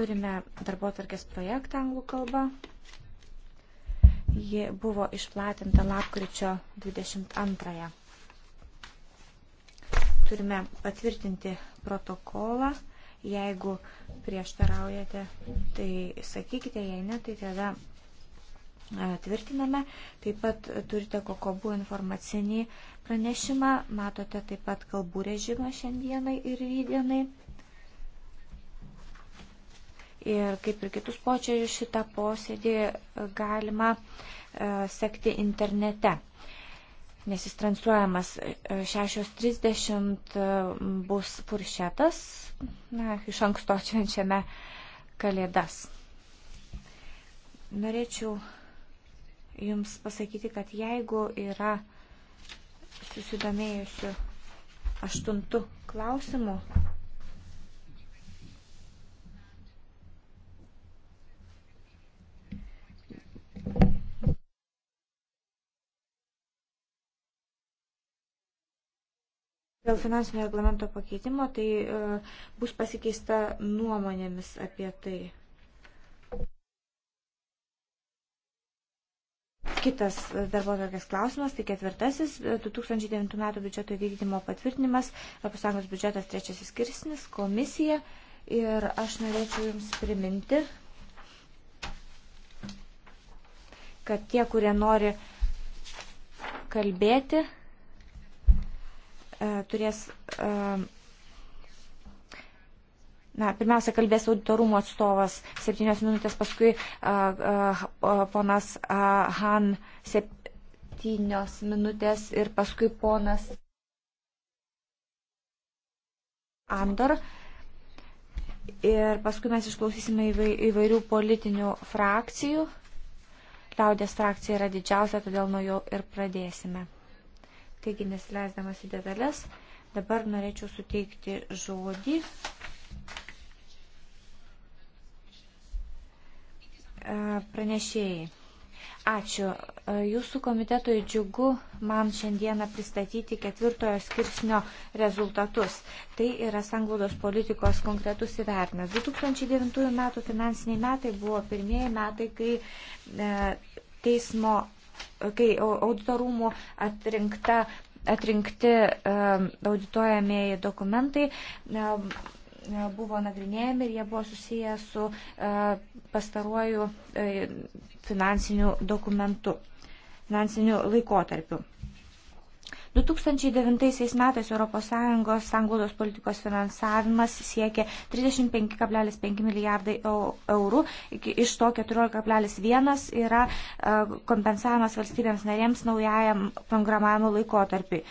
Turime darbo tarkės projektą anglų kalbą. Ji buvo išplatinta lapkričio 22. Turime patvirtinti protokolą. Jeigu prieštaraujate, tai sakykite, jei ne, tai tada e, tvirtiname. Taip pat turite kokobų informacinį pranešimą, matote taip pat kalbų režimą šiandienai ir rydienai ir kaip ir kitus počiarius šitą posėdį e, galima e, sekti internete. Nes jis transliuojamas 6.30 e, bus puršetas, na, iš anksto švenčiame kalėdas. Norėčiau Jums pasakyti, kad jeigu yra susidomėjusių aštuntų klausimų, Dėl finansinio reglamento pakeitimo tai e, bus pasikeista nuomonėmis apie tai. Kitas e, darbo tvarkės klausimas, tai ketvirtasis, 2009 e, metų biudžeto vykdymo patvirtinimas, ES biudžetas trečiasis skirsnis, komisija. Ir aš norėčiau Jums priminti, kad tie, kurie nori kalbėti, E, turės. E, na, pirmiausia, kalbės auditorumo atstovas septynios minutės, paskui uh, uh, ponas uh, Han septynios minutės ir paskui ponas Andor. Ir paskui mes išklausysime įvairių politinių frakcijų. Liaudės frakcija yra didžiausia, todėl nuo jo ir pradėsime. Taigi, nesileisdamas į detalės, dabar norėčiau suteikti žodį e, pranešėjai. Ačiū. E, Jūsų komitetui džiugu man šiandieną pristatyti ketvirtojo skirsnio rezultatus. Tai yra sanglaudos politikos konkretus įvertimas. 2009 metų finansiniai metai buvo pirmieji metai, kai e, teismo kai auditorumų atrinkta, atrinkti audituojamieji dokumentai buvo nagrinėjami ir jie buvo susiję su pastaruoju e, finansiniu dokumentu, finansiniu laikotarpiu. 2009 metais ES sanglaudos politikos finansavimas siekė 35,5 milijardai eurų, iš to 14,1 yra e, kompensavimas valstybėms narėms naujajam programavimo laikotarpiui.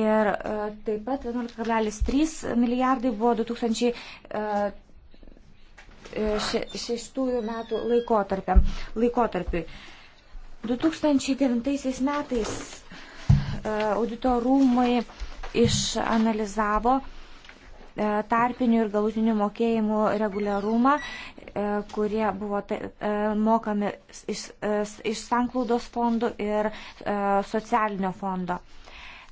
Ir e, taip pat 11,3 milijardai buvo 2000 e, šeštųjų metų laikotarpiam, laikotarpiui. 2009 metais E, auditorumai išanalizavo e, tarpinių ir galutinių mokėjimų reguliarumą, e, kurie buvo mokami iš, iš sanklaudos fondų ir socialinio fondo.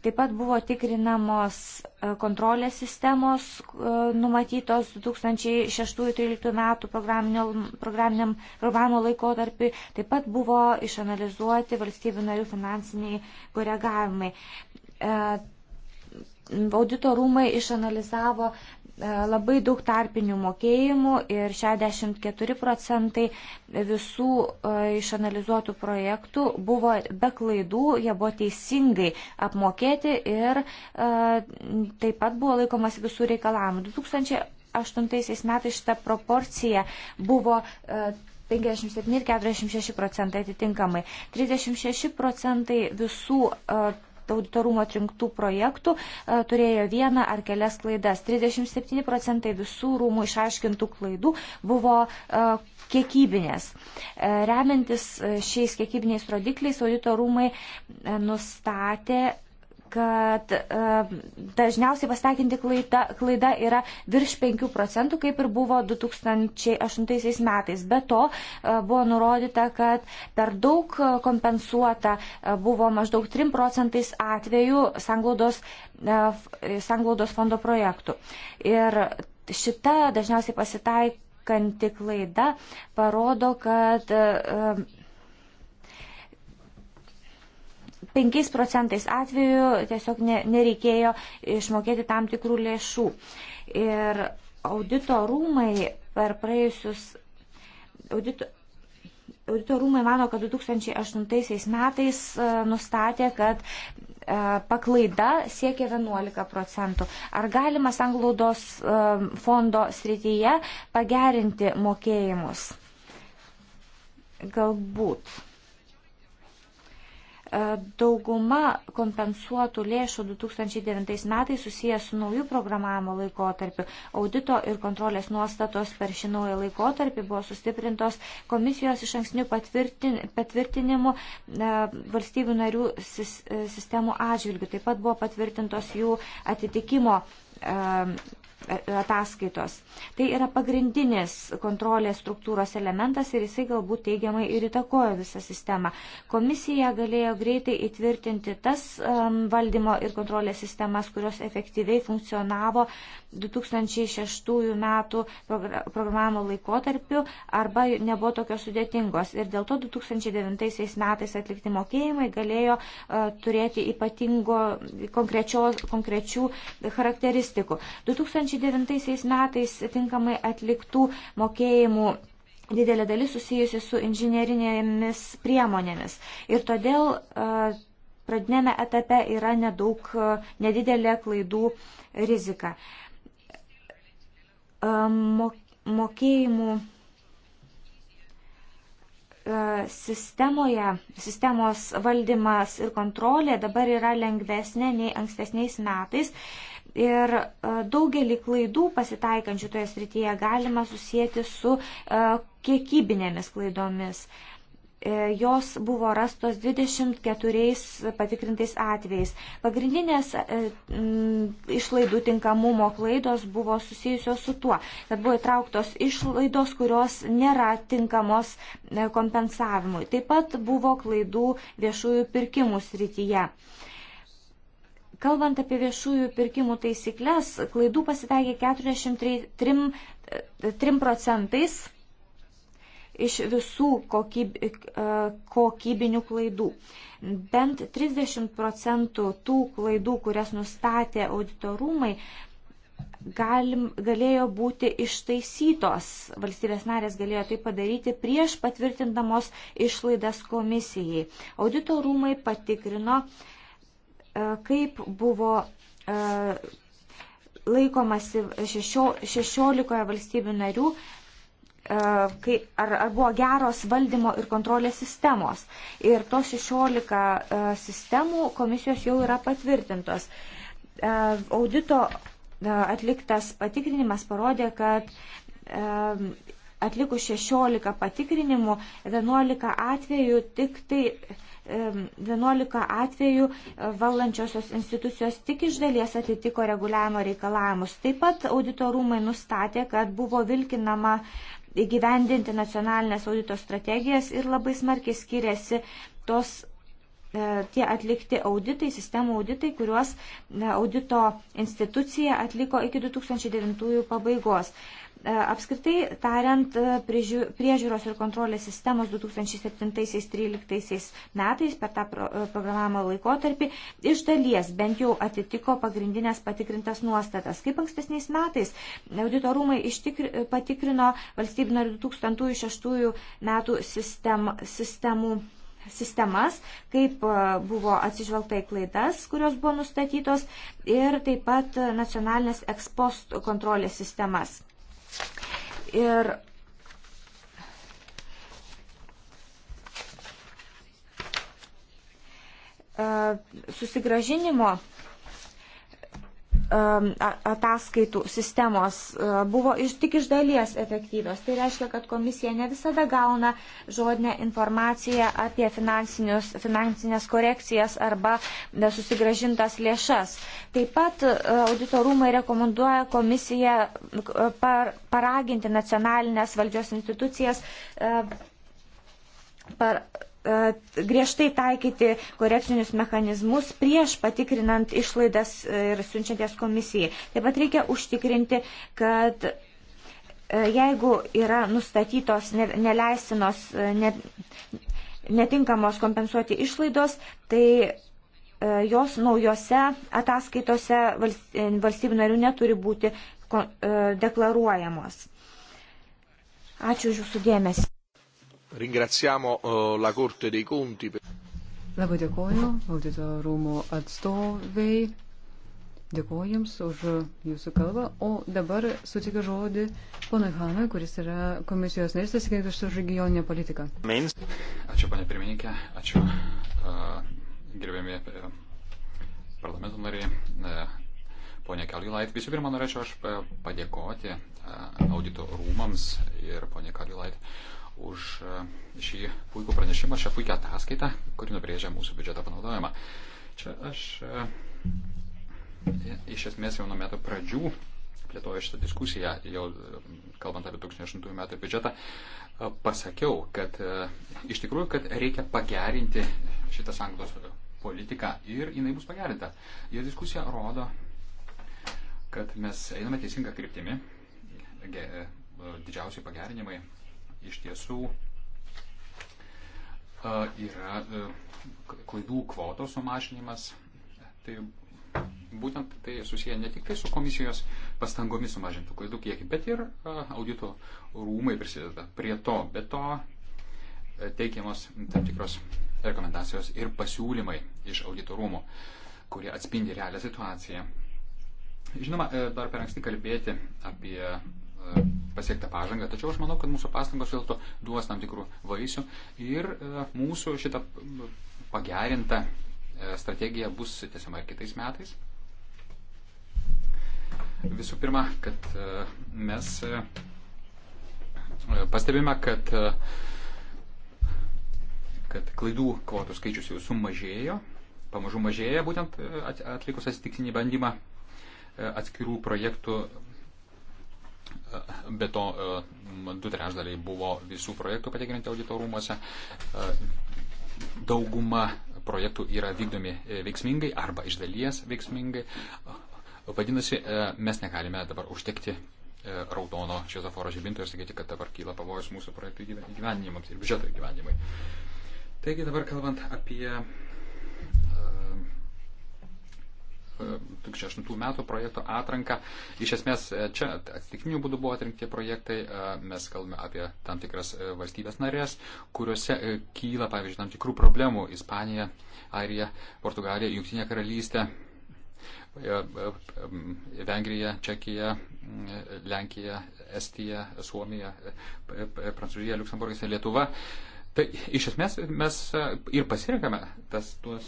Taip pat buvo tikrinamos e, kontrolės sistemos e, numatytos 2006-2013 metų programiniam programų laikotarpiu. Taip pat buvo išanalizuoti valstybių narių finansiniai koregavimai. E, audito rūmai išanalizavo E, labai daug tarpinių mokėjimų ir 64 procentai visų e, išanalizuotų projektų buvo be klaidų, jie buvo teisingai apmokėti ir e, taip pat buvo laikomas visų reikalavimų. 2008 metais šita proporcija buvo 57 ir 46 procentai atitinkamai. 36 procentai visų auditorumo atrinktų projektų e, turėjo vieną ar kelias klaidas. 37 procentai visų rūmų išaiškintų klaidų buvo e, kiekybinės. E, remiantis šiais kiekybiniais rodikliais, audito rūmai nustatė kad e, dažniausiai pasitaikinti klaida, klaida yra virš 5 procentų, kaip ir buvo 2008 metais. Be to e, buvo nurodyta, kad per daug kompensuota e, buvo maždaug 3 procentais atvejų sanglaudos, sanglaudos fondo projektų. Ir šita dažniausiai pasitaikanti klaida parodo, kad 5 procentais atveju tiesiog nereikėjo išmokėti tam tikrų lėšų. Ir audito rūmai per praėjusius. Audito, audito rūmai mano, kad 2008 metais e, nustatė, kad e, paklaida siekia 11 procentų. Ar galima sanglaudos e, fondo srityje pagerinti mokėjimus? Galbūt. E, dauguma kompensuotų lėšų 2009 metais susijęs su naujų programavimo laikotarpiu. Audito ir kontrolės nuostatos per šį naują laikotarpį buvo sustiprintos komisijos iš anksnių patvirtin, patvirtinimų e, valstybių narių e, sistemų atžvilgių. Taip pat buvo patvirtintos jų atitikimo E, ataskaitos. Tai yra pagrindinis kontrolės struktūros elementas ir jisai galbūt teigiamai ir įtakojo visą sistemą. Komisija galėjo greitai įtvirtinti tas valdymo ir kontrolės sistemas, kurios efektyviai funkcionavo 2006 metų programavimo laikotarpiu arba nebuvo tokios sudėtingos. Ir dėl to 2009 metais atlikti mokėjimai galėjo e, turėti ypatingo konkrečių charakteristikų. 2009 metais tinkamai atliktų mokėjimų didelė dalis susijusi su inžinierinėmis priemonėmis. Ir todėl e, pradinėme etape yra nedaug, e, nedidelė klaidų rizika mokėjimų sistemoje, sistemos valdymas ir kontrolė dabar yra lengvesnė nei ankstesniais metais. Ir daugelį klaidų pasitaikančių toje srityje galima susijęti su kiekybinėmis klaidomis. E, jos buvo rastos 24 patikrintais atvejais. Pagrindinės e, išlaidų tinkamumo klaidos buvo susijusios su tuo, kad buvo įtrauktos išlaidos, kurios nėra tinkamos e, kompensavimui. Taip pat buvo klaidų viešųjų pirkimų srityje. Kalbant apie viešųjų pirkimų taisyklės, klaidų pasitaikė 43 3 procentais iš visų kokyb, e, kokybinių klaidų. Bent 30 procentų tų klaidų, kurias nustatė auditorumai, galim, galėjo būti ištaisytos. Valstybės narės galėjo tai padaryti prieš patvirtindamos išlaidas komisijai. Auditorumai patikrino, e, kaip buvo e, laikomasi 16 valstybių narių E, kai, ar, ar buvo geros valdymo ir kontrolės sistemos. Ir tos 16 e, sistemų komisijos jau yra patvirtintos. E, audito atliktas patikrinimas parodė, kad atlikus 16 patikrinimų, 11 atvejų tik tai 11 atvejų valdančiosios institucijos tik iš dalies atitiko reguliavimo reikalavimus. Taip pat auditorumai nustatė, kad buvo vilkinama įgyvendinti nacionalinės audito strategijas ir labai smarkiai skiriasi tos e, tie atlikti auditai, sistemų auditai, kuriuos e, audito institucija atliko iki 2009 pabaigos. E, apskritai tariant, e, priežiūros ir kontrolės sistemos 2007-2013 metais per tą e, programavimo laikotarpį iš dalies bent jau atitiko pagrindinės patikrintas nuostatas. Kaip ankstesniais metais, auditorumai ištikri, patikrino valstybinio 2006 metų sistem, sistemų sistemas, kaip buvo atsižvelgta į klaidas, kurios buvo nustatytos ir taip pat nacionalinės ekspost kontrolės sistemas. Ir e, susigražinimo Um, ataskaitų sistemos uh, buvo iš, tik iš dalies efektyvios. Tai reiškia, kad komisija ne visada gauna žodinę informaciją apie finansinės korekcijas arba susigražintas lėšas. Taip pat uh, auditorumai rekomenduoja komisiją uh, par, paraginti nacionalinės valdžios institucijas par, E, griežtai taikyti korekcinius mechanizmus prieš patikrinant išlaidas ir siunčianties komisijai. Taip pat reikia užtikrinti, kad e, jeigu yra nustatytos neleistinos, e, netinkamos kompensuoti išlaidos, tai jos naujose ataskaitose valstybių narių neturi būti deklaruojamos. Ačiū už Jūsų dėmesį. Ringraziamo eh, la Corte dei Conti. Labai dėkoju audito rūmų atstoviai. Dėkoju Jums už Jūsų kalbą. O dabar sutikiu žodį ponui Hanui, kuris yra komisijos narys, atsakingas už regioninę politiką. Mains. Ačiū, ponė pirmininkė. Ačiū, uh, gerbiami uh, parlamento nariai. Uh, Pone Kalilait, visų pirma, norėčiau aš e, padėkoti uh, audito rūmams ir ponė Kalilait. Uh, už e, šį puikų pranešimą, šią puikią ataskaitą, kuri nubrėžia mūsų biudžeto panaudojimą. Čia aš e, iš esmės jau nuo metų pradžių plėtoju šitą diskusiją, jau e, kalbant apie 2008 metų biudžetą, pasakiau, kad iš tikrųjų, kad reikia pagerinti šitą sanglos politiką ir jinai bus pagerinta. Ir diskusija rodo, kad mes einame teisinga kryptimi, didžiausiai pagerinimai iš tiesų e, yra e, klaidų kvotos sumažinimas. Tai būtent tai susiję ne tik tai su komisijos pastangomis sumažintų klaidų kiekį, bet ir e, audito rūmai prisideda prie to. Be to teikiamos tam tikros rekomendacijos ir pasiūlymai iš audito rūmų, kurie atspindi realią situaciją. Žinoma, dar per anksti kalbėti apie pasiektą pažangą, tačiau aš manau, kad mūsų pastangos vėl to duos tam tikrų vaisių ir e, mūsų šita pagerinta e, strategija bus tiesiama ir kitais metais. Visų pirma, kad e, mes pastebime, kad, kad klaidų kvotų skaičius jau sumažėjo, pamažu mažėja būtent atlikus atsitiktinį bandymą atskirų projektų Be to, e, du trešdaliai buvo visų projektų patikrinti auditorumuose. E, dauguma projektų yra vykdomi e, veiksmingai arba iš dalies veiksmingai. Vadinasi, mes negalime dabar užtekti raudono šviesoforo žibinto ir sakyti, kad dabar kyla pavojus mūsų projektų įgyvendinimams ir biudžeto įgyvendinimui. Taigi dabar kalbant apie 2008 metų projekto atranką. Iš esmės, e, čia atsitiktinių būdų buvo atrinkti projektai, e, mes kalbame apie tam tikras e, valstybės narės, kuriuose kyla, pavyzdžiui, tam tikrų problemų - Ispanija, Airija, Portugalija, Junktinė karalystė. Vengrija, Čekija, mm, Lenkija, Estija, Suomija, Prancūzija, Luksemburgas ir Lietuva. Tai iš esmės mes ir pasirinkame tas, tuos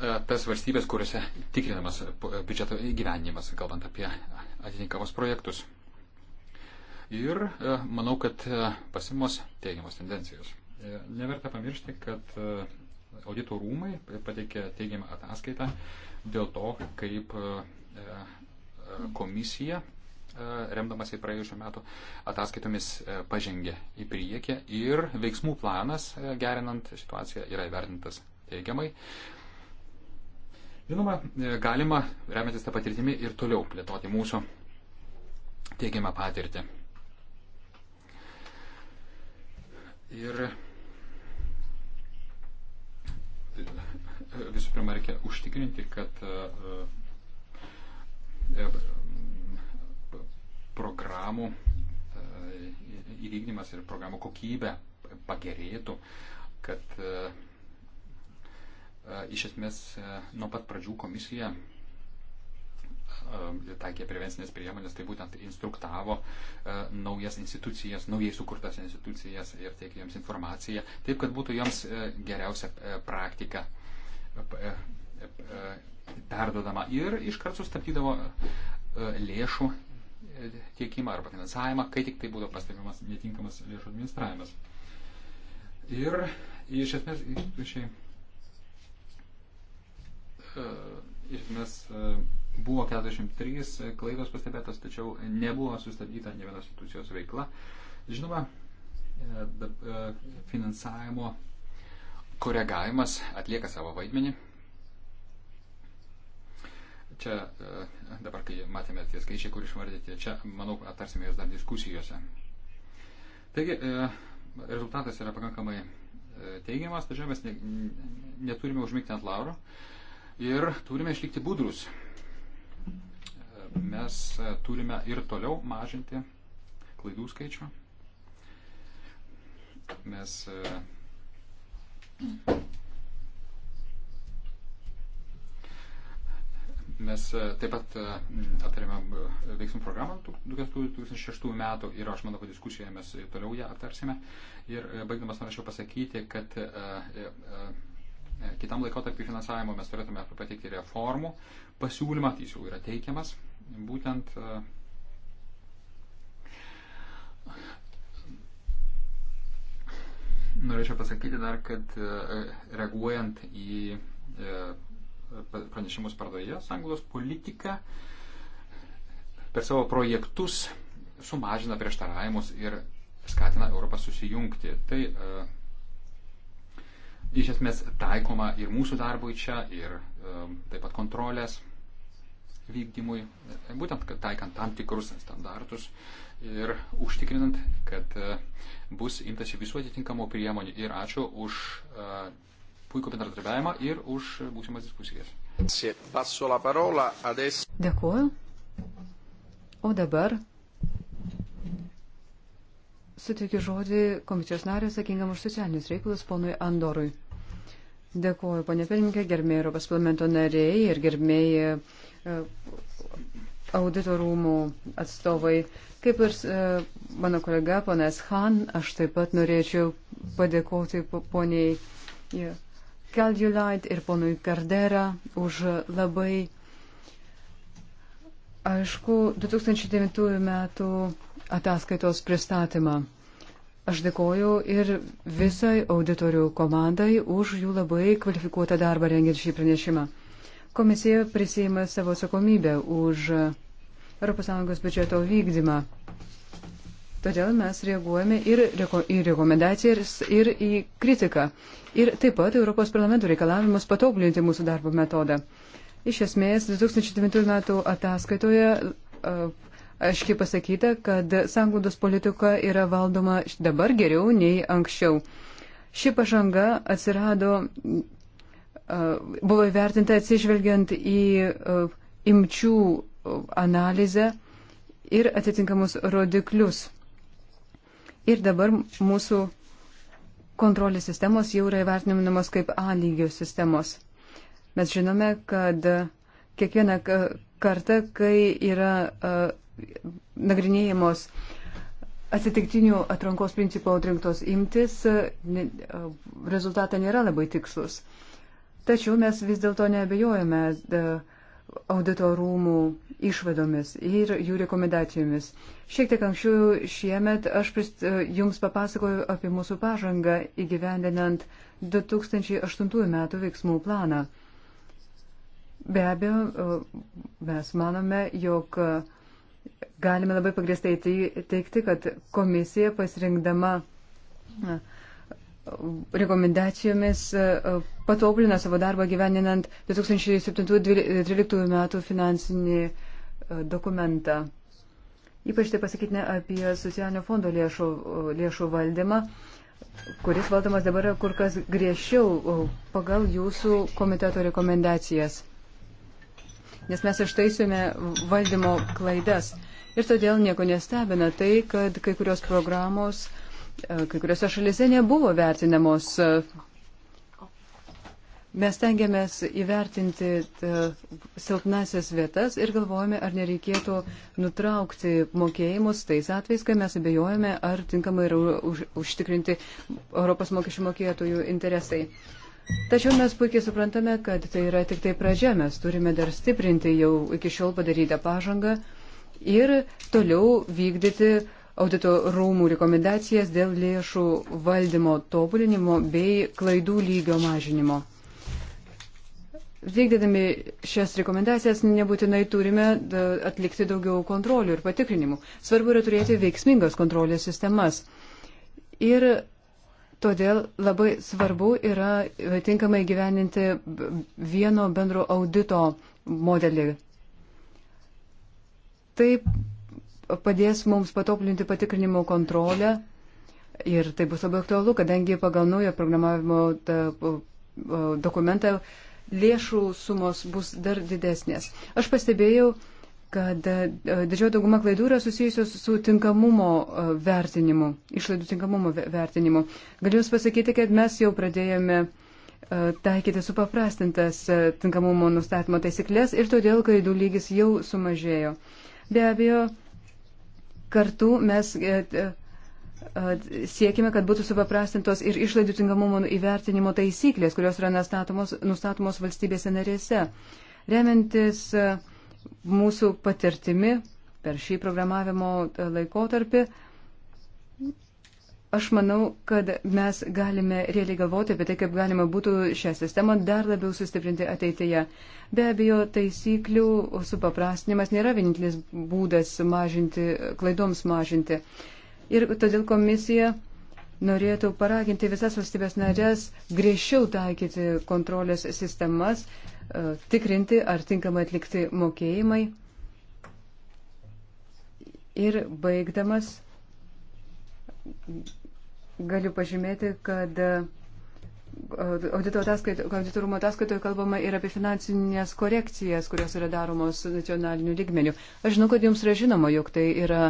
E, tas valstybės, kuriuose tikrinamas e, biudžeto įgyvenimas, kalbant apie atitinkamus projektus. Ir e, manau, kad pasimos teigiamos tendencijos. Neverta pamiršti, kad audito rūmai pateikė teigiamą ataskaitą dėl to, kaip komisija, remdamas į praėjusiu metu, ataskaitomis pažengė į priekį ir veiksmų planas, gerinant situaciją, yra įvertintas teigiamai. Žinoma, e, galima, remiantis tą patirtimį, ir toliau plėtoti mūsų teigiamą patirtį. Ir visų pirma, reikia užtikrinti, kad e, e, programų įvykdymas ir programų kokybė pagerėtų, kad E, iš esmės, e, nuo pat pradžių komisija e, taikė prevencinės priemonės, tai būtent instruktavo naujas institucijas, naujai sukurtas institucijas ir teikė jiems informaciją, taip, kad būtų joms geriausia praktika perdodama ir iškart sustabdydavo lėšų tiekimą arba finansavimą, kai tik tai būtų pastebimas netinkamas lėšų administravimas. Ir iš esmės, šiai iš esmės buvo 43 klaidos pastebėtos, tačiau nebuvo sustabdyta ne vienos institucijos veikla. Žinoma, e, e, finansavimo koregavimas atlieka savo vaidmenį. Čia e, dabar, kai matėme tie skaičiai, kur išvardyti, čia, manau, aptarsime jas dar diskusijose. Taigi, rezultatas yra pakankamai teigiamas, tačiau mes neturime užmygti ant lauro. Ir turime išlikti budrus. Mes turime ir toliau mažinti klaidų skaičių. Mes Mes taip pat mm, aptarėme mm, veiksmų programą 2006 metų ir aš manau, kad diskusijoje mes toliau ją aptarsime. Ir e, baigdamas norėčiau pasakyti, kad e, e, kitam laikotarpiu finansavimo mes turėtume pateikti reformų pasiūlymą, tai jis jau yra teikiamas, būtent e, Norėčiau pasakyti dar, kad e, reaguojant į e, pranešimus pardoje, Anglos politika per savo projektus sumažina prieštaravimus ir skatina Europą susijungti. Tai iš esmės taikoma ir mūsų darbui čia, ir taip pat kontrolės vykdymui, e, būtent taikant tam tikrus standartus ir užtikrinant, kad e, bus imtasi visų atitinkamų priemonių. Ir ačiū už e, puikų bendradarbiavimą ir už būsimas diskusijas. Dėkuoju. O dabar suteikiu žodį komisijos nariui atsakingam už socialinius reikalus ponui Andorui. Dėkuoju, ponė Pirinkė, gerbėjai Europos parlamento nariai ir gerbėjai e, auditorumų atstovai. Kaip ir e, mano kolega ponas Han, aš taip pat norėčiau padėkoti poniai Kaldiulait e, ir ponui Kardera už labai aišku 2009 metų ataskaitos pristatymą. Aš dėkoju ir visai auditorių komandai už jų labai kvalifikuotą darbą rengiant šį pranešimą. Komisija prisėmė savo atsakomybę už ES biudžeto vykdymą. Todėl mes reaguojame ir reko, į rekomendacijas, ir į kritiką. Ir taip pat Europos parlamento reikalavimus patobulinti mūsų darbo metodą. Iš esmės, 2009 metų ataskaitoje uh, aiškiai pasakyta, kad sanglaudos politika yra valdoma dabar geriau nei anksčiau. Ši pažanga atsirado, buvo įvertinta atsižvelgiant į imčių analizę ir atitinkamus rodiklius. Ir dabar mūsų kontrolės sistemos jau yra įvertinamos kaip A lygio sistemos. Mes žinome, kad kiekvieną kartą, kai yra nagrinėjamos atsitiktinių atrankos principų atrinktos imtis, e, e, rezultatą nėra labai tikslus. Tačiau mes vis dėlto neabejojame e, auditorumų išvadomis ir jų rekomendacijomis. Šiek tiek anksčiau šiemet aš prist, jums papasakoju apie mūsų pažangą įgyvendinant 2008 metų veiksmų planą. Be abejo, mes manome, jog galime labai pagristai teikti, kad komisija pasirinkdama rekomendacijomis e, patobulina savo darbą gyveninant 2007-2013 metų finansinį e, dokumentą. Ypač tai pasakytinė apie socialinio fondo lėšų, e, lėšų valdymą, kuris valdomas dabar kur kas griežčiau pagal jūsų komiteto rekomendacijas nes mes ištaisome valdymo klaidas. Ir todėl nieko nestebina tai, kad kai kurios programos, e, kai kuriuose šalise nebuvo vertinamos. Mes tengiamės įvertinti e, silpnasias vietas ir galvojame, ar nereikėtų nutraukti mokėjimus tais atvejais, kai mes abejojame, ar tinkamai yra užtikrinti Europos mokesčių mokėtojų interesai. Tačiau mes puikiai suprantame, kad tai yra tik tai pradžia, mes turime dar stiprinti jau iki šiol padarytą pažangą ir toliau vykdyti audito rūmų rekomendacijas dėl lėšų valdymo tobulinimo bei klaidų lygio mažinimo. Vykdydami šias rekomendacijas nebūtinai turime atlikti daugiau kontrolių ir patikrinimų. Svarbu yra turėti veiksmingas kontrolės sistemas. Ir Todėl labai svarbu yra e, tinkamai gyveninti vieno bendro audito modelį. Taip padės mums patoplinti patikrinimo kontrolę ir tai bus labai aktualu, kadangi pagal naują programavimo e, dokumentą lėšų sumos bus dar didesnės. Aš pastebėjau, kad e, didžioji dauguma klaidų yra susijusios su tinkamumo e, vertinimu, išlaidų tinkamumo vertinimu. Galiu Jūs pasakyti, kad mes jau pradėjome e, taikyti supaprastintas tinkamumo nustatymo taisyklės ir todėl klaidų lygis jau sumažėjo. Be abejo, kartu mes siekime, kad būtų supaprastintos ir išlaidų tinkamumo įvertinimo taisyklės, kurios yra nustatomos, nustatomos valstybėse narėse. Remiantis uh, mūsų patirtimi per šį programavimo laikotarpį, aš manau, kad mes galime realiai galvoti apie tai, kaip galima būtų šią sistemą dar labiau sustiprinti ateityje. Be abejo, taisyklių supaprastinimas nėra vienintelis būdas mažinti, klaidoms mažinti. Ir todėl komisija norėtų paraginti visas valstybės narės griežčiau taikyti kontrolės sistemas tikrinti, ar tinkamai atlikti mokėjimai. Ir baigdamas galiu pažymėti, kad audito auditorumo ataskaitoje kalbama ir apie finansinės korekcijas, kurios yra daromos nacionaliniu lygmeniu. Aš žinau, kad jums yra žinoma, jog tai yra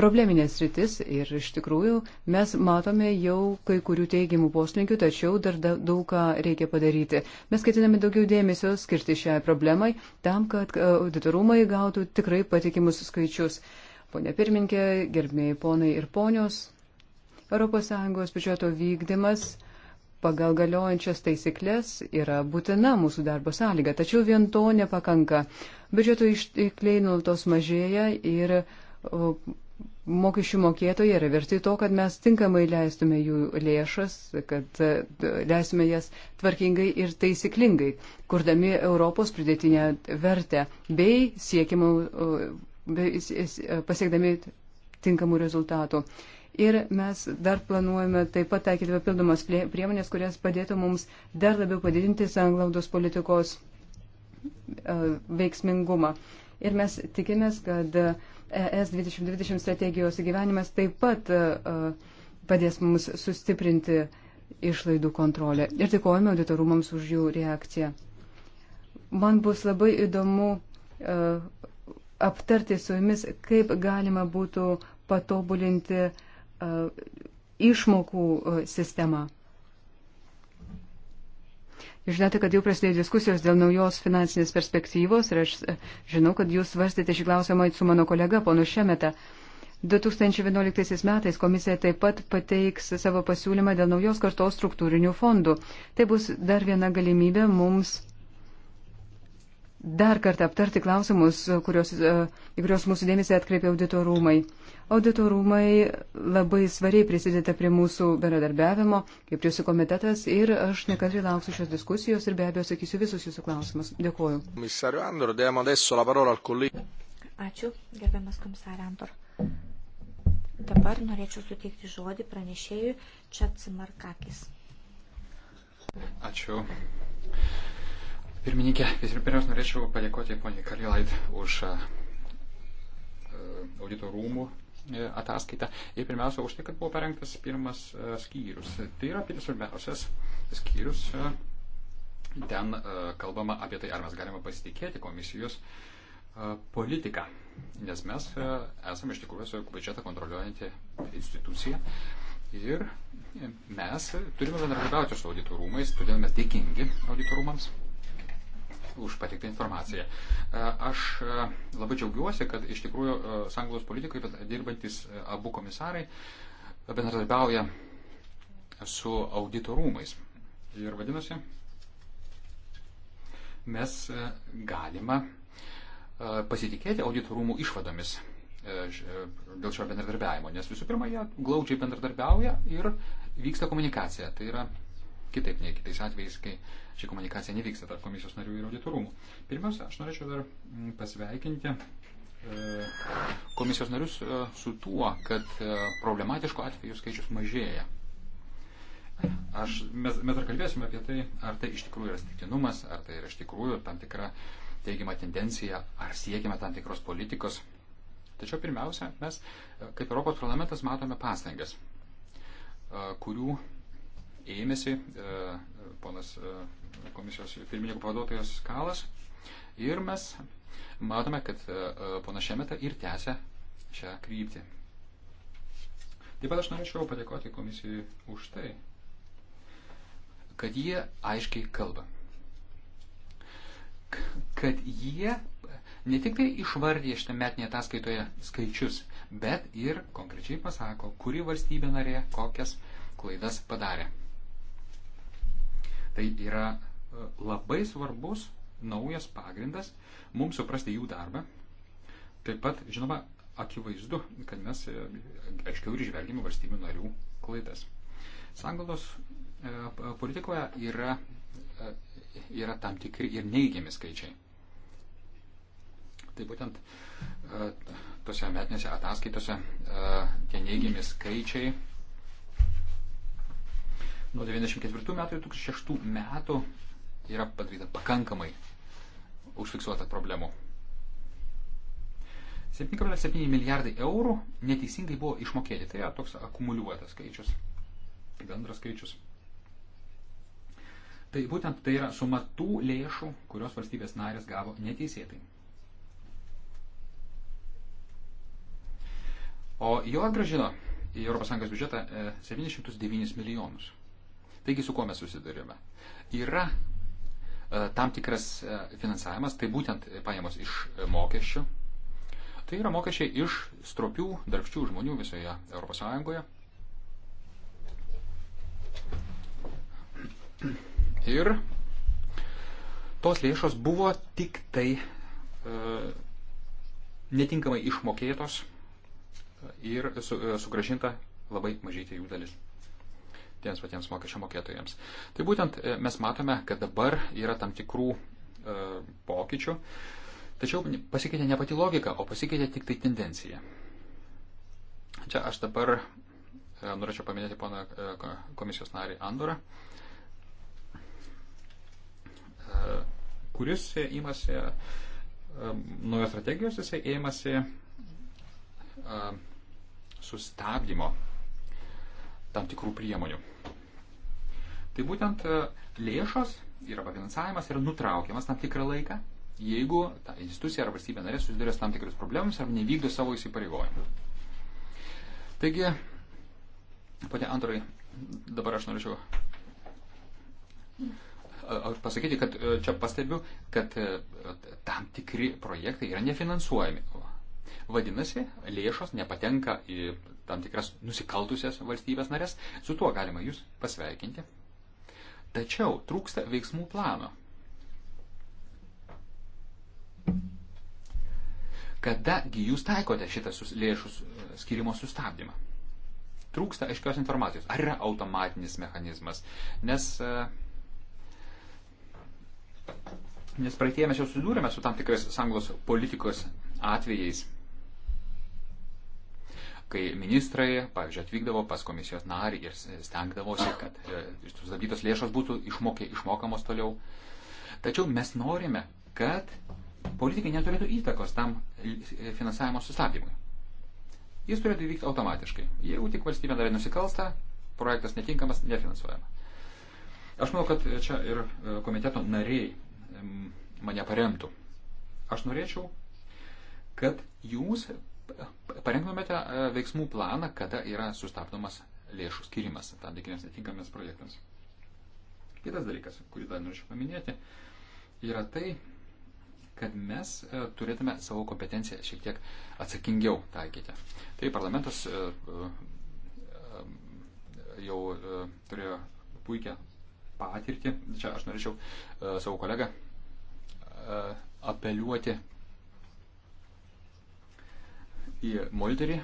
probleminės rytis ir iš tikrųjų mes matome jau kai kurių teigiamų poslinkių, tačiau dar daug ką reikia padaryti. Mes ketiname daugiau dėmesio skirti šiai problemai tam, kad auditorumai gautų tikrai patikimus skaičius. Pone pirmininkė, gerbėjai ponai ir ponios, ES biudžeto vykdymas pagal galiojančias taisyklės yra būtina mūsų darbo sąlyga, tačiau vien to nepakanka. Biudžeto ištikliai nultos mažėja ir mokesčių mokėtojai yra verti to, kad mes tinkamai leistume jų lėšas, kad e, leistume jas tvarkingai ir taisyklingai, kurdami Europos pridėtinę vertę bei siekimų, bei pasiekdami tinkamų rezultatų. Ir mes dar planuojame taip pat taikyti papildomas priemonės, kurias padėtų mums dar labiau padidinti sanglaudos politikos e, veiksmingumą. Ir mes tikimės, kad ES 2020 strategijos įgyvenimas taip pat e, e, padės mums sustiprinti išlaidų kontrolę. Ir dėkojame auditorumams už jų reakciją. Man bus labai įdomu aptarti su jumis, kaip galima būtų patobulinti uh, E, išmokų e, sistemą. Žinote, kad jau prasidėjo diskusijos dėl naujos finansinės perspektyvos ir aš e, žinau, kad jūs svarstėte šį klausimą su mano kolega ponu Šemeta. 2011 metais komisija taip pat pateiks savo pasiūlymą dėl naujos kartos struktūrinių fondų. Tai bus dar viena galimybė mums dar kartą aptarti klausimus, kurios, į kurios mūsų dėmesį atkreipia auditorumai auditorumai labai svariai prisideda prie mūsų bendradarbiavimo, kaip jūsų komitetas, ir aš nekantri lauksiu šios diskusijos ir be abejo sakysiu visus jūsų klausimus. Dėkuoju. Ačiū, gerbiamas komisarė Antor. Dabar norėčiau suteikti žodį pranešėjui Čatsimarkakis. Ačiū. Pirmininkė, pirmiausia, norėčiau padėkoti poniai Karilait už e, audito rūmų E, ataskaitą. Ir pirmiausia, už tai, kad buvo parengtas pirmas e, skyrius. Tai yra pirmas svarbiausias skyrius. E, ten kalbama apie tai, ar mes galime pasitikėti komisijos politiką. Nes mes esame iš tikrųjų biudžetą kontroliuojanti institucija. Ir mes turime bendradarbiauti su auditorumais, todėl mes dėkingi auditorumams už patiktą informaciją. E, aš e, labai džiaugiuosi, kad iš tikrųjų e, sanglos politikai dirbantis abu komisarai bendradarbiauja su auditorumais. Ir vadinasi, mes galima pasitikėti auditorumų išvadomis dėl šio bendradarbiavimo, nes visų pirma, jie glaudžiai bendradarbiauja ir vyksta komunikacija. Tai yra kitaip nei kitais atvejais, kai ši komunikacija nevyksta tarp komisijos narių ir auditorumų. Pirmiausia, aš norėčiau dar mm, pasveikinti e, komisijos narius e, su tuo, kad e, problematiško atveju skaičius mažėja. Aš, mes, mes dar kalbėsime apie tai, ar tai iš tikrųjų yra stiktinumas, ar tai yra iš tikrųjų tam tikra teigiama tendencija, ar siekime tam tikros politikos. Tačiau pirmiausia, mes kaip Europos parlamentas matome pastangas, kurių ėmėsi e, ponas e, komisijos pirmininko pavaduotojas Kalas. Ir mes matome, kad e, ponas Šemeta ir tęsia šią kryptį. Taip pat aš norėčiau padėkoti komisijai už tai, kad jie aiškiai kalba. Kad jie ne tik tai išvardė šitą metinį ataskaitoje skaičius, bet ir konkrečiai pasako, kuri valstybė narė kokias klaidas padarė. Tai yra e, labai svarbus naujas pagrindas mums suprasti jų darbą. Taip pat, žinoma, akivaizdu, kad mes e, aiškiau ir žvelgime valstybių narių klaidas. Sanglaudos e, politikoje yra, yra tam tikri ir neigiami skaičiai. Tai būtent tose metinėse ataskaitose tie neigiami skaičiai Nuo 1994 metų ir 2006 metų yra padaryta pakankamai užfiksuota problemų. 7,7 milijardai eurų neteisingai buvo išmokėti. Tai yra toks akumuliuotas skaičius, tai bendras skaičius. Tai būtent tai yra suma tų lėšų, kurios valstybės narės gavo neteisėtai. O jo atgražino į ES biudžetą 709 e, milijonus. Taigi su kuo mes susidurime? Yra e, tam tikras e, finansavimas, tai būtent pajamos iš mokesčių. Tai yra mokesčiai iš stropių, darbščių žmonių visoje ES. Ir tos lėšos buvo tik tai e, netinkamai išmokėtos ir su, e, sugražinta labai mažytė jų dalis tiems patiems mokesčio mokėtojams. Tai būtent e, mes matome, kad dabar yra tam tikrų e, pokyčių, tačiau pasikeitė ne pati logika, o pasikeitė tik tai tendencija. Čia aš dabar e, norėčiau paminėti poną e, komisijos narį Andorą, e, kuris įmasi e, naujos strategijos, jisai įmasi e, sustabdymo tam tikrų priemonių. Tai būtent e, lėšos ir arba finansavimas yra nutraukiamas tam tikrą laiką, jeigu ta institucija ar valstybė narė susiduria su tam tikris problemus ar nevykdo savo įsipareigojimų. Taigi, ponė Antrai, dabar aš norėčiau pasakyti, kad e, čia pastebiu, kad e, tam tikri projektai yra nefinansuojami. Vadinasi, lėšos nepatenka į tam tikras nusikaltusias valstybės narės, su tuo galima jūs pasveikinti. Tačiau trūksta veiksmų plano. Kadagi jūs taikote šitą sus, lėšų skirimo sustabdymą? Trūksta aiškios informacijos. Ar yra automatinis mechanizmas? Nes, e, nes praeitie mes jau sudūrėme su tam tikrais sanglos politikos atvejais kai ministrai, pavyzdžiui, atvykdavo pas komisijos narį ir stengdavosi, kad e, sustabdytos lėšos būtų išmokė, išmokamos toliau. Tačiau mes norime, kad politikai neturėtų įtakos tam e, finansavimo sustabdymui. Jis turėtų įvykti automatiškai. Jeigu tik valstybė narė nusikalsta, projektas netinkamas, nefinansuojama. Aš manau, kad čia ir e, komiteto nariai mane paremtų. Aš norėčiau, kad jūs parengtumėte e, veiksmų planą, kada yra sustabdomas lėšų skirimas tam tikriems netinkamiems projektams. Kitas dalykas, kurį dar norėčiau paminėti, yra tai, kad mes e, turėtume savo kompetenciją šiek tiek atsakingiau taikyti. Tai parlamentas e, jau turėjo puikią patirtį. Čia aš norėčiau savo kolegą apeliuoti į Mulderį,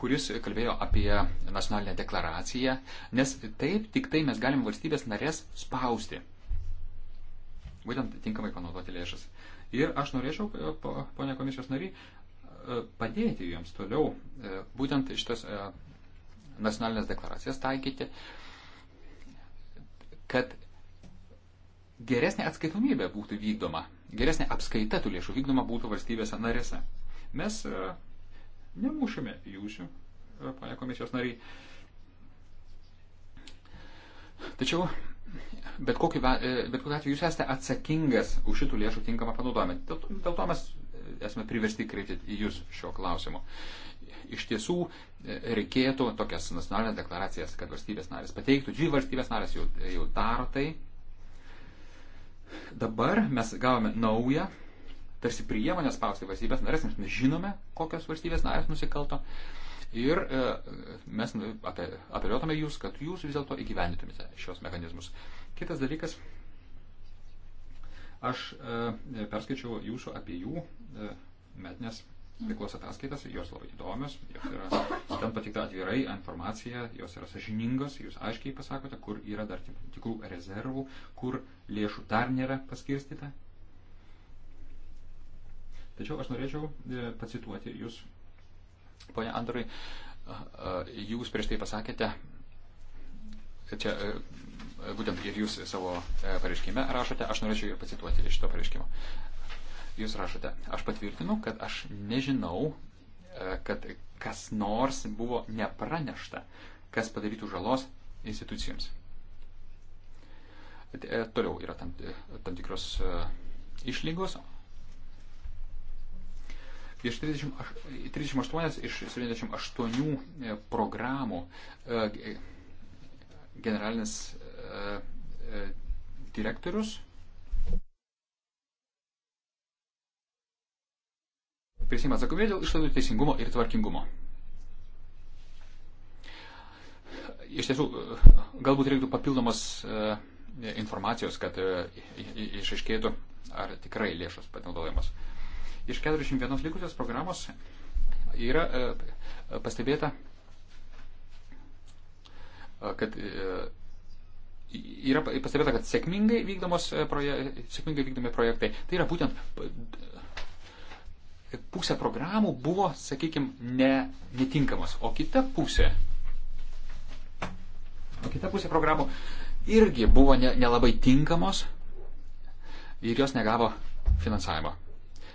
kuris kalbėjo apie nacionalinę deklaraciją, nes taip tik tai mes galim valstybės narės spausti. Būtent tinkamai panaudoti lėšas. Ir aš norėčiau, e, ponia komisijos nariai, e, padėti jums toliau e, būtent šitas nacionalinės deklaracijas taikyti, kad geresnė atskaitomybė būtų vykdoma, geresnė apskaita tų lėšų vykdoma būtų valstybėse narėse. Mes e, nemušime jūsų, e, ponia komisijos nariai. Tačiau, bet kokiu, e, bet kokiu atveju jūs esate atsakingas už šitų lėšų tinkamą panaudojimą. Dėl, dėl to mes esame priversti kreipti į jūs šio klausimo. Iš tiesų reikėtų tokias nacionalinės deklaracijas, kad valstybės narės pateiktų. Dvi valstybės narės jau, jau daro tai. Dabar mes gavome naują tarsi priemonės spausti valstybės narės, nes mes žinome, kokios valstybės narės nusikalto. Ir e, mes nu, apeliuotume jūs, kad jūs vis dėlto įgyvendytumėte šios mechanizmus. Kitas dalykas, aš e, perskaičiau jūsų abiejų e, metinės veiklos ataskaitas, jos labai įdomios, jos yra ten patikta atvirai informacija, jos yra sažiningos, jūs aiškiai pasakote, kur yra dar tikrų rezervų, kur lėšų dar nėra paskirstyta, Tačiau aš norėčiau e, pacituoti jūs, ponia Andrai, jūs prieš tai pasakėte, čia e, būtent ir jūs savo e, pareiškime rašote, aš norėčiau pacituoti iš to pareiškimo. Jūs rašote, aš patvirtinu, kad aš nežinau, kad kas nors buvo nepranešta, kas padarytų žalos institucijoms. Toliau yra tam, tam tikros išlygos, Iš 38, 38 iš 78 e, programų e, generalinis e, direktorius prisima atsakomybę dėl išlaidų teisingumo ir tvarkingumo. Iš tiesų, galbūt reiktų papildomos informacijos, kad išaiškėtų, ar tikrai lėšos panaudojamos. Iš 41 likusios programos yra e, e, pastebėta, e, kad yra pastebėta, kad sėkmingai, proje, sėkmingai vykdomi projektai. Tai yra būtent pusė programų buvo, sakykime, ne, netinkamos, o kita pusė, o kita pusė programų irgi buvo nelabai ne, ne tinkamos ir jos negavo finansavimo.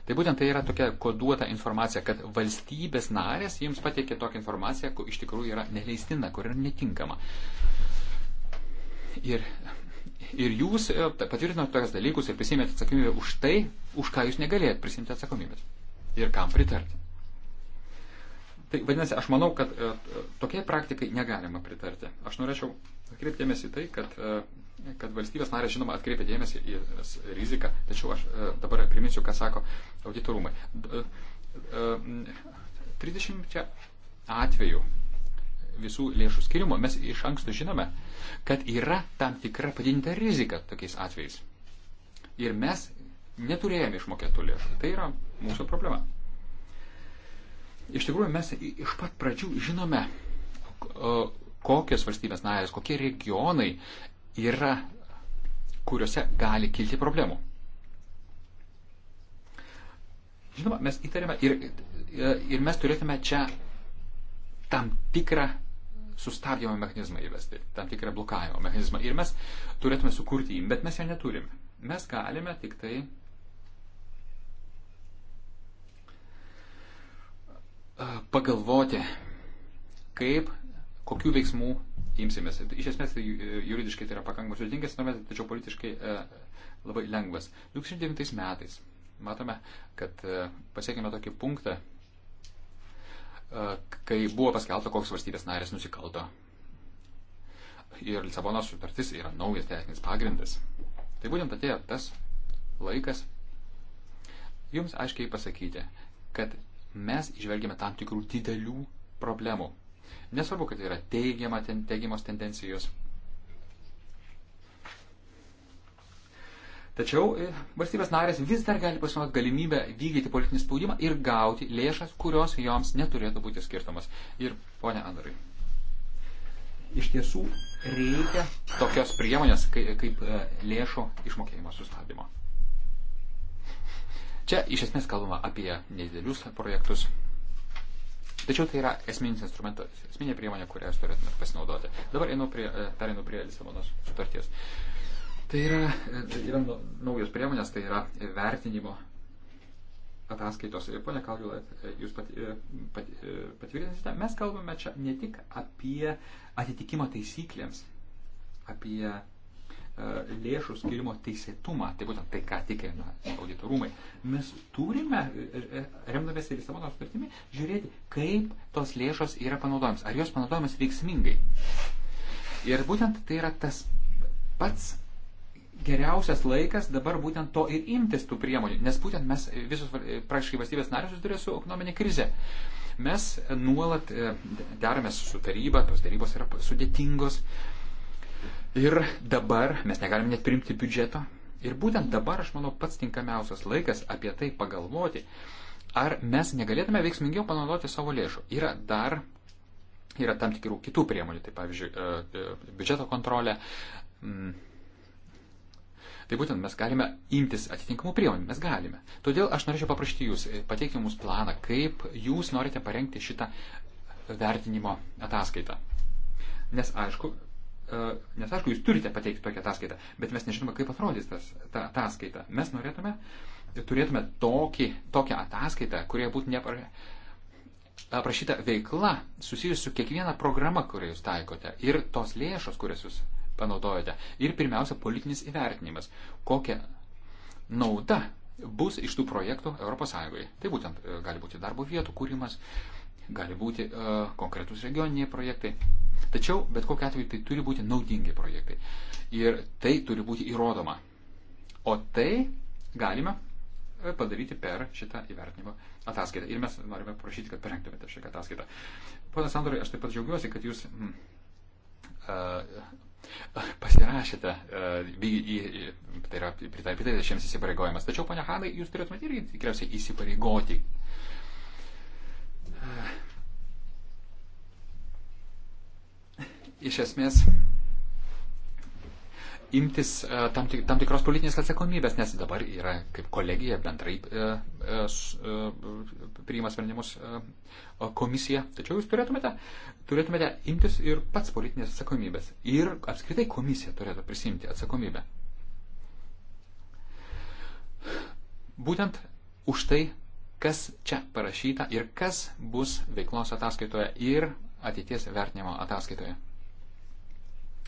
Tai būtent tai yra tokia koduota informacija, kad valstybės narės jiems pateikė tokią informaciją, kur iš tikrųjų yra neleistina, kur yra netinkama. Ir, ir jūs e, patvirtinote tokias dalykus ir prisimėte atsakomybę už tai, už ką jūs negalėjot prisimti atsakomybės. Ir kam pritarti. Tai vadinasi, aš manau, kad e, tokiai praktikai negalima pritarti. Aš norėčiau atkreipdėmės į tai, kad e, kad valstybės narės, žinoma, atkreipia dėmesį į riziką, tačiau aš e, dabar priminsiu, ką sako auditorumai. 30 e, e, atvejų visų lėšų skirimo mes iš anksto žinome, kad yra tam tikra padidinta rizika tokiais atvejais. Ir mes neturėjome išmokėtų lėšų. Tai yra mūsų problema. Iš tikrųjų, mes iš pat pradžių žinome, kokios valstybės narės, kokie regionai yra, kuriuose gali kilti problemų. Žinoma, mes įtarėme ir, ir mes turėtume čia tam tikrą sustabdymo mechanizmą įvesti, tam tikrą blokavimo mechanizmą. Ir mes turėtume sukurti jį, bet mes jo neturime. Mes galime tik tai pagalvoti, kaip, kokių veiksmų imsimės. Tai iš esmės tai e, juridiškai tai yra pakankamai sudėtingas instrumentas, tačiau politiškai e, labai lengvas. 2009 metais matome, kad e, pasiekime tokį punktą, kai buvo paskelbta, koks valstybės narės nusikalto. Ir Lisabonos sutartis yra naujas teisinis pagrindas. Tai būtent atėjo tas laikas jums aiškiai pasakyti, kad mes išvelgėme tam tikrų didelių problemų Nesvarbu, kad yra teigiama, ten, teigiamos tendencijos. Tačiau e, valstybės narės vis dar gali pasinaudoti galimybę vykdyti politinį spaudimą ir gauti lėšas, kurios joms neturėtų būti skirtamas. Ir, ponia Andrai, iš tiesų reikia tokios priemonės kaip, kaip e, lėšų išmokėjimo sustabdymo. Čia iš esmės kalbama apie nedidelius projektus, Tačiau tai yra esminis instrumentas, esminė priemonė, kurią jūs turėtumėt pasinaudoti. Dabar einu prie, e, perinu prie Lisabonos sutarties. Tai yra, e, tai yra naujos priemonės, tai yra vertinimo ataskaitos. E, pone Kalgilai, jūs pat, pat, patvirtinsite, mes kalbame čia ne tik apie atitikimą taisyklėms, apie E, lėšų skirimo teisėtumą, tai būtent tai, ką tikėjome audito rūmai, mes turime, e, e, remdamės ir Lisabono sutartimi, žiūrėti, kaip tos lėšos yra panaudojamas, ar jos panaudojamas veiksmingai. Ir būtent tai yra tas pats geriausias laikas dabar būtent to ir imtis tų priemonių, nes būtent mes visos praktiškai valstybės narės susidurė su ekonominė krize. Mes nuolat deramės su taryba, tos darybos yra sudėtingos, Ir dabar mes negalim net priimti biudžeto. Ir būtent dabar, aš manau, pats tinkamiausias laikas apie tai pagalvoti, ar mes negalėtume veiksmingiau panaudoti savo lėšų. Yra dar, yra tam tikrų kitų priemonių, tai pavyzdžiui, e, e, biudžeto kontrolė. Mm. Tai būtent mes galime imtis atitinkamų priemonių, mes galime. Todėl aš norėčiau paprašyti jūs, e, pateikti mums planą, kaip jūs norite parengti šitą vertinimo ataskaitą. Nes aišku, E, nes aišku, jūs turite pateikti tokią ataskaitą, bet mes nežinome, kaip atrodys tas, ta ataskaita. Mes norėtume, turėtume tokį, tokią ataskaitą, kurie būtų nepar... aprašyta veikla susijusi su kiekviena programa, kurią jūs taikote ir tos lėšos, kurias jūs panaudojate. Ir pirmiausia, politinis įvertinimas, kokia nauda bus iš tų projektų ES. Tai būtent e, gali būti darbo vietų kūrimas, uh, gali būti uh, e, konkretus regioniniai projektai. Tačiau, bet kokiu atveju, tai turi būti naudingi projektai. Ir tai turi būti įrodoma. O tai galime e, padaryti per šitą įvertinimo ataskaitą. Ir mes norime prašyti, kad parengtumėte šią ataskaitą. Pone Sandorai, aš taip pat džiaugiuosi, kad jūs mm, uh, pasirašėte, tai yra pritaipytėte šiems įsipareigojimas. Tačiau, ponia Hanai, jūs turėtumėte irgi tikriausiai įsipareigoti iš esmės imtis e, tam, tik, tam tikros politinės atsakomybės, nes dabar yra kaip kolegija bendrai e, e, e priima sprendimus e, komisija. Tačiau jūs turėtumėte, turėtumėte imtis ir pats politinės atsakomybės. Ir apskritai komisija turėtų prisimti atsakomybę. Būtent už tai kas čia parašyta ir kas bus veiklos ataskaitoje ir ateities vertinimo ataskaitoje.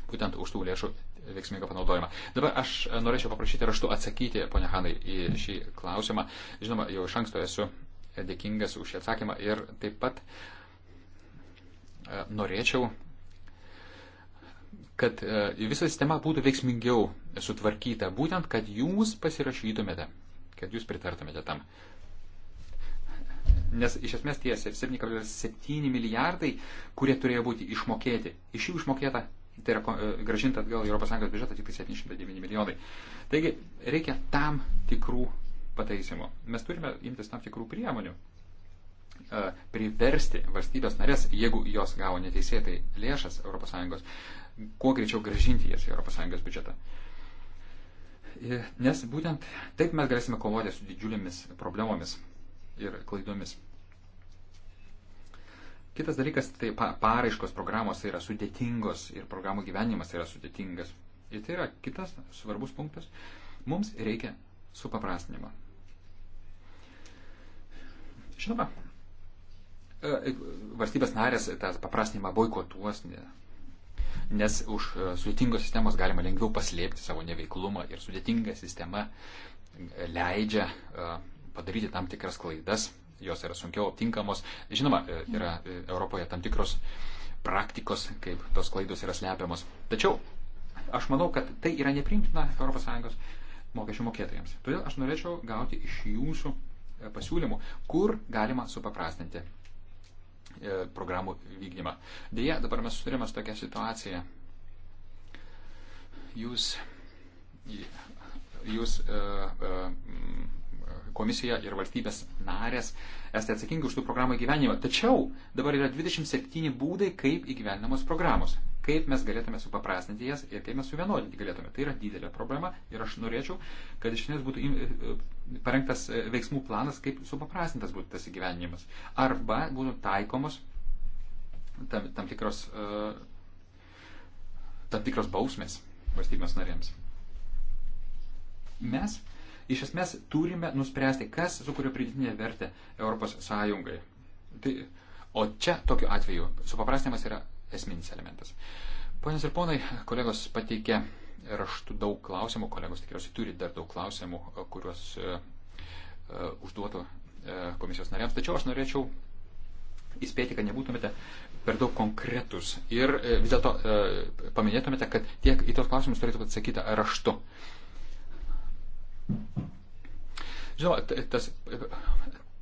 Būtent už tų lėšų veiksmingą panaudojimą. Dabar aš norėčiau paprašyti raštu atsakyti, ponia Hanai, į šį klausimą. Žinoma, jau iš anksto esu dėkingas už šį atsakymą ir taip pat e, norėčiau, kad e, visa sistema būtų veiksmingiau sutvarkyta, būtent, kad jūs pasirašytumėte, kad jūs pritartumėte tam. Uh, Nes iš esmės tie 7,7 milijardai, kurie turėjo būti išmokėti, iš jų išmokėta, tai yra e, gražinta atgal į ES biudžetą tik 709 milijonai. Taigi reikia tam tikrų pataisimų. Mes turime imtis tam tikrų priemonių e, priversti valstybės narės, jeigu jos gavo neteisėtai lėšas ES, kuo greičiau gražinti jas į ES biudžetą. E, nes būtent taip mes galėsime kovoti su didžiulėmis problemomis ir klaidomis. Kitas dalykas, tai paraiškos programos yra sudėtingos ir programų gyvenimas yra sudėtingas. Ir tai yra kitas svarbus punktas. Mums reikia supaprastinimo. Žinoma, e, valstybės narės tą paprastinimą boikotuos, nes už e, sudėtingos sistemos galima lengviau paslėpti savo neveiklumą ir sudėtinga sistema leidžia e, padaryti tam tikras klaidas, jos yra sunkiau aptinkamos. Žinoma, e, yra e, Europoje tam tikros praktikos, kaip tos klaidos yra slepiamos. Tačiau aš manau, kad tai yra neprimtina ES mokesčių mokėtojams. Todėl aš norėčiau gauti iš jūsų e, pasiūlymų, kur galima supaprastinti programų vykdymą. Deja, dabar mes susidurime su tokia situacija. Jūs, jūs uh, uh, komisija ir valstybės narės esate atsakingi už tų programų įgyvenimą. Tačiau dabar yra 27 būdai, kaip įgyvenamos programos. Kaip mes galėtume supaprastinti jas ir kaip mes suvienodinti galėtume. Tai yra didelė problema ir aš norėčiau, kad iš esmės būtų e, e, parengtas e, veiksmų planas, kaip supaprastintas būtų tas įgyvenimas. Arba būtų taikomos tam, tam, tikros, tam tikros bausmės valstybės narėms. Mes Iš esmės turime nuspręsti, kas sukuria pridėtinę vertę Europos Sąjungai. Tai, o čia tokiu atveju supaprastinimas yra esminis elementas. Ponios ir ponai, kolegos pateikė raštų daug klausimų, kolegos tikriausiai turi dar daug klausimų, kuriuos uh, uh, užduotų uh, komisijos nariams. Tačiau aš norėčiau įspėti, kad nebūtumėte per daug konkretus ir vis dėlto paminėtumėte, kad tiek į tos klausimus turėtų atsakyti raštu. Uh, Žinoma, tas,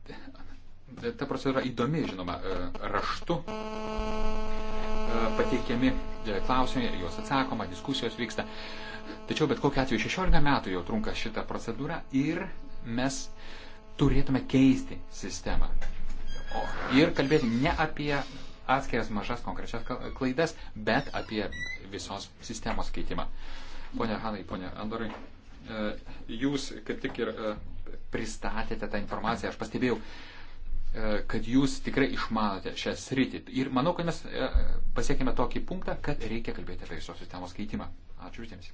e, ta procedūra įdomi, žinoma, e, raštu e, pateikiami klausimai ir juos atsakoma, diskusijos vyksta. Tačiau bet kokiu atveju 16 metų jau trunka šita procedūra ir mes turėtume keisti sistemą. O, ir kalbėti ne apie atskiras mažas konkrečias klaidas, bet apie visos sistemos keitimą. Pone Hanai, pone Andorai. E, jūs kaip tik ir e, pristatėte tą informaciją, aš pastebėjau, e, kad jūs tikrai išmanote šią sritį. Ir manau, kad mes pasiekime tokį punktą, kad reikia kalbėti apie visos sistemos keitimą. Ačiū visiems.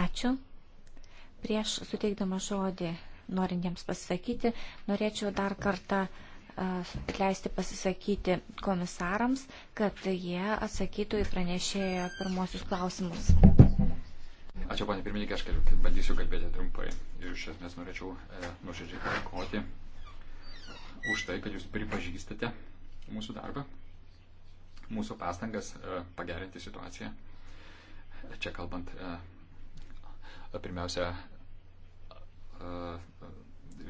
Ačiū. Prieš suteikdama žodį norintiems pasisakyti, norėčiau dar kartą leisti pasisakyti komisarams, kad jie atsakytų į pranešėjo pirmosius klausimus. Ačiū, panė pirmininkė, aš bandysiu kalbėti trumpai ir iš esmės norėčiau e, nuoširdžiai padėkoti už tai, kad jūs pripažįstate mūsų darbą, mūsų pastangas e, pagerinti situaciją. Čia kalbant, e, pirmiausia,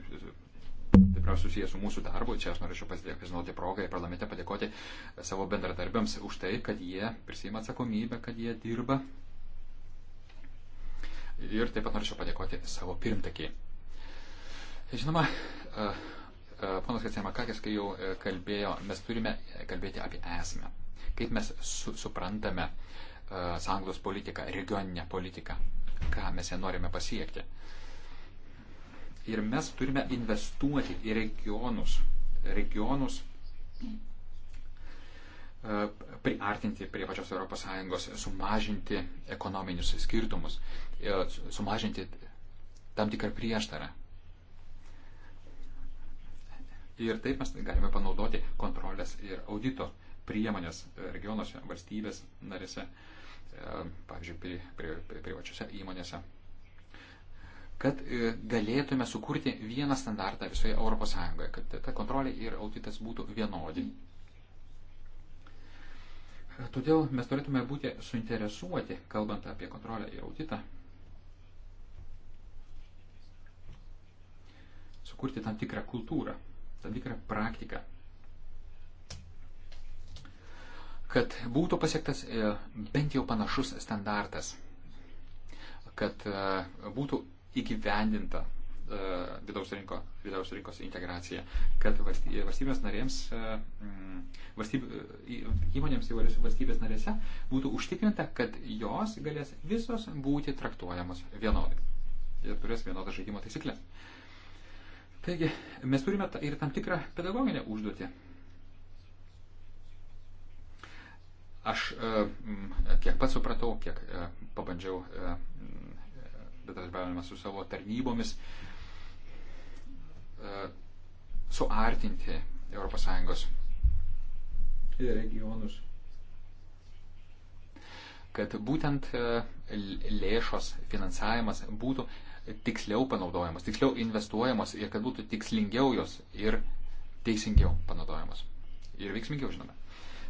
tikriausiai e, susijęs su mūsų darbu. Čia aš norėčiau pasinaudoti progą ir parlamente padėkoti savo bendradarbiams už tai, kad jie prisima atsakomybę, kad jie dirba ir taip pat norėčiau padėkoti savo pirmtakiai. Žinoma, e, e, ponas Kaciamakakis, kai jau e, kalbėjo, mes turime kalbėti apie esmę. Kaip mes su, suprantame sąjungos politiką, regioninę politiką, ką mes ją norime pasiekti. Ir mes turime investuoti į regionus, regionus priartinti prie pačios ES, sumažinti ekonominius skirtumus, e, sumažinti tam tikrą prieštarą. Ir taip mes galime panaudoti kontrolės ir audito priemonės regionuose, valstybės narėse, e, pavyzdžiui, privačiose įmonėse, kad e, galėtume sukurti vieną standartą visoje ES, kad ta kontrolė ir auditas būtų vienodi. Mm. Todėl mes turėtume būti suinteresuoti, kalbant apie kontrolę ir auditą, sukurti tam tikrą kultūrą, tam tikrą praktiką, kad būtų pasiektas e, bent jau panašus standartas, kad e, būtų įgyvendinta E, vidaus, rinko, vidaus rinkos integraciją, kad valstybės narėms, e, valstyb, e, įmonėms įvairiose valstybės narėse būtų užtikrinta, kad jos galės visos būti traktuojamos vienodai ir turės vienodą žaidimo taisyklę. Taigi, mes turime ir tam tikrą pedagoginę užduotį. Aš kiek pats supratau, kiek pabandžiau bendradarbiavimą su savo tarnybomis, E, suartinti ES ir regionus. Kad būtent e, lėšos finansavimas būtų tiksliau panaudojamos, tiksliau investuojamos ir kad būtų tikslingiau jos ir teisingiau panaudojamos. Ir veiksmingiau, žinoma.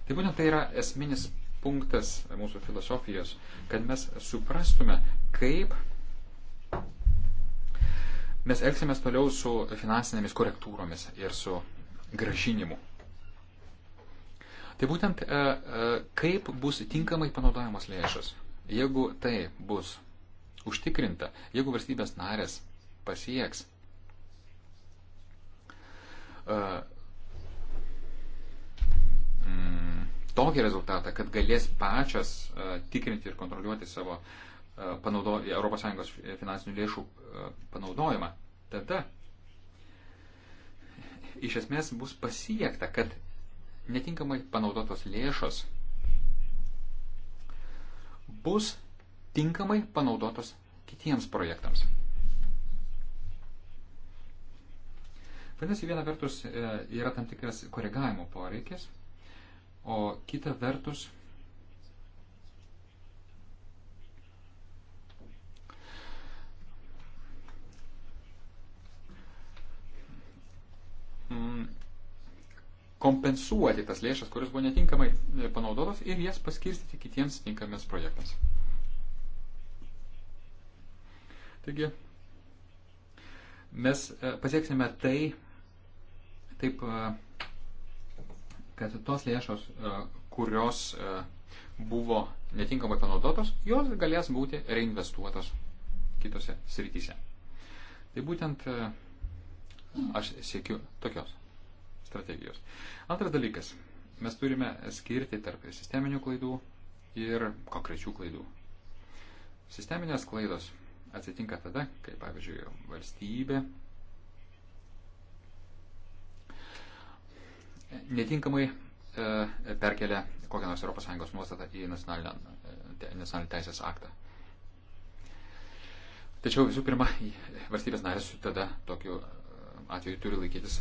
Tai būtent tai yra esminis punktas mūsų filosofijos, kad mes suprastume, kaip Mes elgsimės toliau su finansinėmis korektūromis ir su gražinimu. Tai būtent e, e, kaip bus tinkamai panaudojamos lėšos. Jeigu tai bus užtikrinta, jeigu valstybės narės pasieks e, mm, tokį rezultatą, kad galės pačios tikrinti ir kontroliuoti savo uh, panaudo, ES finansinių lėšų e, panaudojimą, tada iš esmės bus pasiekta, kad netinkamai panaudotos lėšos bus tinkamai panaudotos kitiems projektams. Vadinasi, viena vertus e, yra tam tikras koregavimo poreikis, o kita vertus kompensuoti tas lėšas, kurios buvo netinkamai e, panaudotos ir jas paskirstyti kitiems tinkamiems projektams. Taigi, mes e, pasieksime tai, taip, e, kad tos lėšos, kurios buvo netinkamai panaudotos, jos galės būti reinvestuotos kitose srityse. Tai būtent aš siekiu tokios strategijos. Antras dalykas. Mes turime skirti tarp sisteminių klaidų ir konkrečių klaidų. Sisteminės klaidos atsitinka tada, kai, pavyzdžiui, valstybė netinkamai e, perkelia kokią nors ES nuostatą į nacionalinę, e, nacionalinį teisės aktą. Tačiau visų pirma, valstybės narės tada tokiu atveju turi laikytis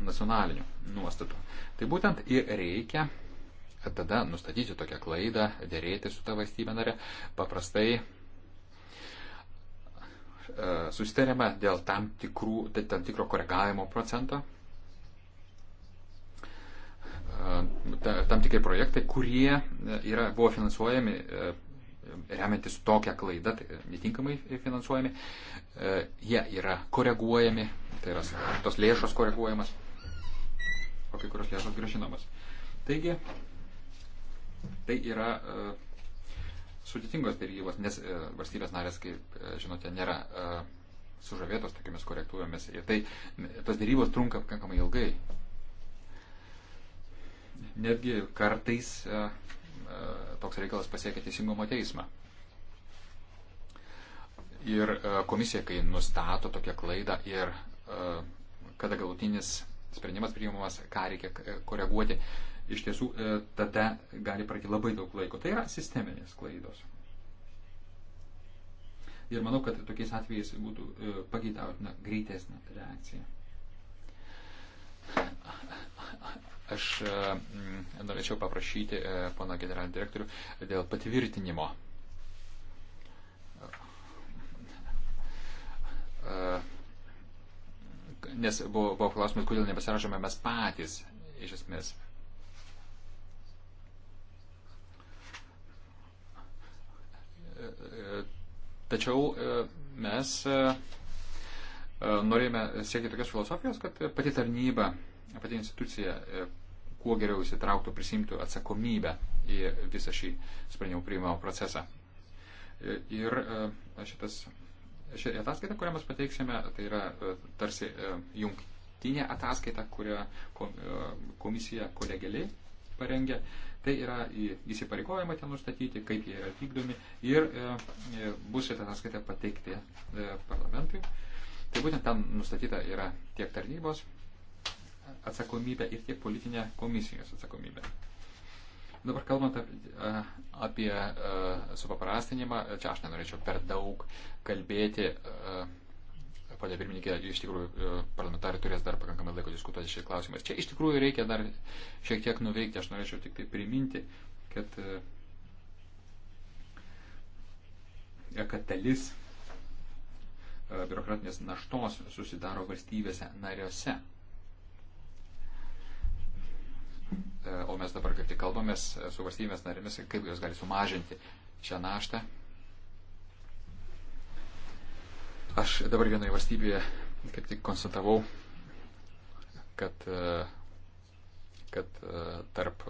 nacionalinių nuostatų. Tai būtent ir reikia tada nustatyti tokią klaidą, dėrėti su ta valstybė narė. Paprastai e, susitarėme dėl tam, tikrų, tam tikro koregavimo procento. E, tam tikrai projektai, kurie e, yra, buvo finansuojami remiantis tokią klaidą, tai netinkamai finansuojami, e, jie yra koreguojami, tai yra tos lėšos koreguojamas, o kai kurios lėšos gražinamas. Taigi, tai yra e, sudėtingos dėrybos, nes e, valstybės narės, kaip žinote, nėra sužavėtos tokiamis korektūromis ir tai tos dėrybos trunka pakankamai ilgai. Netgi kartais E, toks reikalas pasiekia teisingumo teismą. Ir e, komisija, kai nustato tokią klaidą ir e, kada galutinis sprendimas priimamas, ką reikia koreguoti, iš tiesų tada gali praeiti labai daug laiko. Tai yra sisteminės klaidos. Ir manau, kad tokiais atvejais būtų pageidautina greitesnė reakcija. Aš mm, norėčiau paprašyti e, pono generalinį direktorių dėl patvirtinimo. E, nes buvo, buvo klausimas, kodėl nepasirašome mes patys, iš esmės. E, tačiau mes norėjome siekti tokios filosofijos, kad pati tarnyba pati institucija e, kuo geriau įsitrauktų, prisimtų atsakomybę į visą šį sprendimų priimimo procesą. E, ir e, šitas, ši ataskaita, kurią mes pateiksime, tai yra tarsi jungtinė ataskaita, kurią komisija kolegeliai parengė. Tai yra įsipareigojimai ten nustatyti, kaip jie yra vykdomi ir bus šitą ataskaitą pateikti parlamentui. Tai būtent ten nustatyta yra tiek tarnybos, atsakomybę ir tiek politinę komisijos atsakomybę. Dabar kalbant apie supaprastinimą, čia aš nenorėčiau per daug kalbėti. Pane pirmininkė, iš tikrųjų parlamentarai turės dar pakankamai laiko diskutuoti šiais klausimais. Čia iš tikrųjų reikia dar šiek tiek nuveikti. Aš norėčiau tik tai priminti, kad, kad dalis biurokratinės naštos susidaro valstybėse nariuose. E, o mes dabar kaip tik kalbamės e, su valstybės narėmis, kaip jos gali sumažinti šią naštą. Aš dabar vienoje valstybėje kaip tik konstatavau, kad, e, kad tarp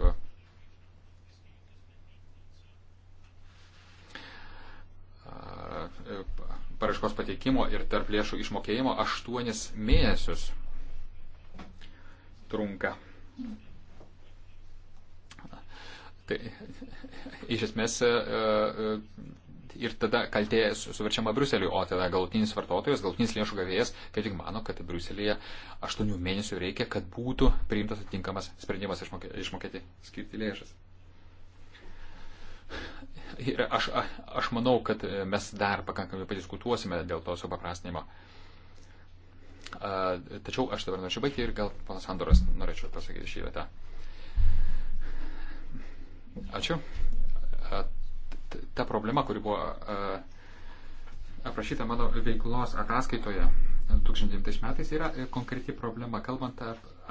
paraškos pateikimo ir tarp lėšų išmokėjimo aštuonis mėnesius trunka. Mm. Tai iš esmės e, e, ir tada kaltė suverčiama Bruseliui, o tada galutinis vartotojas, galutinis lėšų gavėjas, kaip tik mano, kad Bruselėje aštuonių mėnesių reikia, kad būtų priimtas atitinkamas sprendimas išmokėti, išmokėti skirti lėšas. Ir aš, a, aš manau, kad mes dar pakankamai padiskutuosime dėl to supaprastinimo. Tačiau aš dabar norėčiau baigti ir gal panas Andoras norėčiau pasakyti šį vietą. Ačiū. Ta problema, kuri buvo aprašyta mano veiklos ataskaitoje 2009 metais, yra e, konkreti problema, kalbant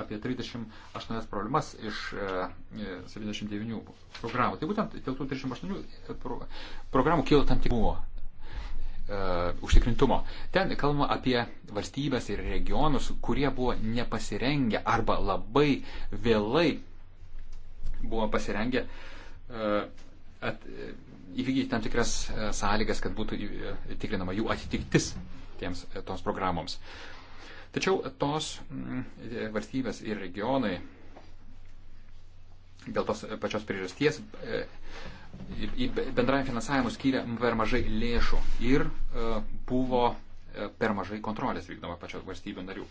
apie 38 problemas iš 79 e, e, programų. Tai būtent dėl tų 38 programų kilo tam tikrumo užtikrintumo. Ten kalbama apie valstybės ir regionus, kurie buvo nepasirengę arba labai vėlai buvo pasirengę e, at, įvykdyti tam tikras e, sąlygas, kad būtų e, tikrinama jų atitiktis tiems, toms programoms. Tačiau tos valstybės ir regionai dėl tos pačios priežasties bendrajam finansavimu skyrė per mažai lėšų ir buvo per mažai kontrolės vykdoma pačios valstybių narių.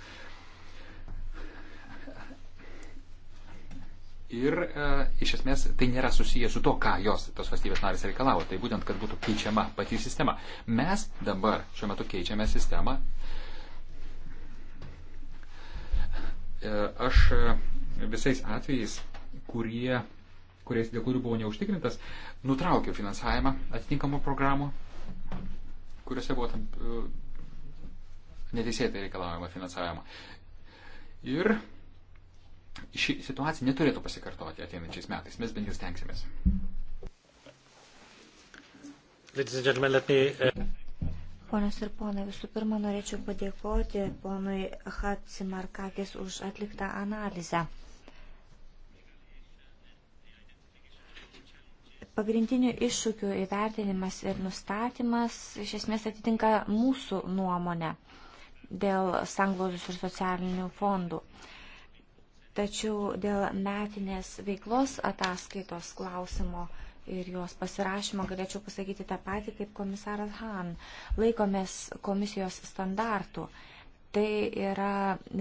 Ir e, iš esmės tai nėra susiję su to, ką jos, tos valstybės narės reikalavo. Tai būtent, kad būtų keičiama pati sistema. Mes dabar šiuo metu keičiame sistemą. E, aš e, visais atvejais, kurie, kuriais, dėl kurių buvau neužtikrintas, nutraukiau finansavimą atitinkamų programų, kuriuose buvo tam, e, neteisėtai reikalaujama finansavimo. Ir ši situacija neturėtų pasikartoti ateinančiais metais. Mes bent jau stengsimės. Uh, Ponas ir ponai, visų pirma, norėčiau padėkoti ponui Hatsimarkakis už atliktą analizę. Pagrindinių iššūkių įvertinimas ir nustatymas iš esmės atitinka mūsų nuomonę dėl sanglaudos ir socialinių fondų. Uh, Tačiau dėl metinės veiklos ataskaitos klausimo ir jos pasirašymo galėčiau pasakyti tą patį kaip komisaras Han. Laikomės komisijos standartų. Tai yra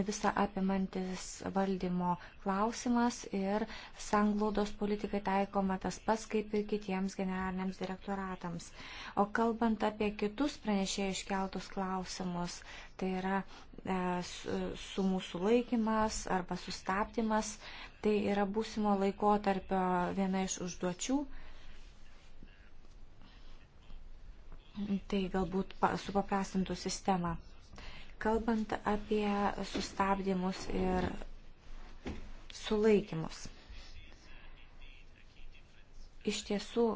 visa apimantis valdymo klausimas ir sanglaudos politikai taikoma tas pats kaip ir kitiems generaliniams direktoratams. O kalbant apie kitus pranešėjų iškeltus klausimus, tai yra E, su mūsų laikymas arba sustabdymas. Tai yra būsimo laiko tarpio viena iš užduočių. Tai galbūt supaprastintų sistemą. Kalbant apie sustabdymus ir sulaikymus. Iš tiesų,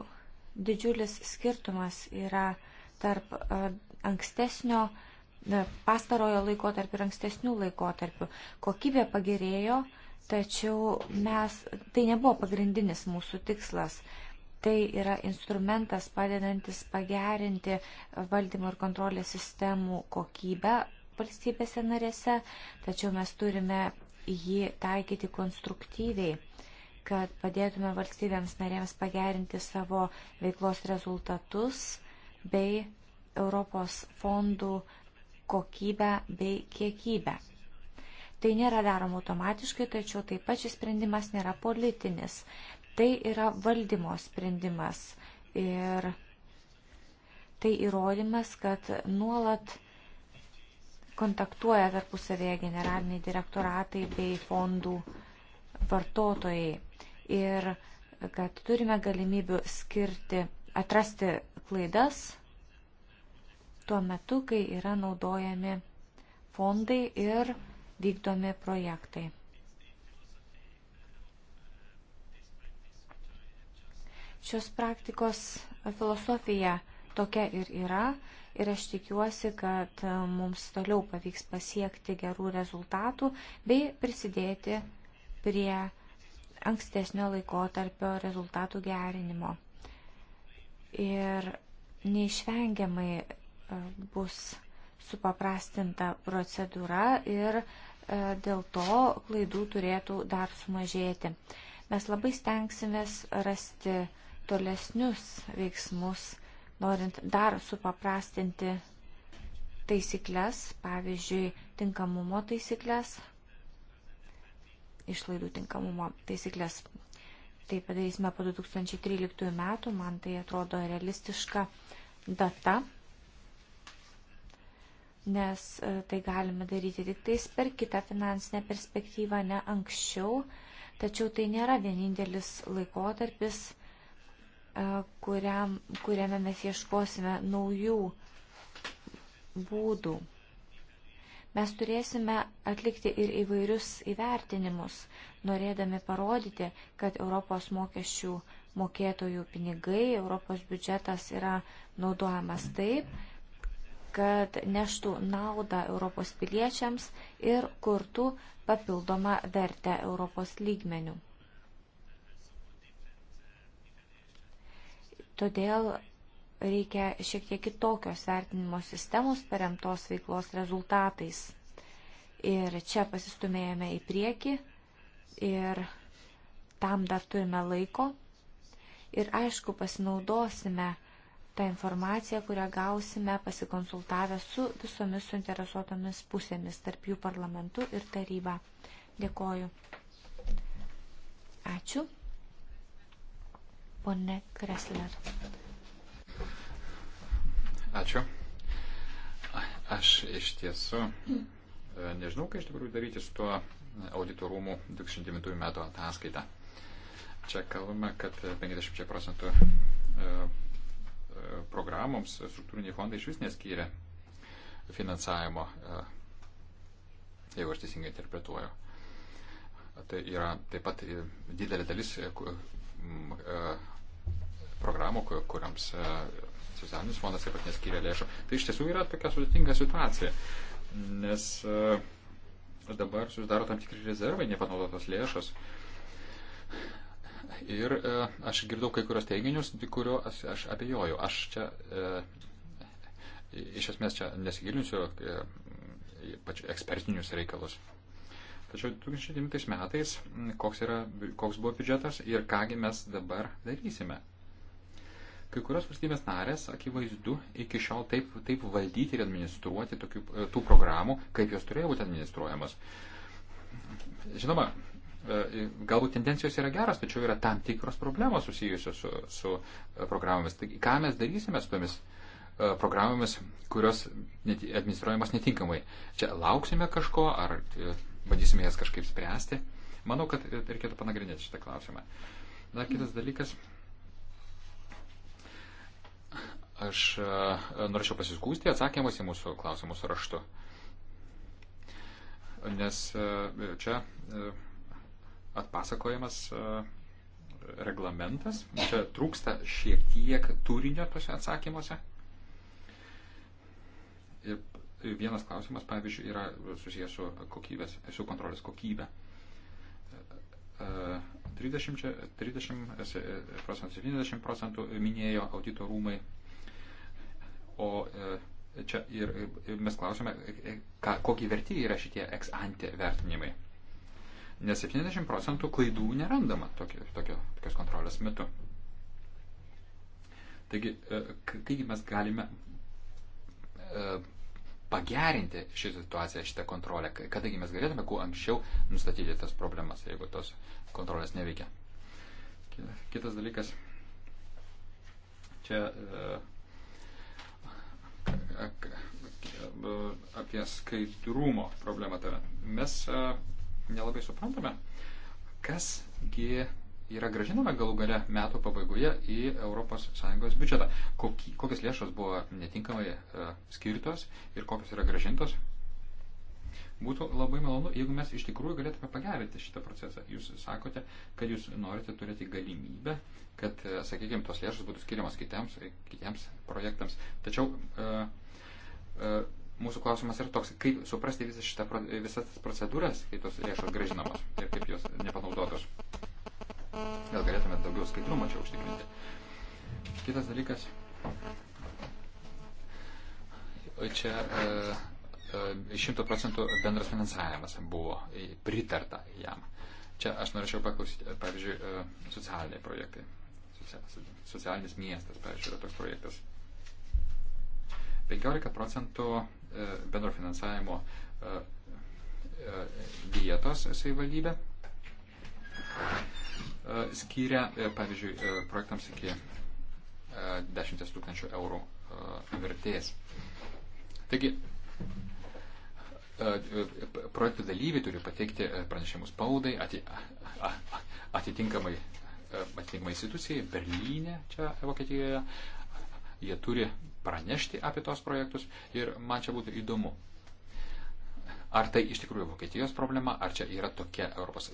didžiulis skirtumas yra tarp e, ankstesnio uh, pastarojo laiko tarp ir ankstesnių laikotarpių. Kokybė pagerėjo, tačiau mes, tai nebuvo pagrindinis mūsų tikslas. Tai yra instrumentas padedantis pagerinti valdymo ir kontrolės sistemų kokybę valstybėse narėse, tačiau mes turime jį taikyti konstruktyviai, kad padėtume valstybėms narėms pagerinti savo veiklos rezultatus bei Europos fondų uh, kokybę bei kiekybę. Tai nėra daroma automatiškai, tačiau taip pat šis sprendimas nėra politinis. Tai yra valdymo sprendimas ir tai įrodymas, kad nuolat kontaktuoja tarpusavėje generaliniai direktoratai bei fondų vartotojai ir kad turime galimybių skirti, atrasti klaidas tuo metu, kai yra naudojami fondai ir vykdomi projektai. Šios praktikos filosofija tokia ir yra ir aš tikiuosi, kad mums toliau pavyks pasiekti gerų rezultatų bei prisidėti prie ankstesnio laikotarpio rezultatų gerinimo. Ir neišvengiamai E, bus supaprastinta procedūra ir e, dėl to klaidų turėtų dar sumažėti. Mes labai stengsimės rasti tolesnius veiksmus, norint dar supaprastinti taisyklės, pavyzdžiui, tinkamumo taisyklės, išlaidų tinkamumo taisyklės. Tai padarysime po 2013 metų, man tai atrodo realistiška data nes e, tai galime daryti tik tais per kitą finansinę perspektyvą, ne anksčiau, tačiau tai nėra vienintelis laikotarpis, e, kuriam, kuriame mes ieškosime naujų būdų. Mes turėsime atlikti ir įvairius įvertinimus, norėdami parodyti, kad Europos mokesčių mokėtojų pinigai, Europos biudžetas yra naudojamas taip, kad neštų naudą Europos piliečiams ir kurtų papildomą vertę Europos lygmenių. Todėl reikia šiek tiek kitokios vertinimo sistemos paremtos veiklos rezultatais. Ir čia pasistumėjome į priekį ir tam dar turime laiko. Ir aišku, pasinaudosime uh, tą informaciją, kurią gausime pasikonsultavę su visomis suinteresuotomis pusėmis, tarp jų parlamentu ir taryba. Dėkoju. Ačiū. Pone Kresler. Ačiū. Aš iš tiesų e, nežinau, ką iš tikrųjų daryti su tuo auditorumų 2009 metų ataskaita. Čia kalbame, kad 50 e, procentų e, programoms struktūriniai fondai iš vis neskyrė finansavimo, e, jeigu aš teisingai interpretuoju. Tai yra taip pat didelė dalis e, e, programų, kuriams socialinis fondas taip pat neskyrė lėšų. Tai iš tiesų yra tokia sudėtinga situacija, nes dabar susidaro tam tikri rezervai, nepanaudotos lėšos. Ir e, aš girdau kai kurios teiginius, kuriuo aš, aš abejoju. Aš čia e, iš esmės čia nesigilinsiu e, pačiu ekspertinius reikalus. Tačiau 2009 metais koks, yra, koks buvo biudžetas ir kągi mes dabar darysime. Kai kurios valstybės narės, akivaizdu, iki šiol taip, taip valdyti ir administruoti tokių, e, tų programų, kaip jos turėjo būti administruojamos. Žinoma, E, galbūt tendencijos yra geros, tačiau yra tam tikros problemos susijusios su, su e, programomis. Taigi, ką mes darysime su tomis e, programomis, kurios administruojamos netinkamai? Čia lauksime kažko ar bandysime jas kažkaip spręsti? Manau, kad reikėtų panagrinėti šitą klausimą. Dar kitas dalykas. Aš norėčiau pasiskūsti atsakymus į mūsų klausimus raštu. Nes čia atpasakojamas e, reglamentas. Čia trūksta šiek tiek turinio tose atsakymuose. Ir vienas klausimas, pavyzdžiui, yra susijęs su, kokybės, su kontrolės kokybė. 30, 30 procentų, 70 procentų minėjo audito rūmai. O e, čia ir, ir mes klausome, e, ką, kokie verti yra šitie ex ante vertinimai nes 70 procentų klaidų nerandama tokio, tokio, tokios kontrolės metu. Taigi, kaip mes galime pagerinti šitą situaciją, šitą kontrolę, kadangi mes galėtume kuo anksčiau nustatyti tas problemas, jeigu tos kontrolės neveikia. Kitas dalykas. Čia apie skaidrumo problemą tave. Mes nelabai suprantame, kasgi yra gražinama galų gale metų pabaigoje į ES biudžetą. Kokie, kokios lėšos buvo netinkamai e, skirtos ir kokios yra gražintos. Būtų labai malonu, jeigu mes iš tikrųjų galėtume pagerinti šitą procesą. Jūs sakote, kad jūs norite turėti galimybę, kad, e, sakykime, tos lėšos būtų skiriamas kitiems, kitiems projektams. Tačiau e, e, mūsų klausimas yra toks, kaip suprasti visą šitą, visas tas procedūras, kaip tos lėšos gražinamos ir kaip jos nepanaudotos. Gal galėtume daugiau skaidrumo čia užtikrinti. Kitas dalykas. Čia e, e, šimtų procentų bendras finansavimas buvo pritarta jam. Čia aš norėčiau paklausyti, e, pavyzdžiui, socialiniai projektai. Socialinis miestas, pavyzdžiui, yra toks projektas. 15 procentų E, bendro finansavimo e, e, vietos savivaldybė skiria, pavyzdžiui, projektams iki 10 tūkstančių eurų vertės. Taigi, projektų dalyviai turi pateikti pranešimus spaudai, atitinkamai, atitinkamai institucijai, Berlyne, čia Vokietijoje. Jie turi pranešti apie tos projektus ir man čia būtų įdomu. Ar tai iš tikrųjų Vokietijos problema, ar čia yra tokia ES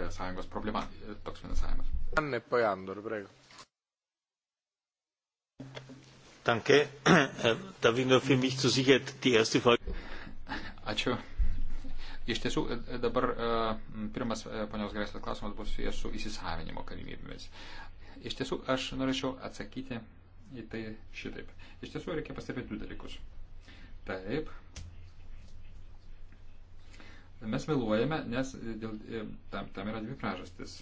e, sąjungos problema, e, toks finansavimas. Anne poi Andor, prego. Danke. Darf ich nur für mich zur Sicherheit die erste Frage. Ačiū. Iš tiesų, e, dabar pirmas ponios Greslės klausimas bus susijęs su įsisavinimo galimybėmis. Iš tiesų, aš norėčiau atsakyti į tai šitaip. Iš tiesų, reikia pastebėti du dalykus. Taip. Mes vėluojame, nes dėl, e, tam, tam yra dvi priežastis.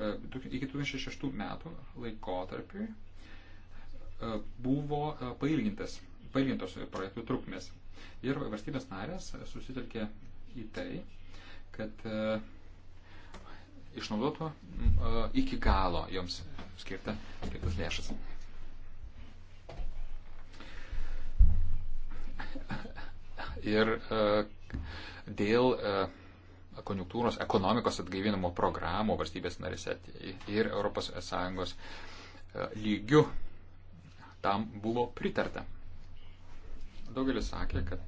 E, iki 2006 metų laikotarpiui e, buvo pailgintas, pailgintos projektų trukmės. Ir valstybės narės susitelkė į tai, kad išnaudotų iki galo joms skirta, skirtas lėšas. Ir dėl konjunktūros ekonomikos atgaivinimo programų valstybės narėse ir ES lygių tam buvo pritarta. Daugelis sakė, kad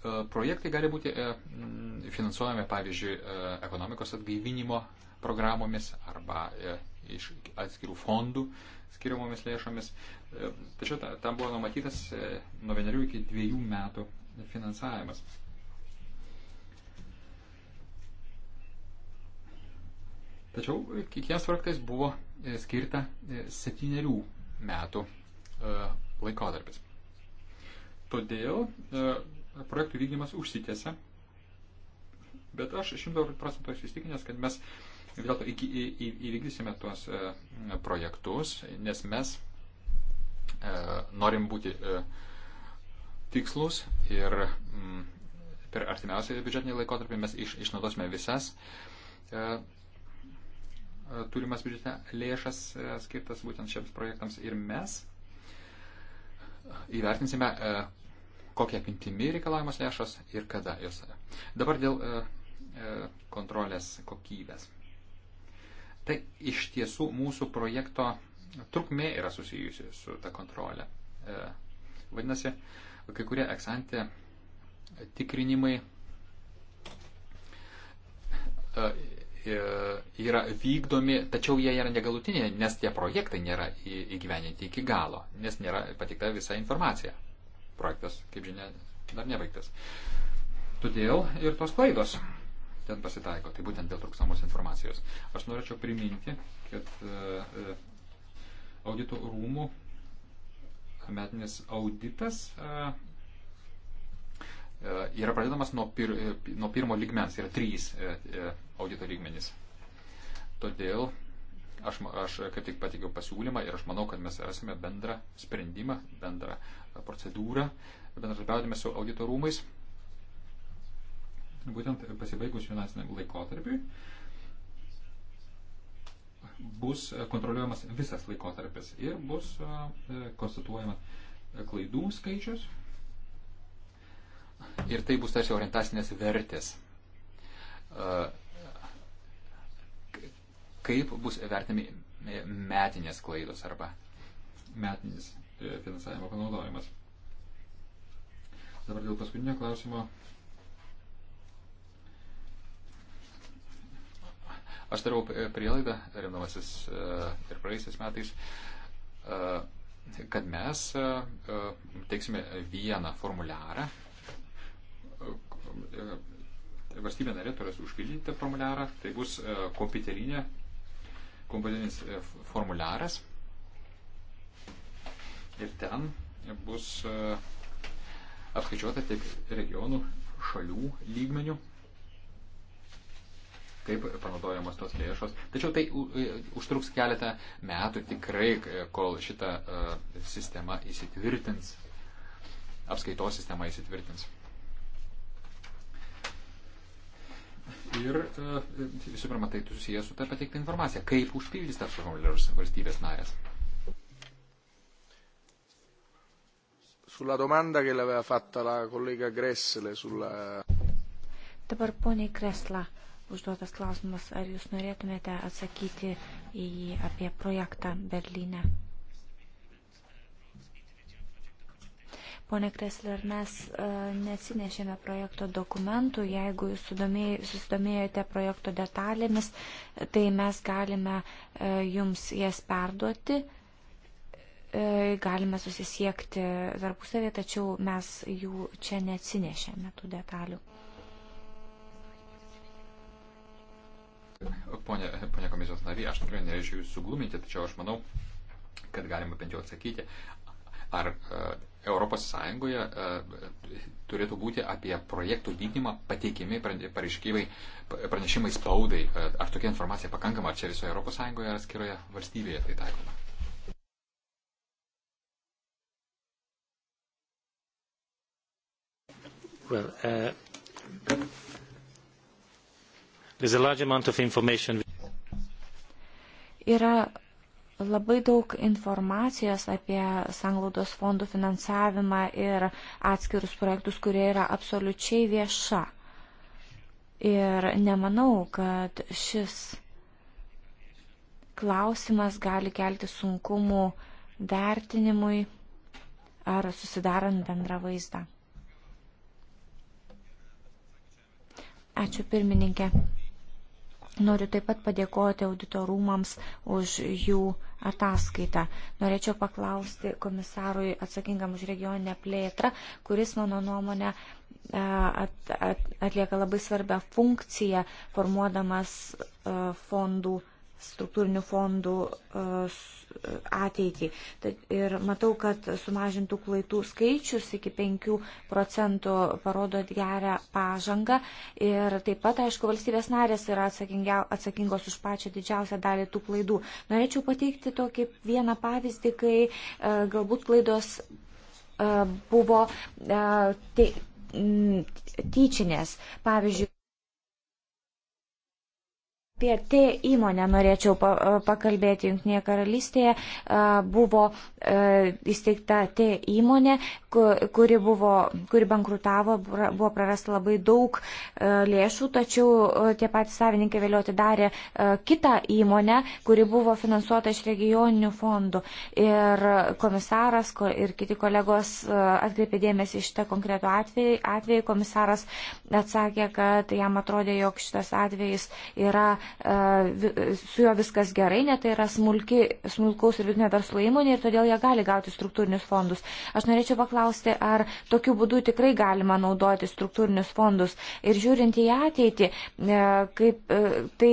E, projektai gali būti e, finansuojami, pavyzdžiui, e, ekonomikos atgaivinimo programomis arba iš atskirų fondų skiriamomis lėšomis. Tačiau tam buvo numatytas nuo vienerių iki dviejų metų finansavimas. Tačiau kiekvienas projektais buvo skirta septyniarių metų laikotarpis. Todėl projektų vykdymas užsitėse. Bet aš šimto procentų esu įstikinęs, kad mes vis dėlto įvykdysime tuos e, projektus, nes mes e, norim būti e, tikslus ir mm, per artimiausią biudžetinį laikotarpį mes iš, išnaudosime visas turimas biudžete lėšas skirtas būtent šiems projektams ir mes įvertinsime, kokia apimtimi reikalavimas lėšos ir kada jos. Dabar dėl e, e, kontrolės kokybės. Tai iš tiesų mūsų projekto trukmė yra susijusi su ta kontrolė. E, vadinasi, kai kurie eksantė tikrinimai yra vykdomi, tačiau jie yra negalutiniai, nes tie projektai nėra įgyveninti iki galo, nes nėra patikta visa informacija projektas, kaip žinia, dar nebaigtas. Todėl ir tos klaidos ten pasitaiko, tai būtent dėl trūksamos informacijos. Aš norėčiau priminti, kad e, e, audito rūmų metinis auditas e, yra pradedamas nuo, pir, nuo pirmo lygmens, yra trys audito lygmenys. Todėl Aš, aš e, kaip tik patikiu pasiūlymą ir aš manau, kad mes rasime bendrą sprendimą, bendrą e, procedūrą, bendradarbiaudami su audito rūmais, būtent pasibaigus finansiniam laikotarpiui, bus e, kontroliuojamas visas laikotarpis ir bus konstatuojamas klaidų skaičius ir tai bus tarsi orientacinės vertės kaip bus vertinami e, metinės klaidos arba metinis e, finansavimo panaudojimas. Dabar dėl paskutinio klausimo. Aš darau prielaidą, remdamasis e, ir praeisiais metais, kad mes teiksime vieną formuliarą. Valstybė narė turės užpildyti tą formuliarą. Tai bus kompiuterinė kompatinis e, formularas. Ir ten bus e, apskaičiuota tiek regionų šalių lygmenių, kaip panaudojamos tos lėšos. Tačiau tai e, užtruks keletą metų tikrai, kol šita sistema įsitvirtins, apskaitos sistema įsitvirtins. Ir e, visų pirma, tai susijęs su ta pateikta informacija. Kaip užpildys tas formularius valstybės narės? Sulla domanda che l'aveva fatta la collega Gressle sulla... Dabar poniai Kresla užduotas klausimas, ar jūs norėtumėte atsakyti į jį apie projektą Berlyne? Pone Kresler, mes e, nesinešėme projekto dokumentų. Jeigu jūs susidomėjote projekto detalėmis, tai mes galime e, jums jas perduoti. E, galime susisiekti tarpusavį, tačiau mes jų čia neatsinešėme tų detalių. Pone, pone komisijos nariai, aš tikrai nereiškiu jūsų gluminti, tačiau aš manau, kad galima bent jau atsakyti, ar Europos Sąjungoje e, turėtų būti apie projektų vykdymą pateikiami pranešimai spaudai. E, ar tokia informacija pakankama, ar čia visoje Europos Sąjungoje ar atskiroje valstybėje tai taikoma? Well, uh, there's a large amount of information. Yra Labai daug informacijos apie sanglaudos fondų finansavimą ir atskirus projektus, kurie yra absoliučiai vieša. Ir nemanau, kad šis klausimas gali kelti sunkumų vertinimui ar susidarant bendrą vaizdą. Ačiū pirmininkė. Noriu taip pat padėkoti auditorumams už jų ataskaitą. Norėčiau paklausti komisarui atsakingam už regioninę plėtrą, kuris, mano nuomonė, at, at, atlieka labai svarbią funkciją formuodamas fondų struktūrinių fondų e, e, ateitį. Ir matau, kad sumažintų klaidų skaičius iki 5 procentų parodo gerą pažangą. Ir taip pat, aišku, valstybės narės yra atsakingos už pačią didžiausią dalį tų klaidų. Norėčiau pateikti tokį vieną pavyzdį, kai e, galbūt klaidos buvo tyčinės. Pavyzdžiui, PRT įmonę norėčiau e, pakalbėti Junktinėje karalystėje. E, buvo e, įsteigta T įmonė, kuri, buvo, kuri bankrutavo, buvo prarasta labai daug lėšų, tačiau tie patys savininkai vėliau atidarė kitą įmonę, kuri buvo finansuota iš regioninių fondų. Ir komisaras ir kiti kolegos atkreipė dėmesį šitą konkretų atvejį. atvejį. Komisaras atsakė, kad jam atrodė, jog šitas atvejis yra su juo viskas gerai, net tai yra smulki, smulkaus ir vidinio verslo įmonė ir todėl jie gali gauti struktūrinius fondus. Aš norėčiau paklausti, ar tokiu būdu tikrai galima naudoti struktūrinius fondus. Ir žiūrint į ateitį, kaip, tai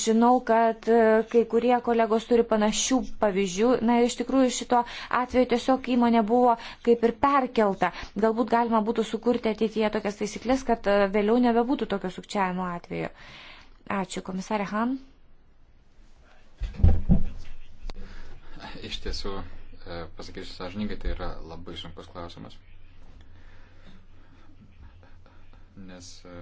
žinau, kad kai kurie kolegos turi panašių pavyzdžių. Na ir iš tikrųjų šito atveju tiesiog įmonė buvo kaip ir perkelta. Galbūt galima būtų sukurti ateityje tokias taisyklės, kad vėliau nebebūtų tokio sukčiavimo atveju. Ačiū, komisarė Han. Iš tiesų, e, pasakysiu sąžininkai, tai yra labai sunkus klausimas. Nes e,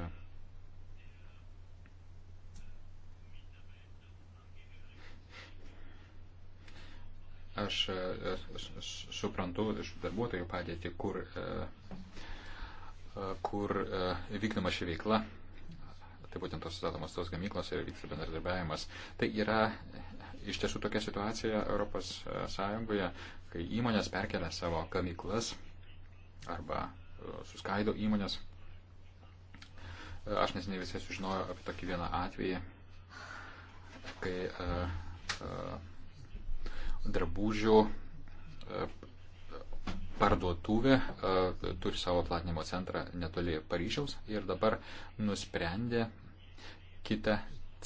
aš e, suprantu iš darbuotojų padėti, kur, kur vykdoma ši veikla tai būtent tos statomos tos gamyklos ir vyksta bendradarbiavimas. Tai yra e, iš tiesų tokia situacija ES, e, kai įmonės perkelia savo gamyklas arba e, suskaido įmonės. Aš nesiniai visai sužinojau apie tokį vieną atvejį, kai a, a, drabužių parduotuvė e, turi savo platinimo centrą netoli Paryžiaus ir dabar nusprendė kitą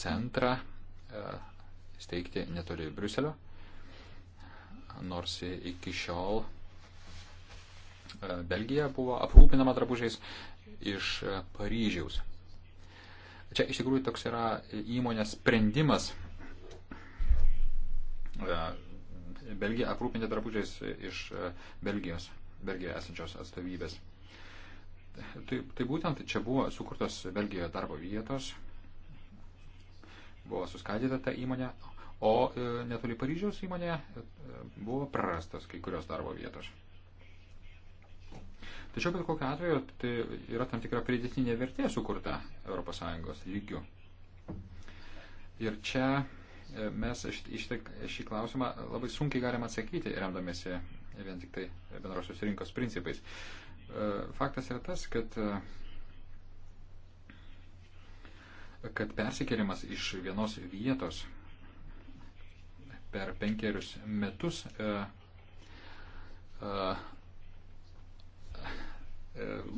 centrą e, steigti netoli Briuselio, nors iki šiol e, Belgija buvo aprūpinama drabužiais iš Paryžiaus. Čia iš tikrųjų toks yra įmonės sprendimas Belgiją aprūpinti drabužiais iš e, Belgijos, Belgijoje esančios atstovybės. Tai, tai būtent čia buvo sukurtos Belgijoje darbo vietos, buvo suskaidyta ta įmonė, o e, netoli Paryžiaus įmonė e, buvo prarastas kai kurios darbo vietos. Tačiau bet kokiu atveju tai yra tam tikra pridėtinė vertė sukurta ES lygių. Ir čia E, mes šį klausimą labai sunkiai galim atsakyti, remdamėsi vien tik tai bendrosios rinkos principais. E, faktas yra tas, kad e, kad persikėlimas iš vienos vietos per penkerius metus e, e,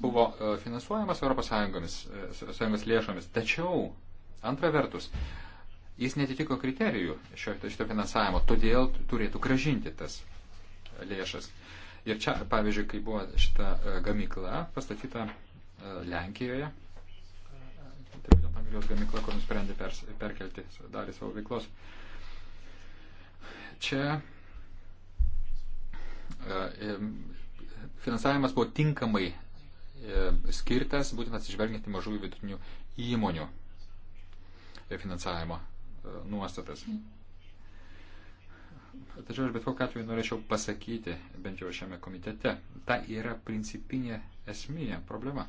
buvo finansuojamas ES lėšomis. Tačiau, antra vertus, e, jis netitiko kriterijų šio, šito finansavimo, todėl turėtų gražinti tas lėšas. Ir čia, pavyzdžiui, kai buvo šita e, gamykla pastatyta e, Lenkijoje, tai būtent Anglijos gamykla, kur nusprendė per, perkelti dalį savo veiklos. Čia e, finansavimas buvo tinkamai skirtas būtent atsižvelgiant į mažųjų vidutinių įmonių finansavimo nuostatas. Tačiau aš bet kokiu atveju norėčiau pasakyti, bent jau šiame komitete, ta yra principinė esminė problema.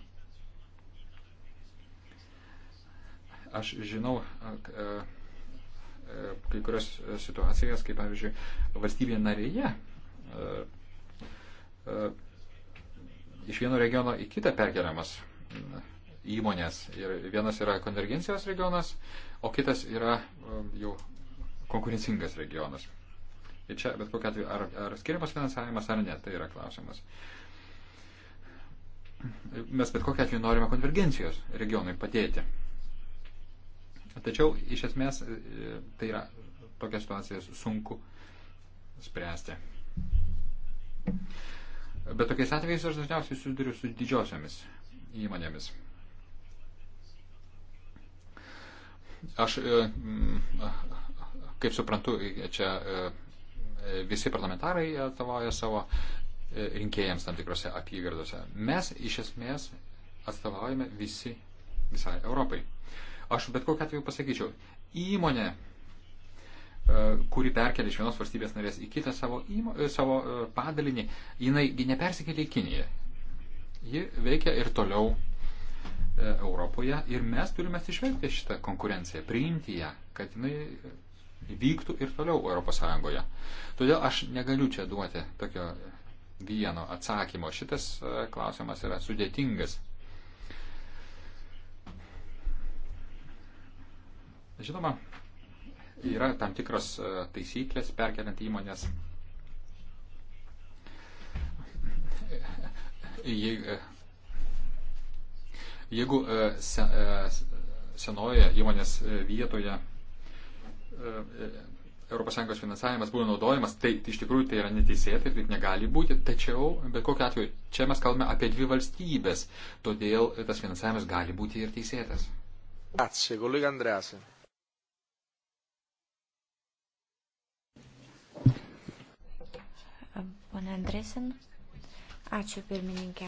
Aš žinau kai kurias situacijas, kaip pavyzdžiui, valstybė narėje iš vieno regiono į kitą perkeliamas įmonės. Ir vienas yra konvergencijos regionas, o kitas yra um, jau konkurencingas regionas. Ir čia, bet kokia atveju, ar, ar skiriamas finansavimas ar ne, tai yra klausimas. Mes bet kokia atveju norime konvergencijos regionui padėti. Tačiau, iš esmės, e, tai yra tokia situacija sunku spręsti. Bet tokiais atvejais aš dažniausiai susiduriu su didžiosiomis įmonėmis. Aš, e, mm, kaip suprantu, čia e, visi parlamentarai atstovauja savo e, rinkėjams tam tikrose apygardose. Mes iš esmės atstovaujame visi, visai Europai. Aš bet kokiu atveju pasakyčiau, įmonė, kuri perkelia iš vienos valstybės narės į kitą savo, įmo, savo padalinį, jinai nepersikėlė į Kiniją. Ji veikia ir toliau E, Europoje ir mes turime atsižvelgti šitą konkurenciją, priimti ją, kad jinai e, vyktų ir toliau Europos Sąjungoje. Todėl aš negaliu čia duoti tokio vieno atsakymo. Šitas e, klausimas yra sudėtingas. Žinoma, yra tam tikros taisyklės perkeliant įmonės. Jei Jeigu e, e, senoje įmonės e, vietoje ES finansavimas buvo naudojamas, tai iš tikrųjų tai yra neteisėta ir taip negali būti. Tačiau, bet kokiu atveju, čia mes kalbame apie dvi valstybės, todėl tas finansavimas gali būti ir teisėtas. Ačiū, kolega Andreasen. Pane Andresen, ačiū pirmininkė.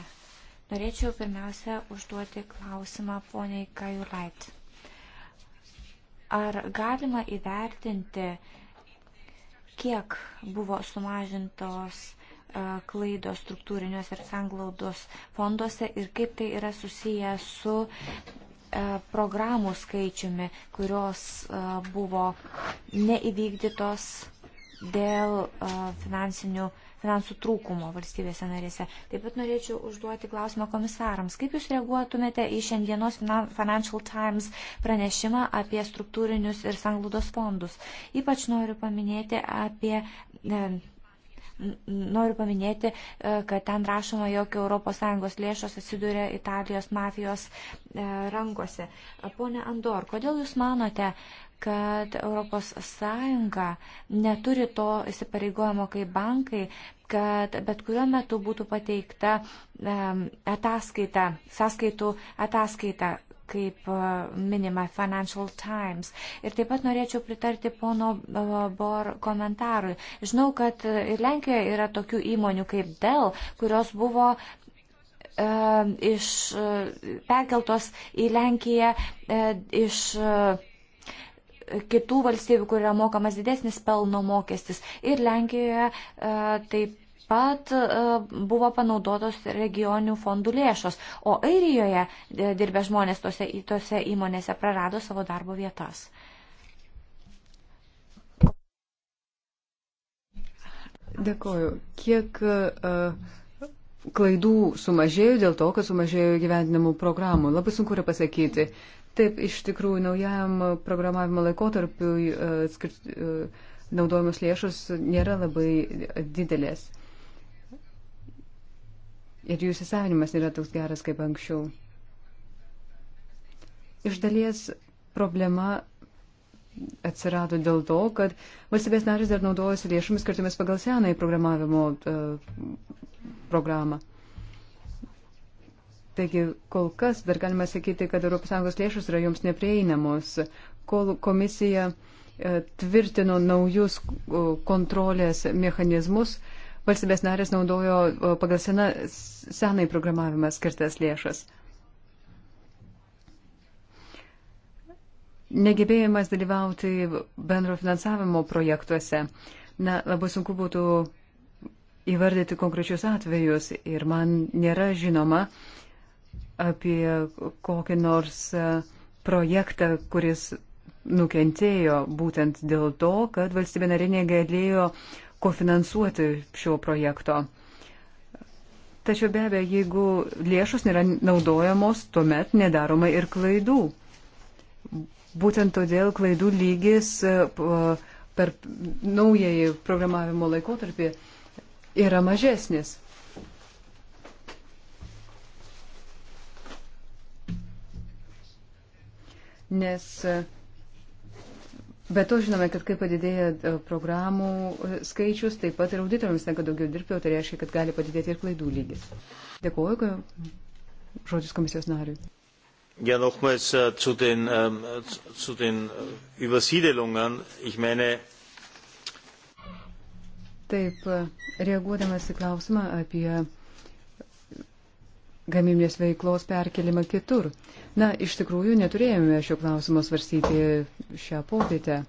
Norėčiau pirmiausia užduoti klausimą poniai Kajulait. Ar galima įvertinti, kiek buvo sumažintos e, klaidos struktūriniuose ir sanglaudos fonduose ir kaip tai yra susiję su e, programų skaičiumi, kurios e, buvo neįvykdytos dėl finansinių uh, finansų trūkumo valstybėse narėse. Taip pat norėčiau užduoti klausimą komisarams. Kaip Jūs reaguotumėte į šiandienos Financial Times pranešimą apie struktūrinius ir sanglaudos fondus? Ypač noriu paminėti apie. E, Noriu paminėti, e, kad ten rašoma, jog ES lėšos atsiduria Italijos mafijos e, rankose. Pone Andor, kodėl Jūs manote, kad ES neturi to įsipareigojimo kaip bankai, kad bet kuriuo metu būtų pateikta ataskaita, sąskaitų ataskaita, kaip e, minima Financial Times. Ir taip pat norėčiau pritarti pono e, Bor komentarui. Žinau, kad e, ir Lenkijoje yra tokių įmonių kaip Dell, kurios buvo e, iš, perkeltos į Lenkiją e, iš kitų valstybių, kur yra mokamas didesnis pelno mokestis. Ir Lenkijoje e, taip pat e, buvo panaudotos regioninių fondų lėšos, o Airijoje e, dirbę žmonės tose, tose įmonėse prarado savo darbo vietas. Dėkoju. Kiek uh, klaidų sumažėjo dėl to, kad sumažėjo gyvendinamų programų? Labai sunku yra pasakyti. Uh, Taip, iš tikrųjų, naujajam programavimo laikotarpiu e, e, naudojamos lėšos nėra labai didelės. Ir jų įsisavinimas nėra toks geras kaip anksčiau. Iš dalies problema atsirado dėl to, kad valstybės narys dar naudojasi lėšomis skirtomis pagal senąjį programavimo e, programą. Taigi kol kas dar galima sakyti, kad ES lėšus yra jums neprieinamos, kol komisija e, tvirtino naujus kontrolės mechanizmus. Valstybės narės naudojo pagal sena, senai programavimą skirtas lėšas. Negebėjimas dalyvauti bendro finansavimo projektuose. Na, labai sunku būtų įvardyti konkrečius atvejus ir man nėra žinoma, apie kokį nors e, projektą, kuris nukentėjo būtent dėl to, kad valstybė narė negalėjo kofinansuoti šio projekto. Tačiau be abejo, jeigu lėšos nėra naudojamos, tuomet nedaroma ir klaidų. Būtent todėl klaidų lygis e, e, per naująjį programavimo laikotarpį yra mažesnis. nes be to žinome, kad kai padidėja e, programų e, skaičius, taip pat ir auditoriams tenka daugiau dirbti, o tai reiškia, kad gali padidėti ir klaidų lygis. Dėkuoju, kad žodis komisijos nariui. Ja, nochmals äh, zu den, ähm, zu den äh, Übersiedelungen. Ich meine, Taip, reaguodamas į klausimą apie gamybinės veiklos perkelimą kitur. Na, iš tikrųjų, neturėjome šio klausimo svarstyti šią popietę.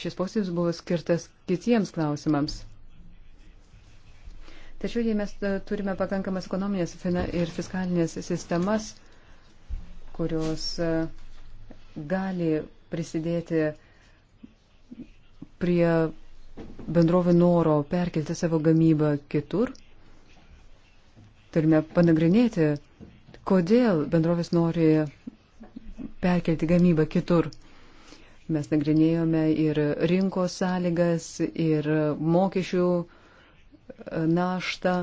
Šis posėdis buvo skirtas kitiems klausimams. Tačiau jei mes e, turime pakankamas ekonominės ir fiskalinės sistemas, kurios e, gali prisidėti prie bendrovių noro perkelti savo gamybą kitur, turime panagrinėti, kodėl bendrovės nori perkelti gamybą kitur. Mes nagrinėjome ir rinkos sąlygas, ir mokesčių e, naštą,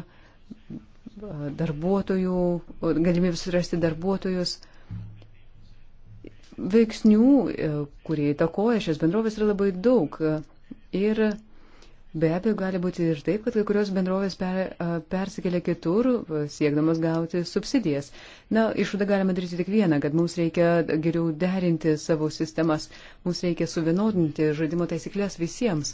darbuotojų, galimybės surasti darbuotojus. Veiksnių, e, kurie įtakoja šias bendrovės, yra labai daug. E, ir Be abejo, gali būti ir taip, kad kai kurios bendrovės per, persikelia kitur, siekdamas gauti subsidijas. Na, išvada galima daryti tik vieną, kad mums reikia geriau derinti savo sistemas, mums reikia suvienodinti žaidimo taisyklės visiems.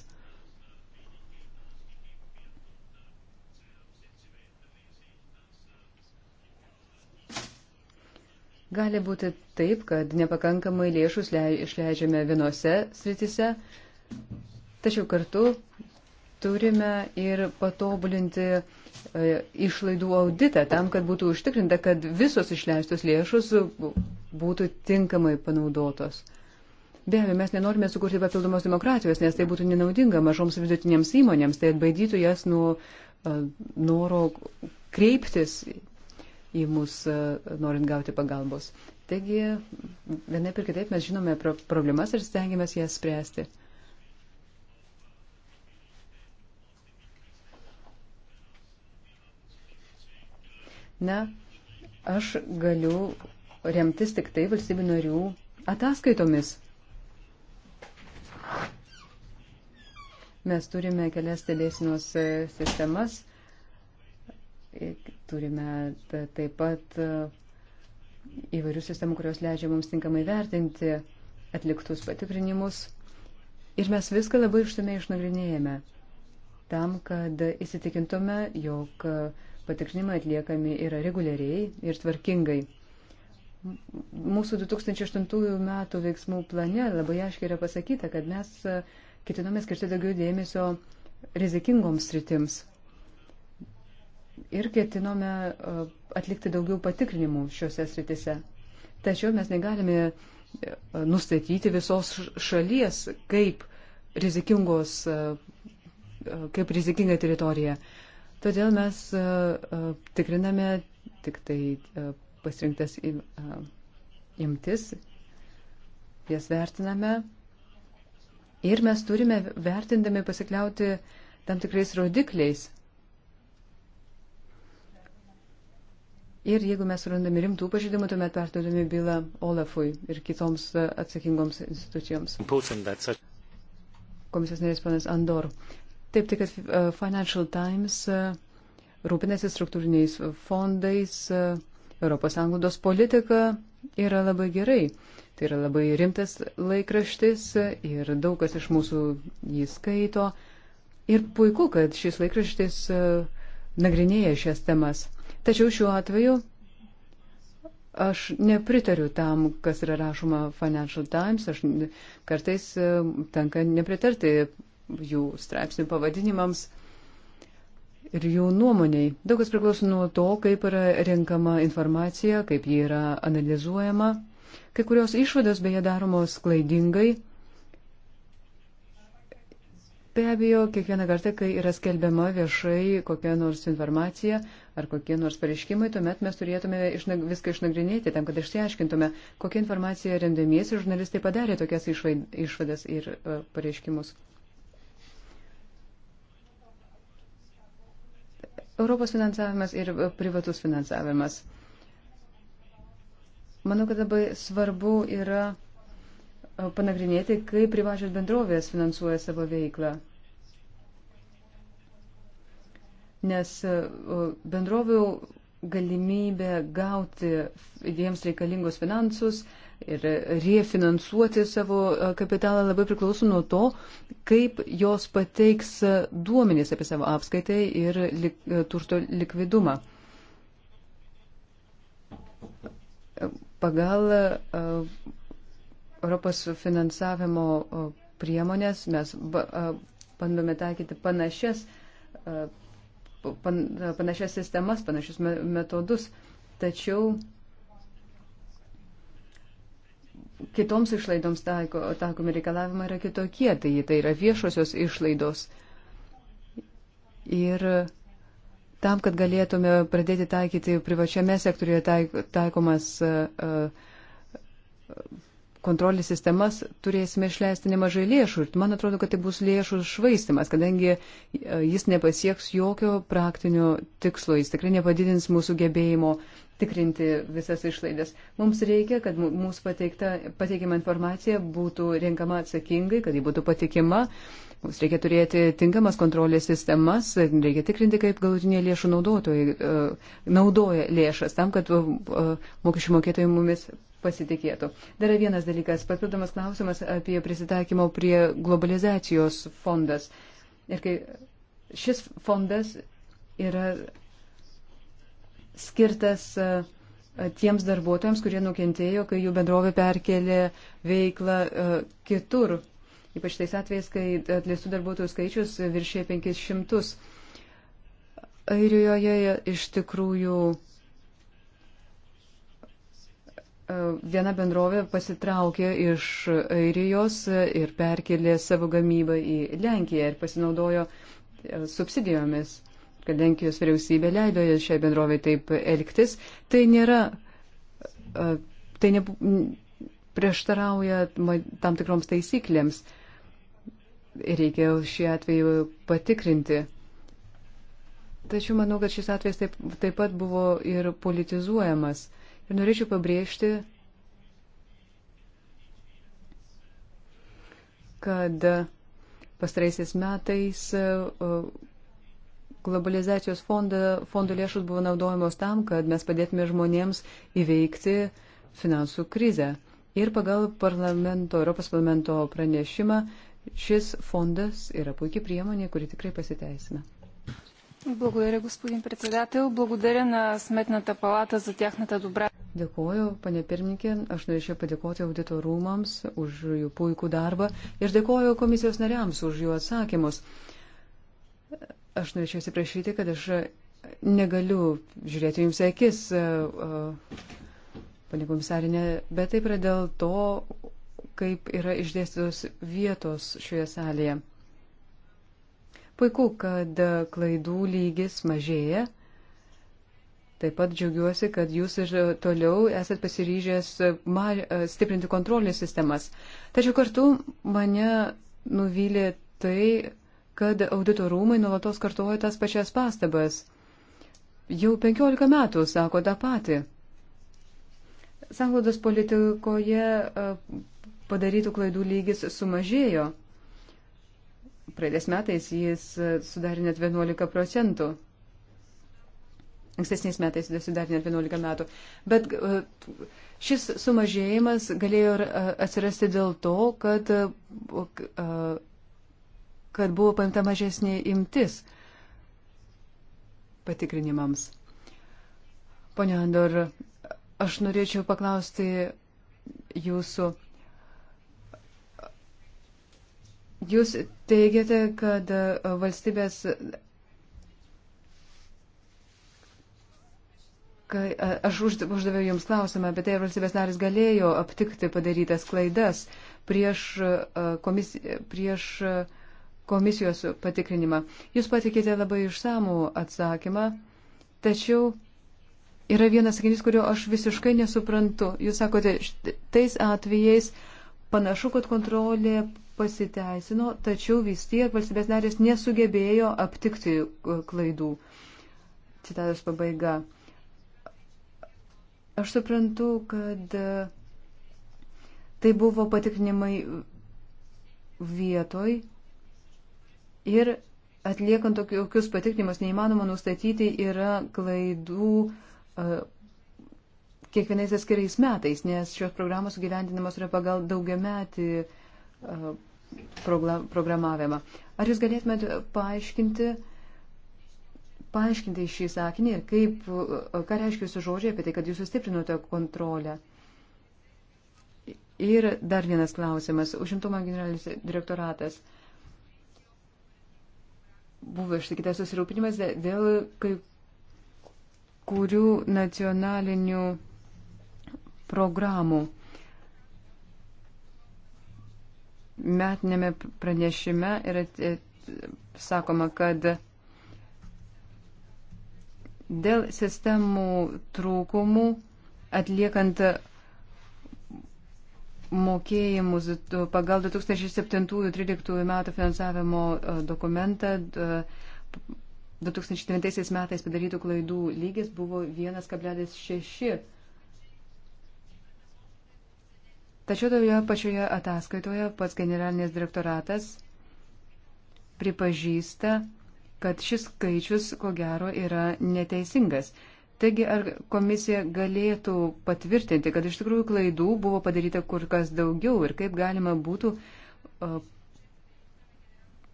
Gali būti taip, kad nepakankamai lėšus išleidžiame vienose sritise, tačiau kartu turime ir patobulinti e, išlaidų auditą tam, kad būtų užtikrinta, kad visos išleistos lėšos būtų tinkamai panaudotos. Be abejo, mes nenorime sukurti papildomos demokratijos, nes tai būtų nenaudinga mažoms vidutinėms įmonėms, tai atbaidytų jas nuo e, noro kreiptis į mus, e, norint gauti pagalbos. Taigi, vienaip ir kitaip mes žinome problemas ir stengiamės jas spręsti. Na, aš galiu remtis tik tai valstybių narių ataskaitomis. Mes turime kelias stebėsinos e, sistemas, e, turime taip pat e, įvairių sistemų, kurios leidžia mums tinkamai vertinti atliktus patikrinimus. Ir mes viską labai išsamei išnagrinėjame tam, kad įsitikintume, jog patikrinimai atliekami yra reguliariai ir tvarkingai. Mūsų 2008 metų veiksmų plane labai aiškiai yra pasakyta, kad mes e, ketiname skirti daugiau dėmesio rizikingoms sritims. Ir ketinome e, atlikti daugiau patikrinimų šiuose sritise. Tačiau mes negalime e, nustatyti visos šalies kaip rizikingos, kaip rizikinga teritorija. Todėl mes e, e, tikriname tik tai e, pasirinktas imtis, jas vertiname ir mes turime vertindami pasikliauti tam tikrais rodikliais. Ir jeigu mes surandame rimtų pažydimų, tuomet perduodame bylą Olafui ir kitoms atsakingoms institucijoms. Komisijos narės panas Andor. Taip, tai kad e, Financial Times e, rūpinasi struktūriniais fondais, e, Europos anglodos politika yra labai gerai. Tai yra labai rimtas laikraštis ir daug kas iš mūsų jį skaito. Ir puiku, kad šis laikraštis nagrinėja šias temas. Tačiau šiuo atveju aš nepritariu tam, kas yra rašoma Financial Times. Aš kartais tenka nepritarti jų straipsnių pavadinimams ir jų nuomoniai. Daug kas priklauso nuo to, kaip yra renkama informacija, kaip ji yra analizuojama. Kai kurios išvados beje daromos klaidingai. Be abejo, kiekvieną kartą, kai yra skelbiama viešai kokia nors informacija ar kokie nors pareiškimai, tuomet mes turėtume išnag viską išnagrinėti tam, kad išsiaiškintume, kokią informaciją remdamiesi žurnalistai padarė tokias išvadas ir uh, pareiškimus. Europos finansavimas ir e, privatus finansavimas. Manau, kad labai svarbu yra e, panagrinėti, kaip privačios bendrovės finansuoja savo veiklą. Nes e, bendrovių galimybė gauti jiems reikalingus finansus uh, Ir refinansuoti savo e, kapitalą labai priklauso nuo to, kaip jos pateiks e, duomenys apie savo apskaitai ir lik, e, turto likvidumą. Pagal Europos finansavimo priemonės mes bandome taikyti panašias, panašias sistemas, panašius metodus. Tačiau kitoms išlaidoms taiko, taikomi reikalavimai yra kitokie, tai, tai yra viešosios išlaidos. Ir tam, kad galėtume pradėti taikyti privačiame sektoriuje taik, taikomas e, e, kontrolės sistemas, turėsime išleisti nemažai lėšų. Ir man atrodo, kad tai bus lėšų švaistimas, kadangi e, jis nepasieks jokio praktinio tikslo, jis tikrai nepadidins mūsų gebėjimo tikrinti visas išlaidas. Mums reikia, kad mūsų pateikta, pateikiama informacija būtų renkama atsakingai, kad ji būtų patikima. Mums reikia turėti tinkamas kontrolės sistemas, reikia tikrinti, kaip galutinė lėšų naudotojai e, naudoja lėšas tam, kad e, mokesčių mokėtojai mumis pasitikėtų. Dar vienas dalykas, papildomas klausimas apie prisitaikymo prie globalizacijos fondas. Ir kai šis fondas yra skirtas e, e, tiems darbuotojams, kurie nukentėjo, kai jų bendrovė perkelė veiklą e, kitur. Ypač tais atvejais, kai atleistų darbuotojų skaičius viršė 500. Airijoje iš tikrųjų viena bendrovė pasitraukė iš Airijos ir perkelė savo gamybą į Lenkiją ir pasinaudojo subsidijomis kad Lenkijos vyriausybė leido šiai bendrovai taip elgtis, tai nėra, e, tai ne, prieštarauja tam tikroms taisyklėms. Reikia šį atvejį patikrinti. Tačiau manau, kad šis atvejas taip, taip pat buvo ir politizuojamas. Ir norėčiau pabrėžti, kad pastaraisiais metais e, Globalizacijos fondo, fondo lėšus buvo naudojamos tam, kad mes padėtume žmonėms įveikti finansų krizę. Ir pagal parlamento, Europos parlamento pranešimą šis fondas yra puikia priemonė, kuri tikrai pasiteisina. Благодаря, господин председател. Благодаря на Сметната палата за тяхната добра. Dėkuoju, panė pirmininkė, aš norėčiau padėkoti auditorumams už jų puikų darbą ir dėkuoju komisijos nariams už jų atsakymus. Aš norėčiau atsiprašyti, kad aš e, negaliu žiūrėti jums akis, e, e, panė komisarinė, bet taip yra dėl to, kaip yra išdėstytos vietos šioje salėje. Puiku, kad klaidų lygis mažėja. Taip pat džiaugiuosi, kad jūs ir toliau esat pasiryžęs stiprinti kontrolės sistemas. Tačiau kartu mane nuvylė tai, kad auditorumai nuolatos kartuoja tas pačias pastabas. Jau 15 metų sako tą patį. Sanglaudos politikoje e, padarytų klaidų lygis sumažėjo. Praeitais metais jis e, sudarė net 11 procentų. Ankstesniais metais jis sudarė net 11 metų. Bet e, šis sumažėjimas galėjo atsirasti dėl to, kad kad buvo paimta mažesnė imtis patikrinimams. Pone Andor, aš norėčiau paklausti jūsų. Jūs teigiate, kad valstybės, kai, aš uždaviau Jums klausimą, bet tai valstybės narys galėjo aptikti padarytas klaidas prieš komisiją, prieš uh, komisijos patikrinimą. Jūs patikėte labai išsamų atsakymą, tačiau yra vienas sakinys, kurio aš visiškai nesuprantu. Jūs sakote, tais atvejais panašu, kad kontrolė pasiteisino, tačiau vis tiek valstybės narės nesugebėjo aptikti e, klaidų. Citatos pabaiga. Aš suprantu, kad e, tai buvo patikrinimai vietoj, Ir atliekant tokius patikrinimus neįmanoma nustatyti yra klaidų uh, kiekvienais atskirais metais, nes šios programos gyvendinamos yra pagal daugiametį uh, programavimą. Ar jūs galėtumėte paaiškinti, paaiškinti šį sakinį ir kaip, e, ką reiškia jūsų žodžiai apie tai, kad jūs sustiprinote kontrolę? Ir dar vienas klausimas. Užimtumo generalinis direktoratas. Uh, buvo išsakytas susirūpinimas dėl kai kurių nacionalinių programų. Metinėme pranešime yra e, sakoma, kad dėl sistemų trūkumų atliekant mokėjimus pagal 2007-2013 metų finansavimo e, dokumentą 2009 e, metais padarytų klaidų lygis buvo 1,6. Tačiau toje pačioje ataskaitoje pats generalinis direktoratas pripažįsta, kad šis skaičius, ko gero, yra neteisingas. Taigi, ar komisija galėtų patvirtinti, kad iš tikrųjų klaidų buvo padaryta kur kas daugiau ir kaip galima būtų uh,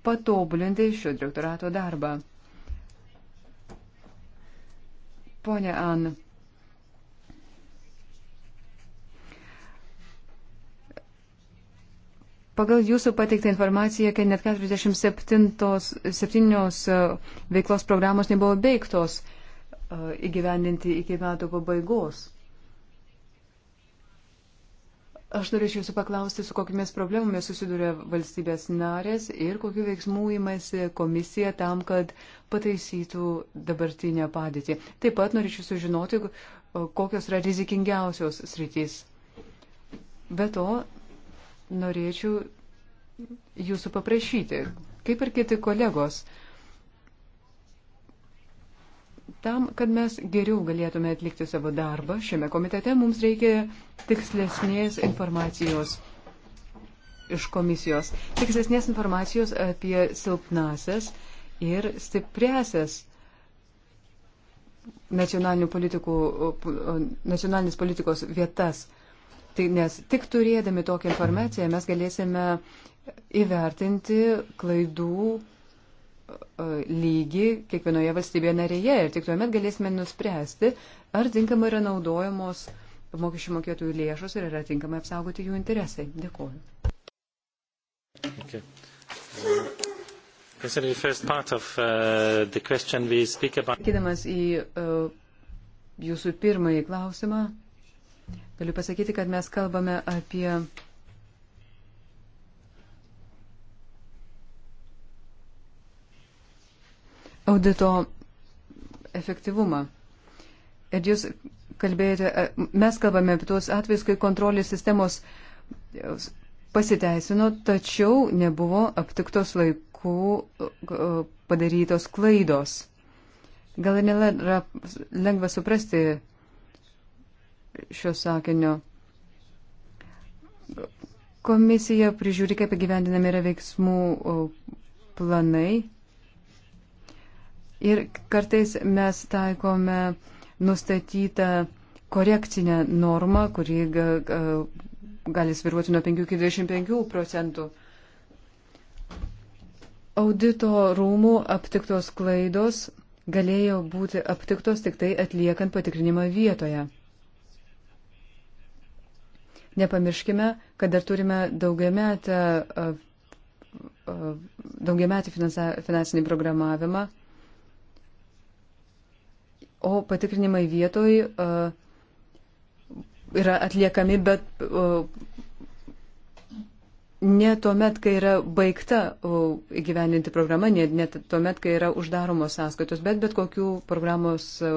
patobulinti šio direktorato darbą? Pone An. Pagal jūsų pateiktą informaciją, kad net 47 veiklos programos nebuvo veiktos. Uh, įgyvendinti iki metų pabaigos. Aš norėčiau jūsų paklausti, su kokiamis problemomis susiduria valstybės narės ir kokiu veiksmu įmasi komisija tam, kad pataisytų dabartinę padėtį. Taip pat norėčiau sužinoti, kokios yra rizikingiausios sritys. Be to, norėčiau jūsų paprašyti, kaip ir kiti kolegos, uh, Tam, kad mes geriau galėtume atlikti savo darbą, šiame komitete mums reikia tikslesnės informacijos iš komisijos, tikslesnės informacijos apie silpnasias ir stipresias politikų, nacionalinės politikos vietas. Tai nes tik turėdami tokią informaciją mes galėsime įvertinti klaidų E, lygį kiekvienoje valstybėje narėje ir tik tuomet galėsime nuspręsti, ar tinkamai yra naudojamos mokesčių mokėtojų lėšos ir yra tinkamai apsaugoti jų interesai. Dėkuoju. Okay. Uh... Atsakydamas į uh, jūsų pirmąjį klausimą, galiu pasakyti, kad mes kalbame apie audito efektyvumą. Ir jūs kalbėjote, mes kalbame apie tuos atvejus, kai kontrolės sistemos pasiteisino, tačiau nebuvo aptiktos laikų e, padarytos klaidos. Gal ir nėra lengva suprasti šio sakinio. Komisija prižiūri, kaip įgyvendinami yra veiksmų e, planai Ir kartais mes taikome nustatytą korekcinę normą, kuri gali sviruoti nuo 5 iki 25 procentų. Audito rūmų aptiktos klaidos galėjo būti aptiktos tik tai atliekant patikrinimą vietoje. Nepamirškime, kad dar turime daugiametę, daugiametį finansinį programavimą o patikrinimai vietoj e, yra atliekami, bet ne tuomet, kai yra baigta įgyvendinti programa, ne, ne tuomet, kai yra uždaromos sąskaitos, bet bet kokių programos e,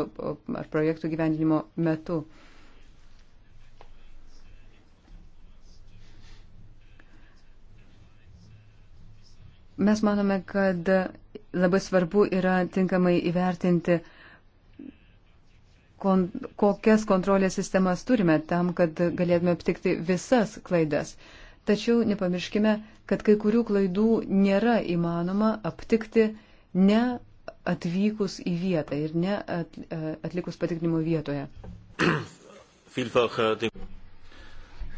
ar projektų gyvendinimo metu. Mes manome, kad labai svarbu yra tinkamai įvertinti uh, kon, kokias kontrolės sistemas turime tam, kad galėtume aptikti visas klaidas. Tačiau nepamirškime, kad kai kurių klaidų nėra įmanoma aptikti ne atvykus į vietą ir ne at, e, atlikus patikrinimo vietoje.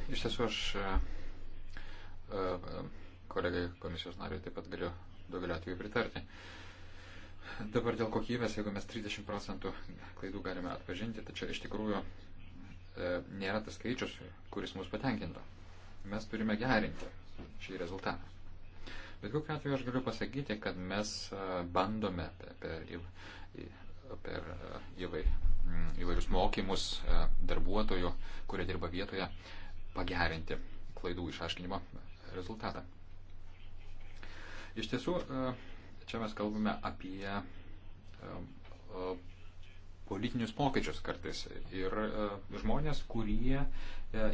Iš tiesų aš e, e, kolegai komisijos nariui taip pat galiu daugelį atvejų pritarti. Uh, Dabar dėl kokybės, jeigu mes 30 procentų klaidų galime atpažinti, tačiau iš tikrųjų e, nėra tas skaičius, kuris mus patenkintų. Mes turime gerinti šį rezultatą. Bet kokiu atveju aš galiu pasakyti, kad mes e, bandome per, per e, įvai, įvairius mokymus darbuotojų, kurie dirba vietoje, pagerinti klaidų išaiškinimo rezultatą. Iš tiesų, Čia mes kalbame apie politinius pokyčius kartais. Ir e, žmonės, kurie e,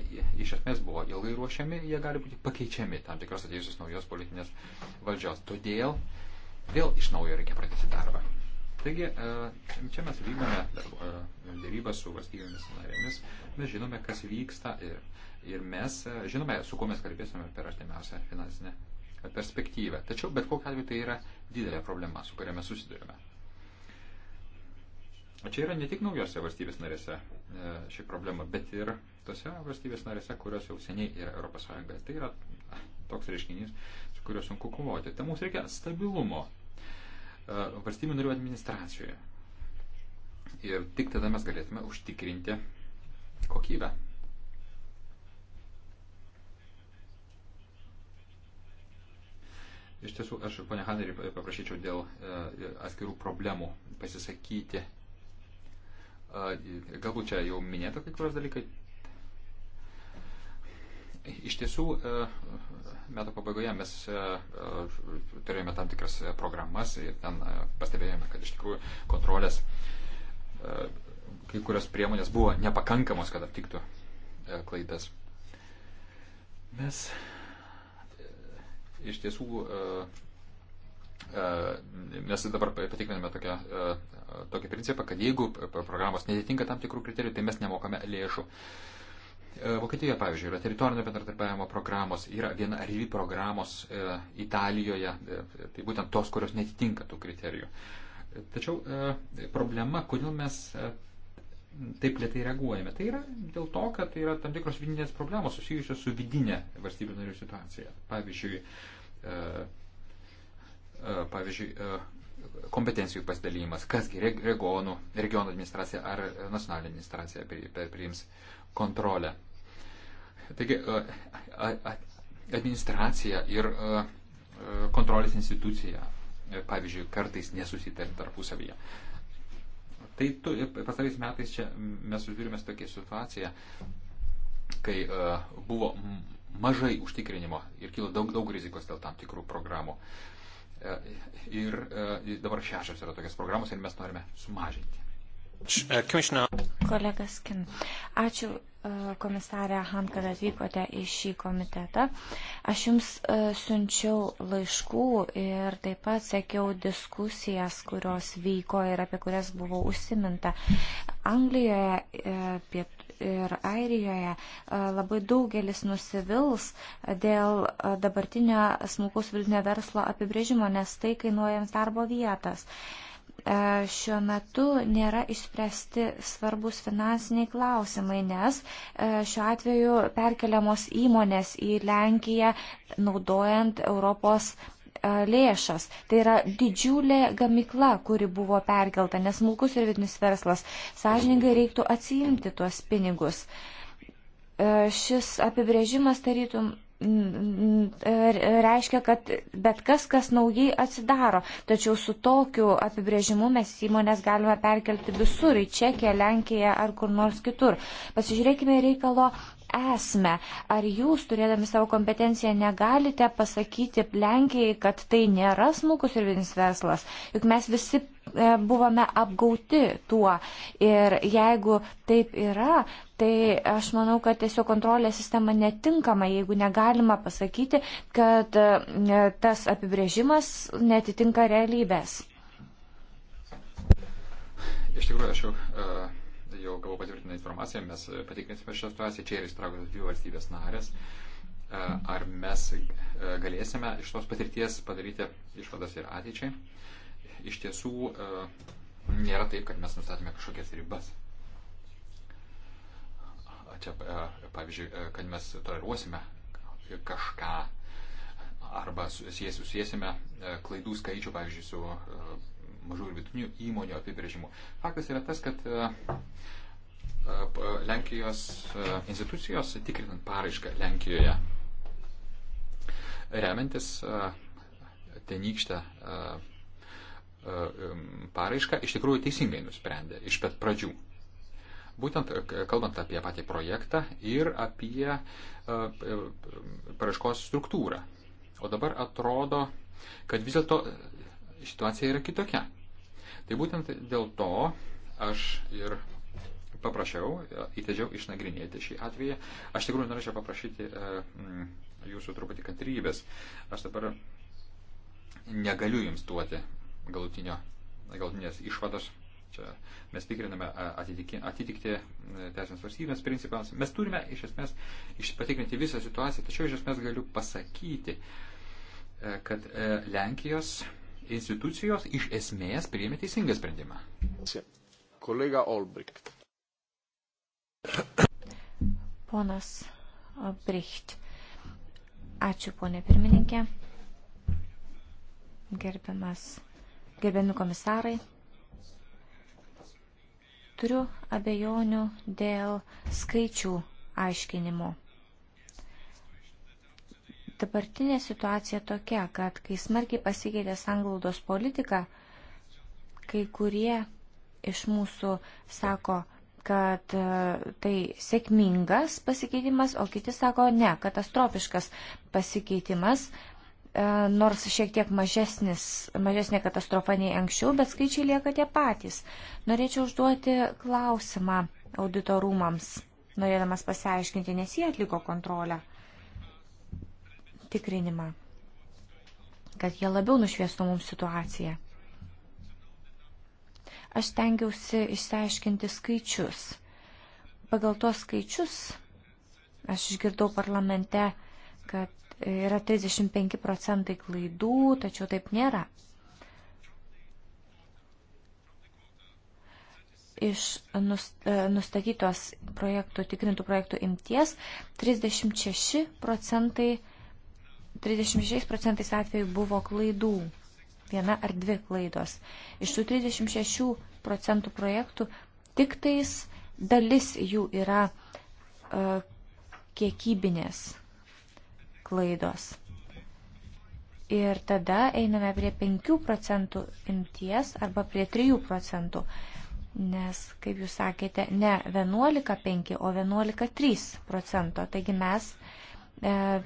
iš esmės buvo ilgai ruošiami, jie gali būti pakeičiami tam tikros atėjusios naujos politinės valdžios. Todėl vėl iš naujo reikia pradėti darbą. Taigi, e, čia mes vykdome dėrybą su valstybėmis narėmis, mes žinome, kas vyksta ir, ir mes žinome, su kuo mes kalbėsime per artimiausią finansinę perspektyvą. Tačiau bet kokiu atveju tai yra didelė problema, su kuria mes susidurime. Čia yra ne tik naujose valstybės narėse e, ši problema, bet ir tose valstybės narėse, kurios jau seniai yra ES. Tai yra toks reiškinys, su kuriuo sunku kovoti. Tai mums reikia stabilumo e, valstybių narių administracijoje. Ir tik tada mes galėtume užtikrinti kokybę Iš tiesų, aš, ponia Hanerį, paprašyčiau dėl e, atskirų problemų pasisakyti. E, galbūt čia jau minėta kai kurios dalykai. Iš tiesų, e, metų pabaigoje mes turėjome tam tikras programas ir ten pastebėjome, kad iš tikrųjų kontrolės kai kurios priemonės buvo nepakankamos, kad aptiktų klaidas. Mes iš tiesų e, e, mes dabar patikriname tokią, e, tokį principą, kad jeigu programos netitinka tam tikrų kriterijų, tai mes nemokame lėšų. Vokietijoje, pavyzdžiui, yra teritorinio bendradarbiavimo programos, yra viena ar dvi programos e, Italijoje, e, tai būtent tos, kurios netitinka tų kriterijų. Tačiau e, problema, kodėl mes e, taip lietai reaguojame. Tai yra dėl to, kad tai yra tam tikros vidinės problemos susijusios su vidinė valstybių narių situacija. Pavyzdžiui, e, e, pavyzdžiui, e, kompetencijų pasidalymas, kasgi regionų, regionų administracija ar nacionalinė administracija priims kontrolę. Taigi, administracija ir kontrolės institucija, pavyzdžiui, kartais nesusitarė tarpusavyje. Tai tu, pastarais metais čia mes susidūrėme su tokia situacija, kai uh, buvo mažai užtikrinimo ir kilo daug, daug rizikos dėl tam tikrų programų. Uh, ir uh, dabar šešios yra tokios programos ir mes norime sumažinti Kolega Skin. Ačiū e, komisarė Han, kad atvykote į šį komitetą. Aš jums e, siunčiau laiškų ir taip pat sekiau diskusijas, kurios vyko ir apie kurias buvo užsiminta. Anglijoje e, piet, ir Airijoje labai daugelis nusivils dėl dabartinio smulkaus vidutinio verslo apibrėžimo, nes tai kainuoja jiems darbo vietas. E, šiuo metu nėra išspręsti svarbus finansiniai klausimai, nes e, šiuo atveju perkeliamos įmonės į Lenkiją naudojant Europos e, lėšas. Tai yra didžiulė gamikla, kuri buvo perkelta, nes smulkus ir vidinis verslas. Sažiningai reiktų atsiimti tuos pinigus. Šis apibrėžimas tarytum reiškia, kad bet kas, kas naujai atsidaro. Tačiau su tokiu apibrėžimu mes įmonės galime perkelti visur, į Čekiją, Lenkiją ar kur nors kitur. Pasižiūrėkime reikalo esmę. Ar jūs, turėdami savo kompetenciją, negalite pasakyti Lenkijai, kad tai nėra smulkus ir vienis verslas? Juk mes visi e, buvome apgauti tuo. Ir jeigu taip yra, tai aš manau, kad tiesiog kontrolės sistema netinkama, jeigu negalima pasakyti, kad e, tas apibrėžimas netitinka realybės. Iš tikrųjų, aš jau uh jau gavau patvirtintą informaciją, mes patikrinsime šią situaciją, čia yra įstraukusios dvi valstybės narės. E, ar mes e, galėsime iš tos patirties padaryti išvadas ir ateičiai? Iš tiesų e, nėra taip, kad mes nustatome kažkokias ribas. Čia, pavyzdžiui, kad mes toleruosime kažką arba susijęsime klaidų skaičių, pavyzdžiui, su mažų ir vidutinių įmonių apibrėžimų. Faktas yra tas, kad e, e, Lenkijos e, institucijos tikrinant paraišką Lenkijoje, remiantis tenykštę paraišką, iš tikrųjų teisingai nusprendė iš pat pradžių. Būtent kalbant apie patį projektą ir apie paraiškos struktūrą. O dabar atrodo, kad vis dėlto situacija yra kitokia. Tai būtent dėl to aš ir paprašiau, įtėdžiau išnagrinėti šį atvejį. Aš tikrųjų norėčiau paprašyti e, jūsų truputį kantrybės. Aš dabar negaliu jums duoti galutinio, galutinės išvados. Čia mes tikriname e, atitikti, atitikti e, teisinės valstybės principams. Mes turime iš esmės patikrinti visą situaciją, tačiau iš esmės galiu pasakyti, kad Lenkijos institucijos iš esmės priėmė teisingą sprendimą. Kolega Olbricht. Ponas Olbricht. Ačiū, ponė pirmininkė. Gerbiamas, gerbiami komisarai. Turiu abejonių dėl skaičių aiškinimo. Dabartinė situacija tokia, kad kai smarkiai pasikeitė sanglaudos politika, kai kurie iš mūsų sako, kad e, tai sėkmingas pasikeitimas, o kiti sako, ne, katastrofiškas pasikeitimas, e, nors šiek tiek mažesnis, mažesnė katastrofa nei anksčiau, bet skaičiai lieka tie patys. Norėčiau užduoti klausimą auditorumams, norėdamas pasiaiškinti, nes jie atliko kontrolę tikrinimą, kad jie labiau nušviestų mums situaciją. Aš tengiausi išsiaiškinti skaičius. Pagal tuos skaičius aš išgirdau parlamente, kad yra 35 procentai klaidų, tačiau taip nėra. iš e, nustatytos projektų, tikrintų projektų imties 36 procentai 36 procentais atveju buvo klaidų, viena ar dvi klaidos. Iš tų 36 procentų projektų tik tais dalis jų yra uh, kiekybinės klaidos. Ir tada einame prie 5 procentų imties arba prie 3 procentų. Nes, kaip jūs sakėte, ne 11,5, o 11,3 procento. Taigi mes E,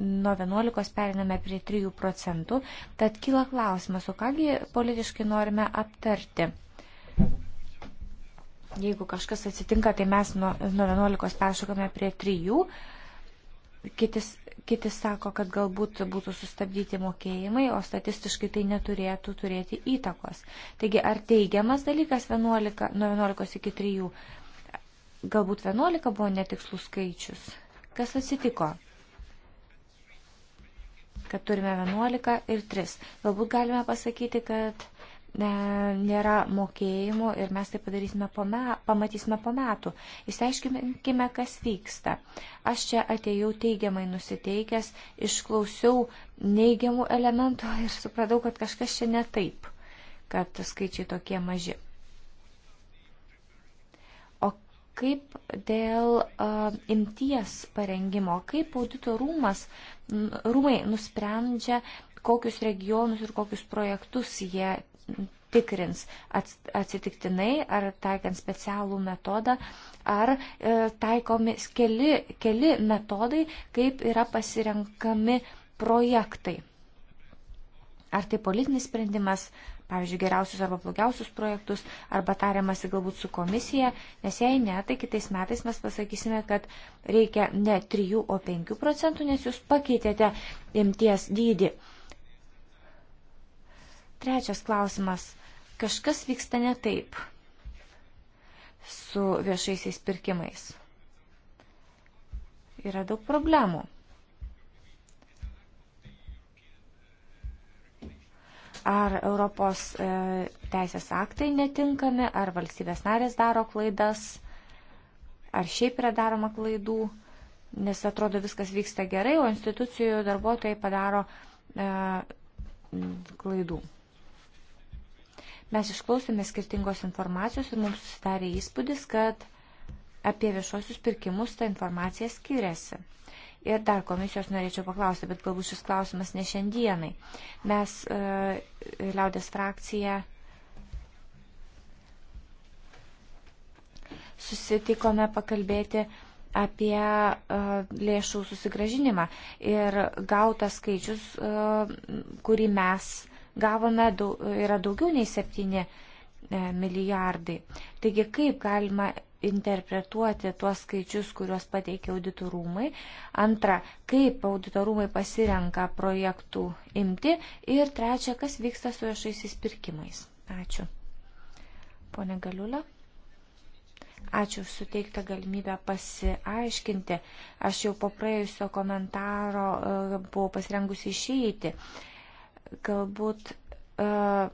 nuo 11 periname prie 3 procentų. Tad kyla klausimas, o kągi politiškai norime aptarti. Jeigu kažkas atsitinka, tai mes nuo, nuo 11 peršokame prie 3. Kitis, kiti sako, kad galbūt būtų sustabdyti mokėjimai, o statistiškai tai neturėtų turėti įtakos. Taigi, ar teigiamas dalykas 11, nuo 11 iki 3? Galbūt 11 buvo netikslus skaičius. Kas atsitiko? Kad turime 11 ir 3. Galbūt galime pasakyti, kad e, nėra mokėjimų ir mes tai padarysime po me, pamatysime po metų. Įsiaiškinkime, kas vyksta. Aš čia atėjau teigiamai nusiteikęs, išklausiau neigiamų elementų ir supratau, kad kažkas čia ne taip, kad skaičiai tokie maži. Kaip dėl uh, imties parengimo, kaip audito rūmas, rūmai nusprendžia, kokius regionus ir kokius projektus jie tikrins atsitiktinai ar taikant specialų metodą, ar e, taikomi keli, keli metodai, kaip yra pasirenkami projektai. Ar tai politinis sprendimas, pavyzdžiui, geriausius arba blogiausius projektus, arba tariamasi galbūt su komisija, nes jei ne, tai kitais metais mes pasakysime, kad reikia ne 3, o 5 procentų, nes jūs pakeitėte imties dydį. Trečias klausimas. Kažkas vyksta ne taip su viešaisiais pirkimais. Yra daug problemų. ar Europos e, teisės aktai netinkami, ar valstybės narės daro klaidas, ar šiaip yra daroma klaidų, nes atrodo viskas vyksta gerai, o institucijų darbuotojai padaro e, klaidų. Mes išklausėme skirtingos informacijos ir mums susidarė įspūdis, kad apie viešuosius pirkimus ta informacija skiriasi. Ir dar komisijos norėčiau paklausti, bet galbūt šis klausimas ne šiandienai. Mes, e, liaudės frakcija, susitikome pakalbėti apie e, lėšų susigražinimą ir gautas skaičius, e, kurį mes gavome, yra daugiau nei 7 milijardai. Taigi kaip galima interpretuoti tuos skaičius, kuriuos pateikia auditorumai. Antra, kaip auditorumai pasirenka projektų imti. Ir trečia, kas vyksta su viešaisiais pirkimais. Ačiū. Pone Galiulė. Ačiū suteiktą galimybę pasiaiškinti. Aš jau po praėjusio komentaro uh, buvau pasirengusi išeiti. Galbūt uh,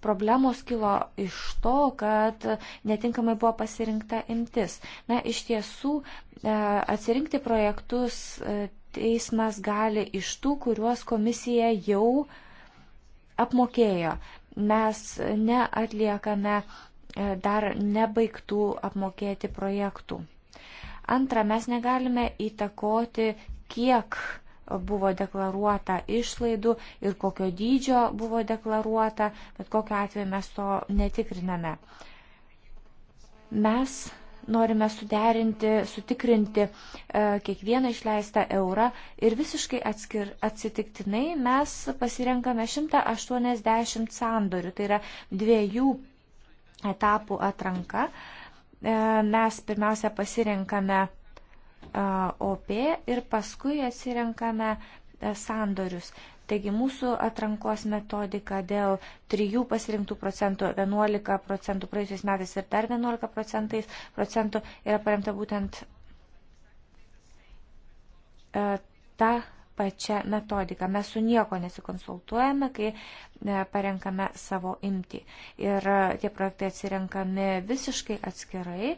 problemos kilo iš to, kad netinkamai buvo pasirinkta imtis. Na, iš tiesų, e, atsirinkti projektus e, teismas gali iš tų, kuriuos komisija jau apmokėjo. Mes neatliekame e, dar nebaigtų apmokėti projektų. Antra, mes negalime įtakoti, kiek uh, buvo deklaruota išlaidų ir kokio dydžio buvo deklaruota, bet kokiu atveju mes to netikriname. Mes norime suderinti, sutikrinti e, kiekvieną išleistą eurą ir visiškai atskir, atsitiktinai mes pasirenkame 180 sandorių, tai yra dviejų etapų atranka. E, mes pirmiausia pasirenkame OP ir paskui atsirenkame sandorius. Taigi mūsų atrankos metodika dėl 3 pasirinktų procentų, 11 procentų praėjusiais metais ir dar 11 procentais, procentų yra paremta būtent ta pačią metodiką. Mes su nieko nesikonsultuojame, kai e, parenkame savo imtį. Ir e, tie projektai atsirenkami visiškai atskirai,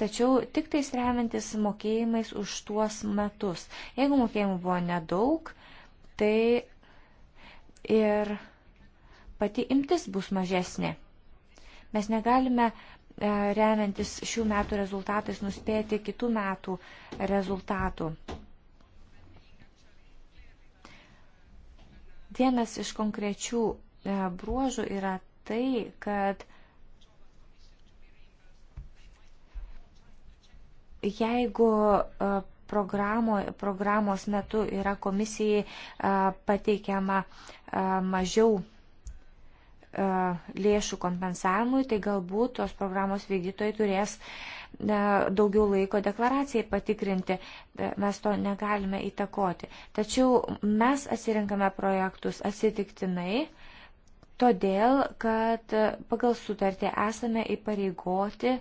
tačiau tik tais remiantis mokėjimais už tuos metus. Jeigu mokėjimų buvo nedaug, tai ir pati imtis bus mažesnė. Mes negalime e, remiantis šių metų rezultatais nuspėti kitų metų rezultatų. Vienas iš konkrečių e, bruožų yra tai, kad jeigu e, programo, programos metu yra komisijai e, pateikiama mažiau lėšų kompensavimui, tai galbūt tos programos vykdytojai turės uh, daugiau laiko deklaracijai patikrinti, mes to negalime įtakoti. Tačiau mes atsirinkame projektus atsitiktinai, todėl kad pagal sutartį esame įpareigoti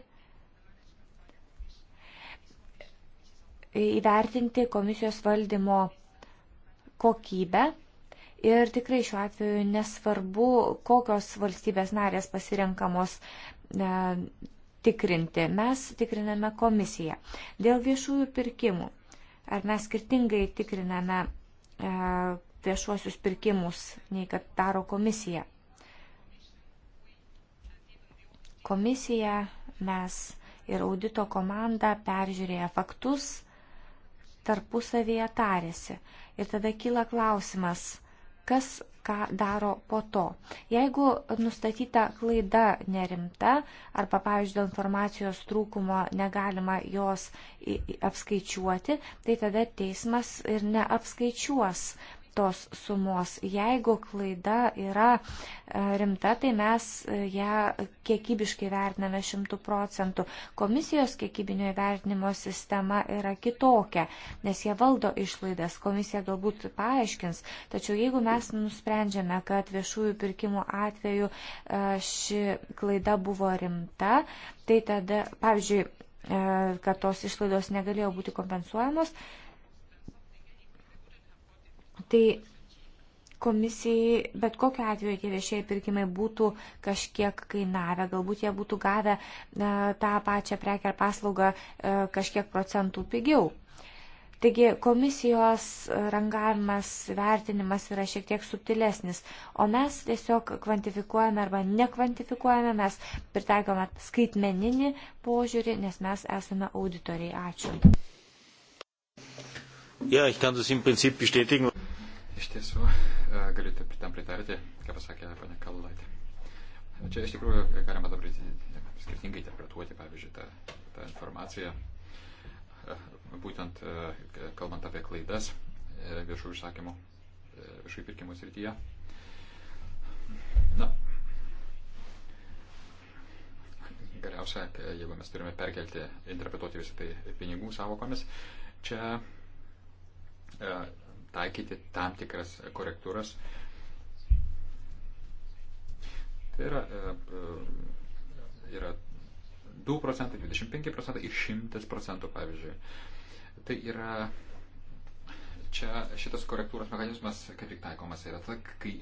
įvertinti komisijos valdymo kokybę. Ir tikrai šiuo atveju nesvarbu, kokios valstybės narės pasirenkamos tikrinti. Mes tikriname komisiją. Dėl viešųjų pirkimų. Ar mes skirtingai tikriname e, viešuosius pirkimus, nei kad daro komisija? Komisija, mes ir audito komanda peržiūrėję faktus tarpusavėje tarėsi. Ir tada kyla klausimas, kas ką daro po to. Jeigu nustatyta klaida nerimta arba, pavyzdžiui, dėl informacijos trūkumo negalima jos apskaičiuoti, tai tada teismas ir neapskaičiuos tos sumos. Jeigu klaida yra e, rimta, tai mes e, ją kiekybiškai vertiname šimtų procentų. Komisijos kiekybinio įvertinimo sistema yra kitokia, nes jie valdo išlaidas, komisija galbūt paaiškins, tačiau jeigu mes nusprendžiame, kad viešųjų pirkimų atveju e, ši klaida buvo rimta, tai tada, pavyzdžiui, kad tos išlaidos negalėjo būti kompensuojamos, tai komisijai bet kokiu atveju tie viešieji pirkimai būtų kažkiek kainavę, galbūt jie būtų gavę e, tą pačią prekę ar paslaugą e, kažkiek procentų pigiau. Taigi komisijos rangavimas, vertinimas yra šiek tiek subtilesnis, o mes tiesiog kvantifikuojame arba nekvantifikuojame, mes pritaikome skaitmeninį požiūrį, nes mes esame auditoriai. Ačiū. Ja, ich kann das im Prinzip bestätigen. Iš tiesų, e, galiu tam pritarti, ką pasakė ponia Kalulaitė. Čia iš tikrųjų e, galima dabar skirtingai interpretuoti, pavyzdžiui, tą, tą informaciją, e, būtent kalbant apie klaidas viešų užsakymų, viešų pirkimų srityje. Na, galiausia, jeigu mes turime perkelti, interpretuoti visą tai pinigų savokomis, čia taikyti tam tikras korektūras. Tai yra, e, e, yra 2 procentai, 25 procentai ir 100 procentų, pavyzdžiui. Tai yra, čia šitas korektūros mechanizmas kaip tik taikomas yra tada, kai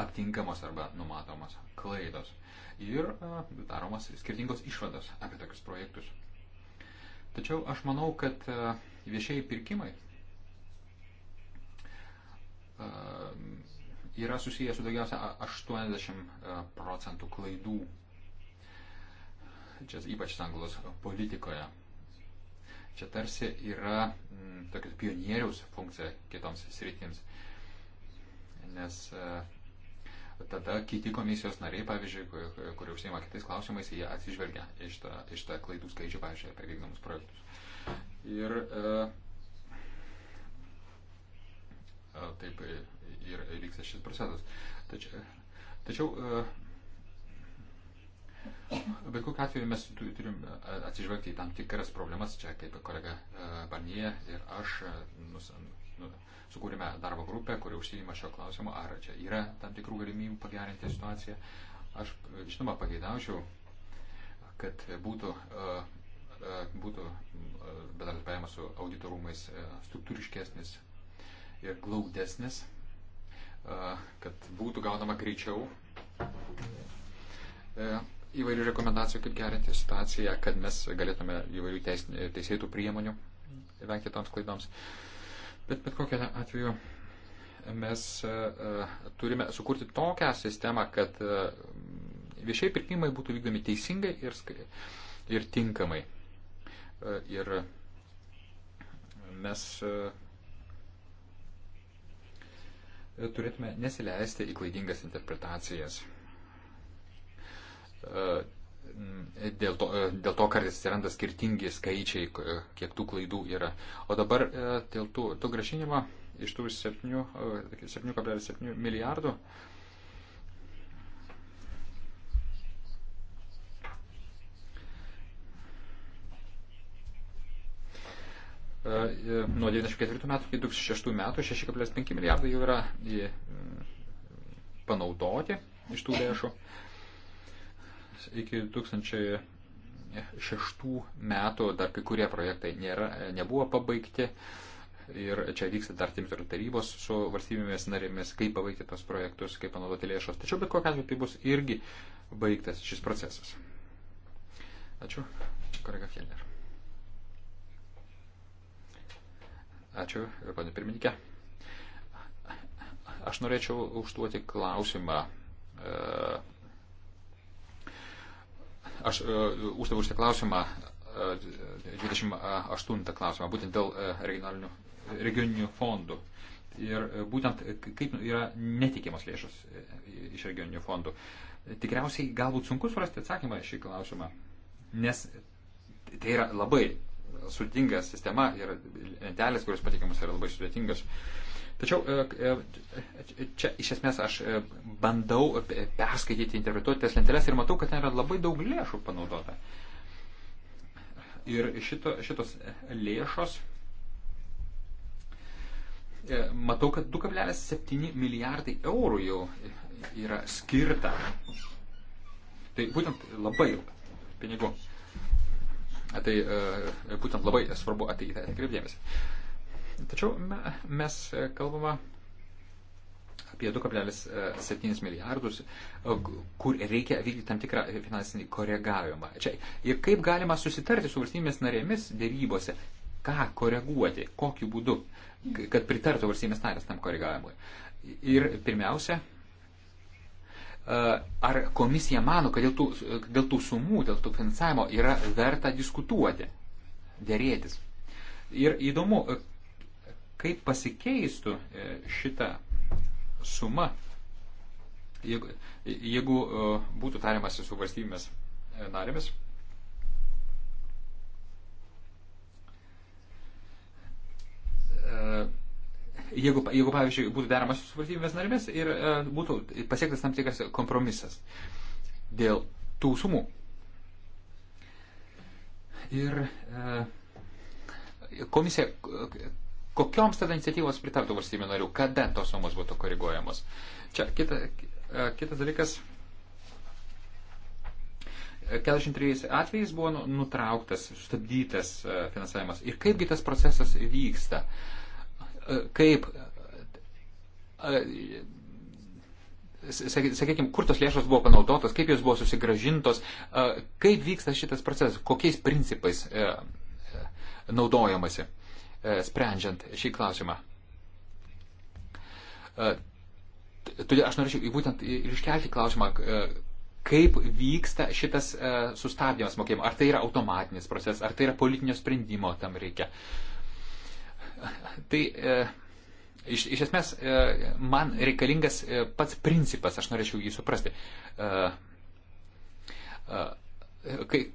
aptinkamos arba numatomos klaidos ir e, daromos skirtingos išvados apie tokius projektus. Tačiau aš manau, kad viešieji pirkimai Ehm, yra susijęs su daugiausia 80 e, procentų klaidų. Čia ypač sanglos politikoje. Čia tarsi yra m, mm, tokios pionieriaus funkcija kitoms sritims. Nes e, tada kiti komisijos nariai, pavyzdžiui, kurie kur užsieima kitais klausimais, jie atsižvelgia iš tą, iš tą klaidų skaičių, pavyzdžiui, apie vykdomus projektus. Ir e, taip e, ir vyksta šis procesas. Tačiau, tačiau e, bet kokiu atveju mes turim e, atsižvelgti į tam tikras problemas, čia kaip kolega Barnie ir aš nus, nu, sukūrėme darbo grupę, kuri užsijima šio klausimo, ar čia yra tam tikrų galimybių pagerinti situaciją. Aš, žinoma, pageidaučiau, kad būtų, būtų bendradarbiavimas su auditorumais struktūriškesnis, ir glaudesnis, kad būtų gaunama greičiau e, įvairių rekomendacijų, kaip gerinti situaciją, kad mes galėtume įvairių teis, teisėtų priemonių vengti toms klaidoms. Bet bet kokiu atveju mes e, e, turime sukurti tokią sistemą, kad viešiai pirkimai būtų vykdomi teisingai ir, ir tinkamai. Ir mes turėtume nesileisti į klaidingas interpretacijas. E, dėl to, e, dėl to kartais atsiranda skirtingi skaičiai, kiek tų klaidų yra. O dabar e, dėl tų, tų gražinimo iš tų 7,7 milijardų E, nuo 1994 metų iki 2006 metų 6,5 milijardai jau yra panaudoti iš tų lėšų. Iki 2006 metų dar kai kurie projektai nėra, nebuvo pabaigti ir čia vyksta dar timtorių tarybos su valstybėmis narėmis, kaip pabaigti tos projektus, kaip panaudoti lėšos. Tačiau bet kokia atveju tai bus irgi baigtas šis procesas. Ačiū, kolega Fjellner. Ačiū, panė pirmininkė. Aš norėčiau užduoti klausimą. Aš e, uždaviau šitą klausimą, 28 e, klausimą, būtent dėl e, regionalinių, regioninių fondų. Ir būtent kaip yra netikimos lėšos iš regioninių fondų. Tikriausiai galbūt sunku surasti atsakymą šį klausimą, nes tai yra labai sudinga sistema ir lentelės, kurios pateikiamas yra labai sudėtingas. Tačiau e, e, e, čia iš esmės aš bandau perskaityti, interpretuoti tas lentelės ir matau, kad ten yra labai daug lėšų panaudota. Ir šito, šitos lėšos, matau, kad 2,7 milijardai eurų jau yra skirta. Tai būtent labai jau pinigų. Tai e, būtent labai svarbu atkreipdėmėsi. Tačiau mes e, kalbame apie 2,7 milijardus, e, kur reikia vykdyti tam tikrą finansinį koregavimą. Čia. Ir kaip galima susitarti su valstybės narėmis dėrybose, ką koreguoti, kokiu būdu, kad pritartų valstybės narės tam koregavimui. Ir pirmiausia, ar komisija mano, kad dėl tų, dėl tų sumų, dėl tų finansavimo yra verta diskutuoti, dėrėtis. Ir įdomu, kaip pasikeistų e, šita suma, jeigu, jeigu e, būtų tariamasi su valstybėmis e, narėmis. Uh, jeigu, jeigu pavyzdžiui, būtų deramas su valstybės narėmis ir e, būtų pasiektas tam tikras kompromisas dėl tų sumų. Ir e, komisija, kokioms tada iniciatyvos pritartų valstybė narių, kada tos sumos būtų koriguojamos. Čia kita, e, kitas dalykas. 43 atvejais buvo nu, nutrauktas, sustabdytas e, finansavimas. Ir kaipgi tas procesas vyksta? Uh, kaip, sakykime, kur tos lėšos buvo panaudotos, kaip jos buvo susigražintos, kaip vyksta šitas procesas, kokiais principais e, e, naudojamasi, e, sprendžiant šį klausimą. Todėl aš norėčiau būtent ir iškelti klausimą, kaip vyksta šitas sustabdymas mokėjimo. Ar tai yra automatinis procesas, ar tai yra politinio sprendimo tam reikia. Uh, Tai e, iš, iš esmės e, man reikalingas e, pats principas, aš norėčiau jį suprasti.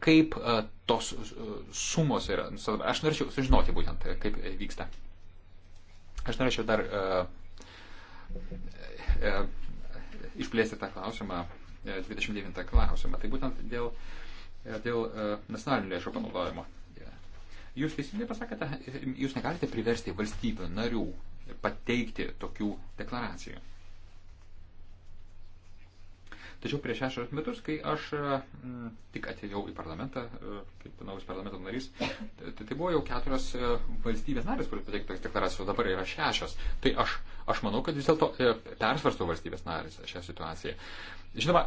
Kaip tos sumos yra, aš norėčiau sužinoti būtent, kaip vyksta. Aš norėčiau dar išplėsti tą klausimą, 29 klausimą. Tai būtent dėl, dėl nacionalinių lėšų panaudojimo. Jūs teisingai pasakėte, jūs negalite priversti valstybių narių pateikti tokių deklaracijų. Tačiau prieš šešerius metus, kai aš m, mm, tik atėjau į parlamentą, e, kaip naujas parlamento narys, tai, tai buvo jau keturios e, valstybės narės, kurios pateikė tokias deklaracijas, o dabar yra šešios. Tai aš, aš manau, kad vis dėlto e, persvarsto valstybės narės šią situaciją. Žinoma,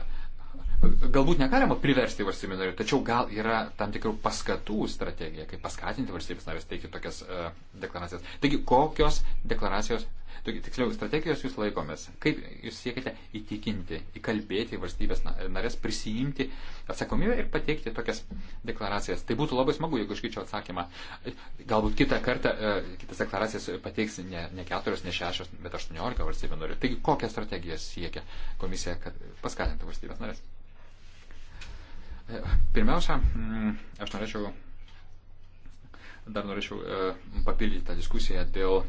galbūt negalima priversti valstybių narių, tačiau gal yra tam tikrų paskatų strategija, kaip paskatinti valstybės narės teikti tokias e, deklaracijas. Taigi, kokios deklaracijos, tiksliau, strategijos jūs laikomės? Kaip jūs siekite įtikinti, įkalbėti valstybės narės, prisijimti atsakomybę ir pateikti tokias deklaracijas? Tai būtų labai smagu, jeigu iškyčiau atsakymą. Galbūt kitą kartą e, kitas deklaracijas pateiks ne, ne keturios, ne šešios, bet aštuoniolika valstybių narių. Taigi, kokią strategiją siekia komisija, kad paskatintų valstybės narės? E, pirmiausia, mm, aš norėčiau, dar norėčiau e, papildyti tą diskusiją dėl,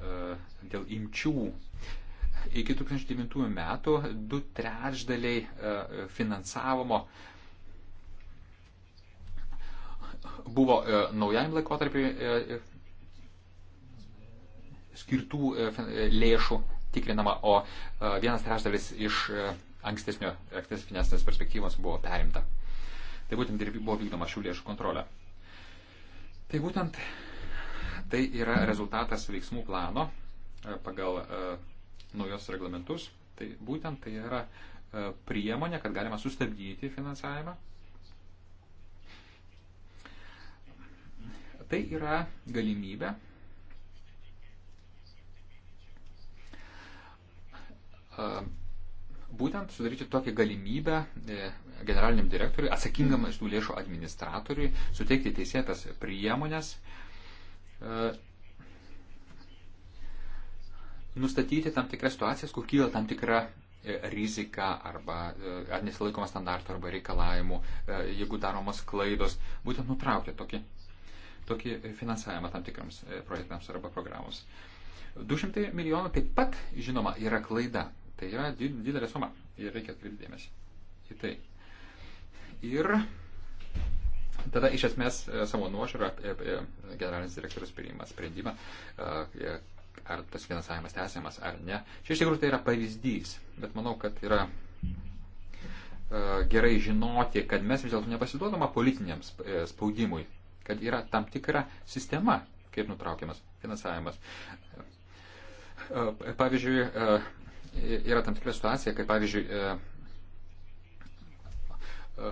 e, dėl imčių. Iki 2009 metų du trečdaliai finansavimo buvo naujajam laikotarpiu skirtų lėšų tikrinama, o vienas trečdalis iš ankstesnio, ankstesnės perspektyvos buvo perimta. Tai būtent ir buvo vykdoma šių lėšų kontrolė. Tai būtent tai yra rezultatas veiksmų plano e, pagal e, naujos reglamentus. Tai būtent tai yra e, priemonė, kad galima sustabdyti finansavimą. Tai yra galimybė būtent sudaryti tokią galimybę e, generaliniam direktoriui, atsakingam iš tų lėšų administratoriui, suteikti teisėtas priemonės, e, nustatyti tam tikras situacijas, kur kyla tam tikra e, rizika arba ar nesilaikoma standartų arba reikalavimų, jeigu daromos klaidos, būtent nutraukti tokį, tokį finansavimą tam tikrams projektams arba programoms. 200 milijonų taip pat, žinoma, yra klaida. Tai yra didelė suma. Ir reikia atkreipti dėmesį į tai. Ir tada iš esmės e, savo nuožiūrą e, e, generalinis direktorius priima sprendimą, ar tas finansavimas tęsiamas ar ne. Čia iš tikrųjų tai yra pavyzdys, bet manau, kad yra gerai žinoti, kad mes vis dėlto nepasiduodama politiniam spaudimui, kad yra tam tikra sistema, kaip nutraukiamas finansavimas. Pavyzdžiui, yra tam tikra situacija, kai pavyzdžiui e, e,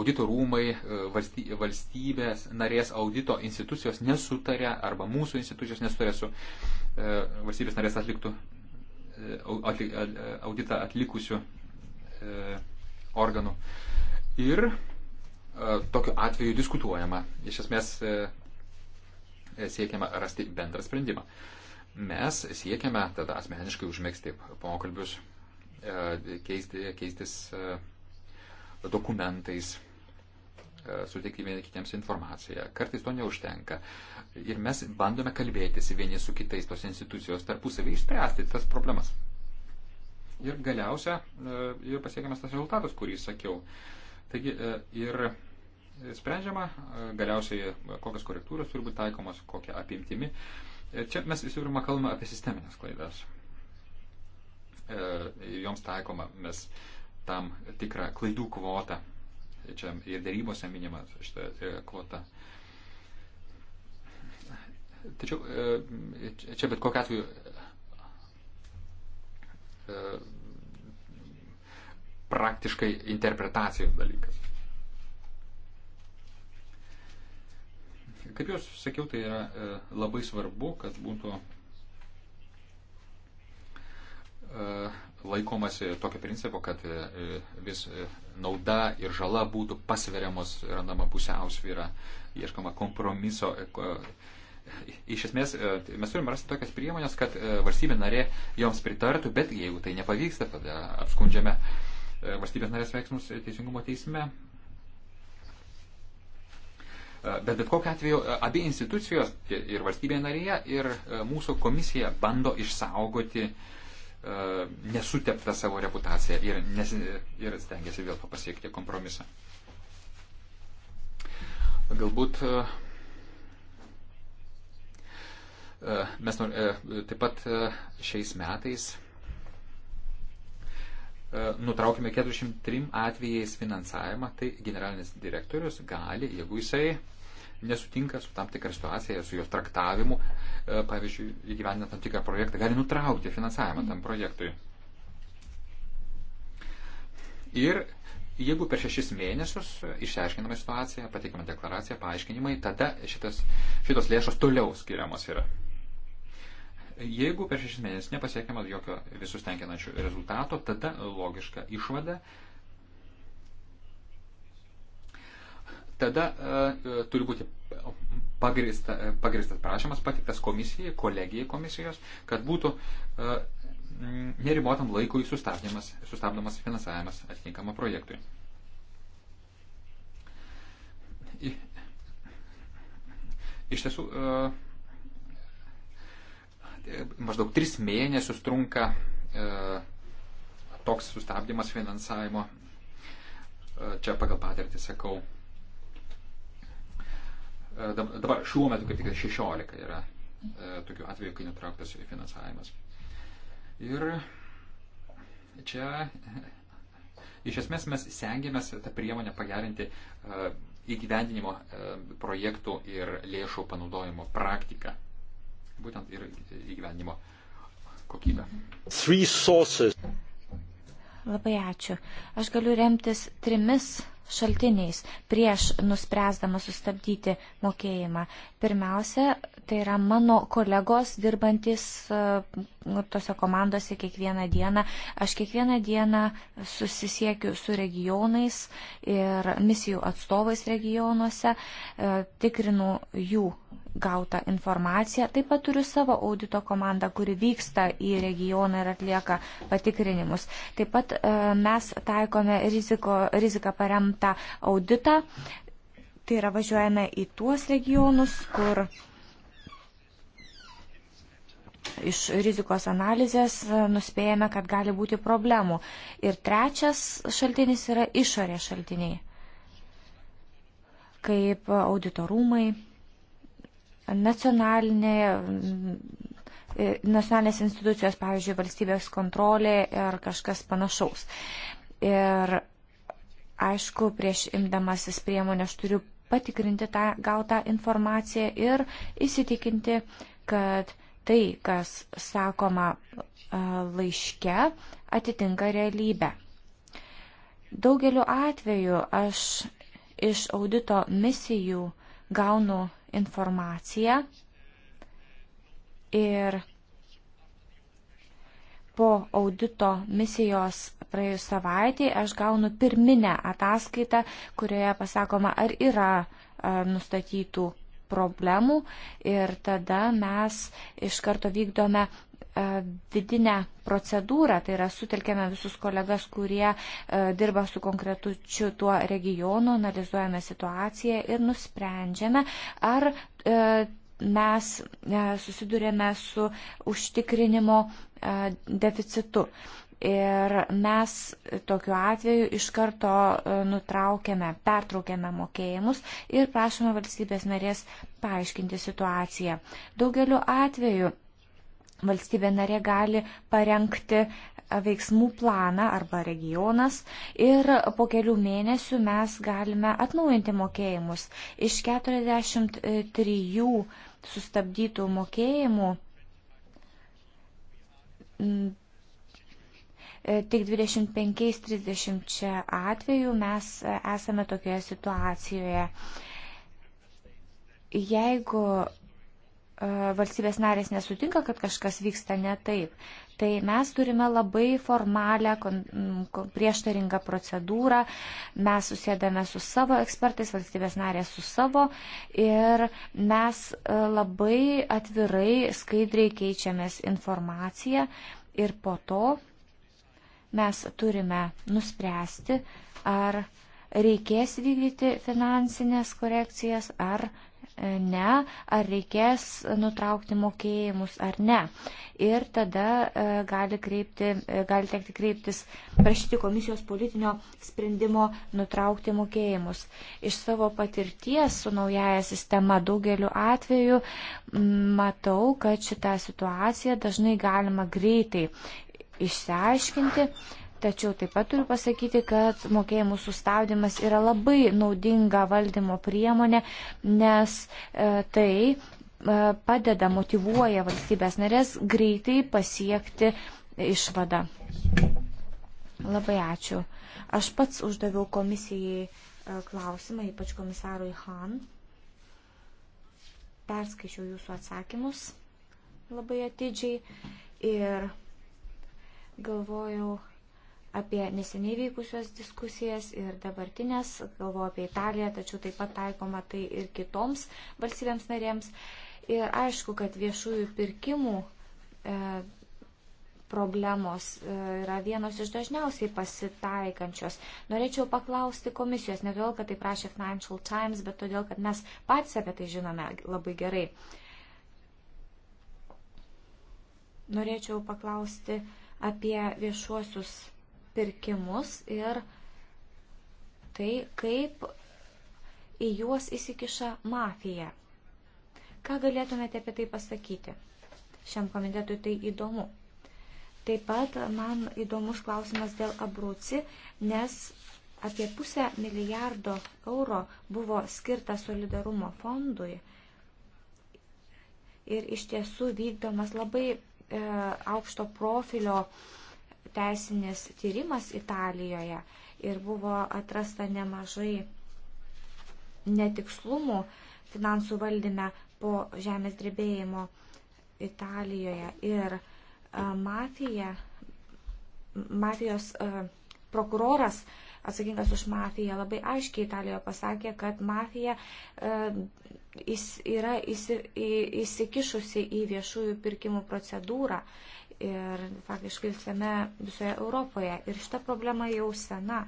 audito rūmai, e, valstybės, narės audito institucijos nesutarė arba mūsų institucijos nesutarė su valstybės narės atliktų, auditą atlikusių organų. Ir tokiu atveju diskutuojama. Iš esmės siekiama rasti bendrą sprendimą. Mes siekiame tada asmeniškai užmėgsti pokalbius, e, keisti, keistis e, dokumentais, e, suteikti vieni kitiems informaciją. Kartais to neužtenka. Ir mes bandome kalbėtis vieni su kitais tos institucijos tarpusavį išspręsti tas problemas. Ir galiausia ir pasiekiamas tas rezultatas, kurį sakiau. Taigi ir sprendžiama galiausiai, kokios korektūros turi būti taikomos, kokia apimtimi. Ir e, čia mes visų pirma kalbame apie sisteminės klaidas. Ir e, joms taikoma mes tam tikrą klaidų kvotą. E, čia ir darybose minima šitą kvotą. Tačiau čia bet kokiu atveju praktiškai interpretacijos dalykas. Kaip jūs sakiau, tai yra e, labai svarbu, kad būtų e, laikomasi tokio principo, kad e, vis nauda ir žala būtų pasveriamos, randama pusiausvyra, ieškama kompromiso. Iš esmės, tai mes turime rasti tokias priemonės, kad valstybė narė joms pritartų, bet jeigu tai nepavyksta, tada apskundžiame valstybės narės veiksmus Teisingumo teisme E, bet bet kokiu atveju e, abi institucijos ir valstybė narėje ir e, mūsų komisija bando išsaugoti nesuteptą savo reputaciją ir, nes, ir stengiasi vėl pasiekti kompromisą. Galbūt mes taip pat šiais metais E, nutraukime 403 atvejais finansavimą, tai generalinis direktorius gali, jeigu jisai nesutinka su tam tikra situacija, su jos traktavimu, e, pavyzdžiui, įgyvendinant tam tikrą projektą, gali nutraukti finansavimą tam projektui. Ir jeigu per šešis mėnesius išsiaiškinama situacija, pateikima deklaracija, paaiškinimai, tada šitas, šitos lėšos toliau skiriamos yra. Jeigu per šešis mėnesius nepasiekiamas jokio visus tenkinančių rezultato, tada logiška išvada. Tada e, e turi būti pagrista, e, pagristas prašymas patiktas komisijai, kolegijai komisijos, kad būtų e, neribotam laikui sustabdymas, sustabdomas finansavimas atitinkamam projektui. Iš tiesų, e, maždaug tris mėnesius trunka e, toks sustabdymas finansavimo. E, čia pagal patirtį sakau. E, dabar šiuo metu kaip tik 16 tai yra tokių atvejų, kai nutrauktas finansavimas. Ir čia iš esmės mes stengiamės tą priemonę pagerinti įgyvendinimo projektų ir lėšų panaudojimo praktiką būtent ir įgyvenimo kokybę. Labai ačiū. Aš galiu remtis trimis šaltiniais prieš nuspręsdama sustabdyti mokėjimą. Pirmiausia, tai yra mano kolegos dirbantis e, nu, tose komandose kiekvieną dieną. Aš kiekvieną dieną susisiekiu su regionais ir misijų atstovais regionuose, e, tikrinu jų gautą informaciją. Taip pat turiu savo audito komandą, kuri vyksta į regioną ir atlieka patikrinimus. Taip pat e, mes taikome riziko, riziką paremtą auditą. Tai yra važiuojame į tuos regionus, kur iš rizikos analizės e, nuspėjame, kad gali būti problemų. Ir trečias šaltinis yra išorės šaltiniai, kaip auditorumai nacionalinė, e, nacionalinės institucijos, pavyzdžiui, valstybės kontrolė ir kažkas panašaus. Ir aišku, prieš imdamasis priemonę aš turiu patikrinti tą gautą informaciją ir įsitikinti, kad tai, kas sakoma e, laiške, atitinka realybę. Daugeliu atveju aš iš audito misijų gaunu informaciją ir po audito misijos praėjus savaitėj aš gaunu pirminę ataskaitą, kurioje pasakoma, ar yra e, nustatytų problemų ir tada mes iš karto vykdome E, vidinę procedūrą, tai yra sutelkėme visus kolegas, kurie e, dirba su konkretučiu tuo regionu, analizuojame situaciją ir nusprendžiame, ar e, mes susidurėme su užtikrinimo deficitu. Ir mes tokiu atveju iš karto nutraukėme, pertraukėme mokėjimus ir prašome valstybės narės paaiškinti situaciją. Daugeliu atveju valstybė narė gali parengti veiksmų planą arba regionas ir po kelių mėnesių mes galime atnaujinti mokėjimus. Iš 43 sustabdytų mokėjimų tik 25-30 atvejų mes esame tokioje situacijoje. Jeigu valstybės narės nesutinka, kad kažkas vyksta ne taip, tai mes turime labai formalią prieštaringą procedūrą, mes susėdame su savo ekspertais, valstybės narės su savo ir mes e, labai atvirai, skaidriai keičiamės informaciją ir po to mes turime nuspręsti, ar reikės vykdyti finansinės korekcijas ar ne, ar reikės nutraukti mokėjimus ar ne. Ir tada e, gali, kreipti, e, gali tekti kreiptis, prašyti komisijos politinio sprendimo nutraukti mokėjimus. Iš savo patirties su naujaja sistema daugeliu atveju matau, kad šitą situaciją dažnai galima greitai išsiaiškinti Tačiau taip pat turiu pasakyti, kad mokėjimų sustabdymas yra labai naudinga valdymo priemonė, nes e, tai e, padeda, motivuoja valstybės narės greitai pasiekti išvadą. Labai ačiū. Aš pats uždaviau komisijai e, klausimą, ypač komisarui Han. Perskaičiau jūsų atsakymus labai atidžiai ir galvojau, apie neseniai vykusios diskusijas ir dabartinės, galvoju apie Italiją, tačiau taip pat taikoma tai ir kitoms valstybėms narėms. Ir aišku, kad viešųjų pirkimų e, problemos e, yra vienos iš dažniausiai pasitaikančios. Norėčiau paklausti komisijos, ne todėl, kad tai prašė Financial Times, bet todėl, kad mes patys apie tai žinome labai gerai. Norėčiau paklausti apie viešuosius pirkimus ir tai, kaip į juos įsikiša mafija. Ką galėtumėte apie tai pasakyti? Šiam komitetui tai įdomu. Taip pat man įdomus klausimas dėl Abruci, nes apie pusę milijardo euro buvo skirta solidarumo fondui ir iš tiesų vykdomas labai e, aukšto profilio e, teisinis tyrimas Italijoje ir buvo atrasta nemažai netikslumų finansų valdyme po žemės drebėjimo Italijoje. Ir e, mafija, mafijos e, prokuroras atsakingas už mafiją labai aiškiai Italijoje pasakė, kad mafija e, yra įsikišusi į viešųjų pirkimų procedūrą ir faktiškai visame visoje Europoje. Ir šita problema jau sena.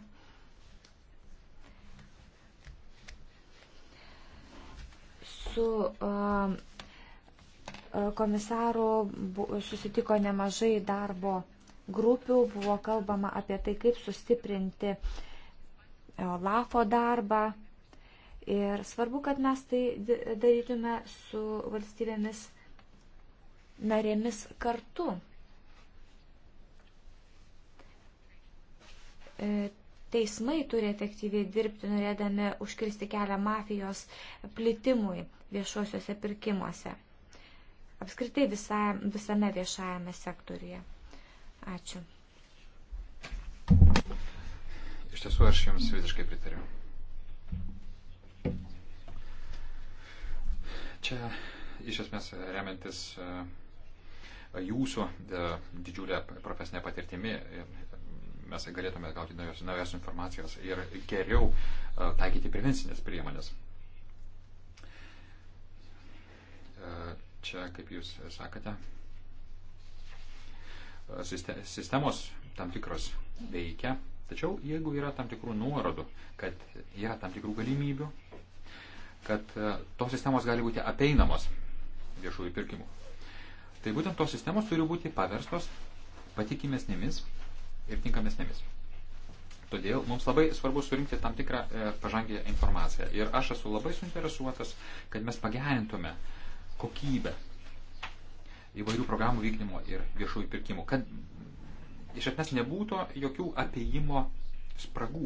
Su uh, komisaru susitiko nemažai darbo grupių, buvo kalbama apie tai, kaip sustiprinti e, LAFO darbą. Ir svarbu, kad mes tai darytume su valstybėmis narėmis kartu. E, teismai turi efektyviai dirbti, norėdami užkirsti kelią mafijos plitimui viešuosiuose pirkimuose. Apskritai visa, visame viešajame sektoriuje. Ačiū. Iš tiesų aš jums visiškai pritariu. Čia iš esmės remiantis e, jūsų e, didžiulę profesinę patirtimį mes galėtume gauti naujos, naujos informacijos ir geriau e, taikyti prevencinės priemonės. E, čia, kaip jūs sakate, e, sistemos tam tikros veikia, tačiau jeigu yra tam tikrų nuorodų, kad yra tam tikrų galimybių, kad tos sistemos gali būti apeinamos viešųjų pirkimų. Tai būtent tos sistemos turi būti paverstos patikimesnėmis ir tinkamesnėmis. Todėl mums labai svarbu surinkti tam tikrą e, pažangę informaciją. Ir aš esu labai suinteresuotas, kad mes pagerintume kokybę įvairių programų vykdymo ir viešųjų pirkimų, kad iš esmės nebūtų jokių apiejimo spragų.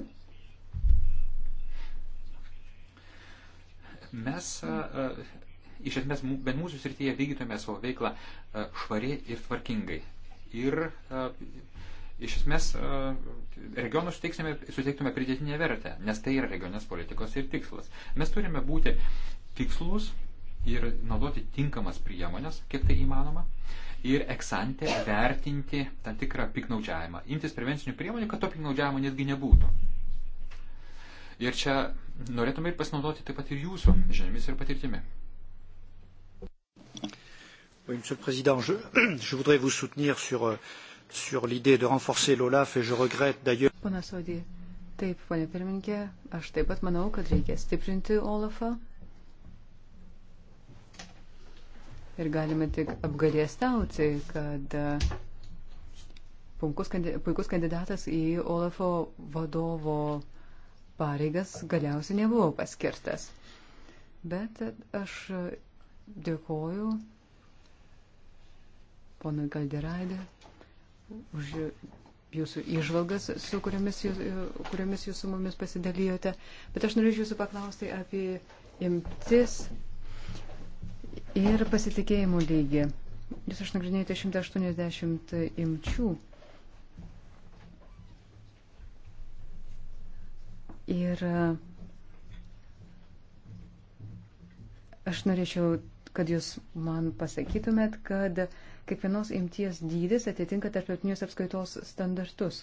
Mes, e, e, iš esmės, bent mūsų srityje vykdytume savo veiklą švariai ir tvarkingai. Ir iš esmės e, regionus suteiktume pridėtinę vertę, nes tai yra regionės politikos ir tikslas. Mes turime būti tikslus ir naudoti tinkamas priemonės, kiek tai įmanoma, ir eksante vertinti tam tikrą piknaudžiavimą, imtis prevencinių priemonių, kad to piknaudžiavimo netgi nebūtų. Ir čia norėtume ir pasinaudoti taip pat ir jūsų žiniomis ir patirtimi. Oui, Monsieur le Président, je, je voudrais vous soutenir sur euh, sur l'idée de renforcer l'OLAF et je regrette d'ailleurs. Taip, ponė pirmininkė, aš taip pat manau, kad reikia stiprinti Olafą. Ir galime tik apgalėstauti, kad e, punkus, puikus kandidatas į Olafo vadovo pareigas galiausiai nebuvo paskirtas. Bet aš dėkoju ponui Galderaidė už jūsų išvalgas, su kuriomis jūs, kuriomis jūs su mumis pasidalijote. Bet aš norėčiau jūsų paklausti apie imtis ir pasitikėjimų lygį. Jūs išnagrinėjote 180 imčių. Ir aš norėčiau, kad jūs man pasakytumėt, kad uh, kiekvienos imties dydis atitinka tarptautinius apskaitos standartus.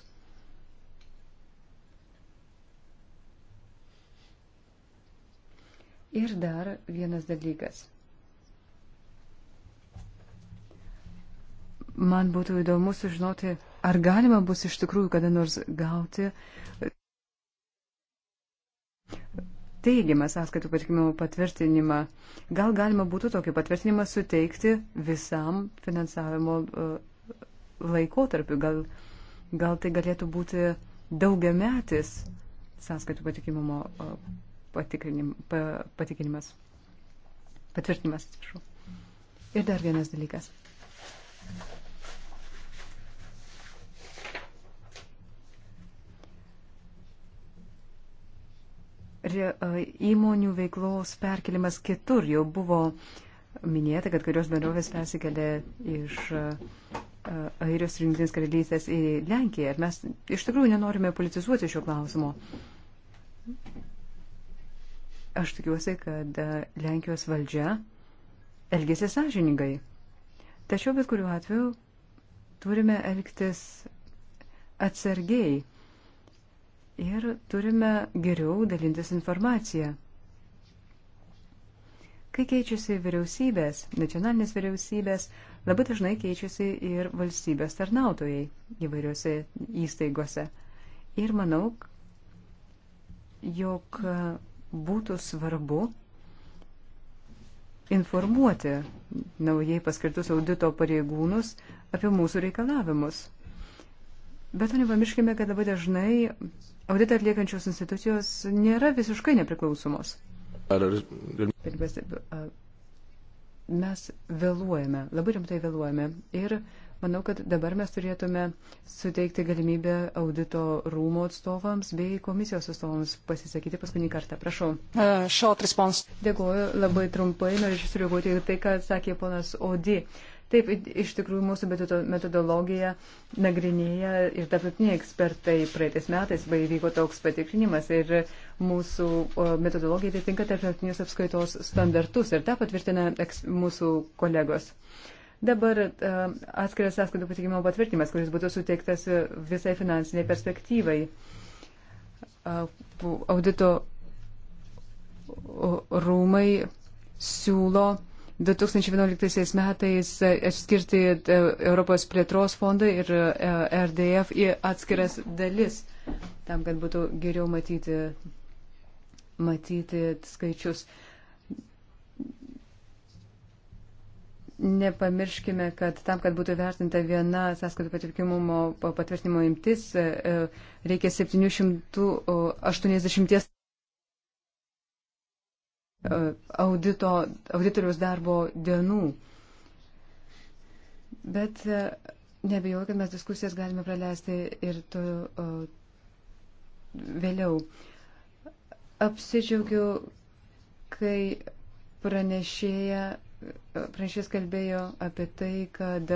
Ir dar vienas dalykas. Man būtų įdomu sužinoti, ar galima bus iš tikrųjų kada nors gauti teigiamą sąskaitų patikimimo patvirtinimą. Gal galima būtų tokį patvirtinimą suteikti visam finansavimo e, laikotarpiu. Gal, gal tai galėtų būti daugiametis sąskaitų patikimumo e, patikrinimas. Patvirtinimas, atsiprašau. Ir dar vienas dalykas. ir e, įmonių veiklos perkelimas kitur jau buvo minėta, kad kurios bendrovės persikėlė iš e, e, Airijos rinktinės karalystės į Lenkiją. Ir mes iš tikrųjų nenorime politizuoti šio klausimo. Aš tikiuosi, kad Lenkijos valdžia elgėsi sąžiningai. Tačiau bet kuriuo atveju turime elgtis atsargiai ir turime geriau dalintis informaciją. Kai keičiasi vyriausybės, nacionalinės vyriausybės, labai dažnai keičiasi ir valstybės tarnautojai įvairiuose įstaigose. Ir manau, jog būtų svarbu informuoti naujai paskirtus audito pareigūnus apie mūsų reikalavimus. Bet to nepamirškime, kad labai dažnai auditą atliekančios institucijos nėra visiškai nepriklausomos. Mes vėluojame, labai rimtai vėluojame. Ir manau, kad dabar mes turėtume suteikti galimybę audito rūmo atstovams bei komisijos atstovams pasisakyti paskutinį kartą. Prašau. Uh, Dėkuoju labai trumpai, norėčiau sureaguoti į tai, ką sakė ponas Odi. Uh, Taip, iš tikrųjų mūsų metodologiją nagrinėja ir tarptautiniai ekspertai. Praeitais metais vyko toks patikrinimas ir mūsų metodologija atitinka tarptautinius apskaitos standartus ir tą patvirtina mūsų kolegos. Dabar e, atskiras sąskaitų patikimo patvirtinimas, kuris būtų suteiktas visai finansiniai perspektyvai. Audito rūmai siūlo 2011 metais atskirti e, e, Europos plėtros fondą ir e, RDF į atskiras dalis, tam, kad būtų geriau matyti, matyti skaičius. Nepamirškime, kad tam, kad būtų vertinta viena sąskaitų patvirtinimo patvirtinimo imtis, reikia 780 E, audito, auditoriaus darbo dienų. Bet e, nebejoju, kad mes diskusijas galime praleisti ir to, o, vėliau. Apsidžiaugiu, kai pranešėja, pranešės kalbėjo apie tai, kad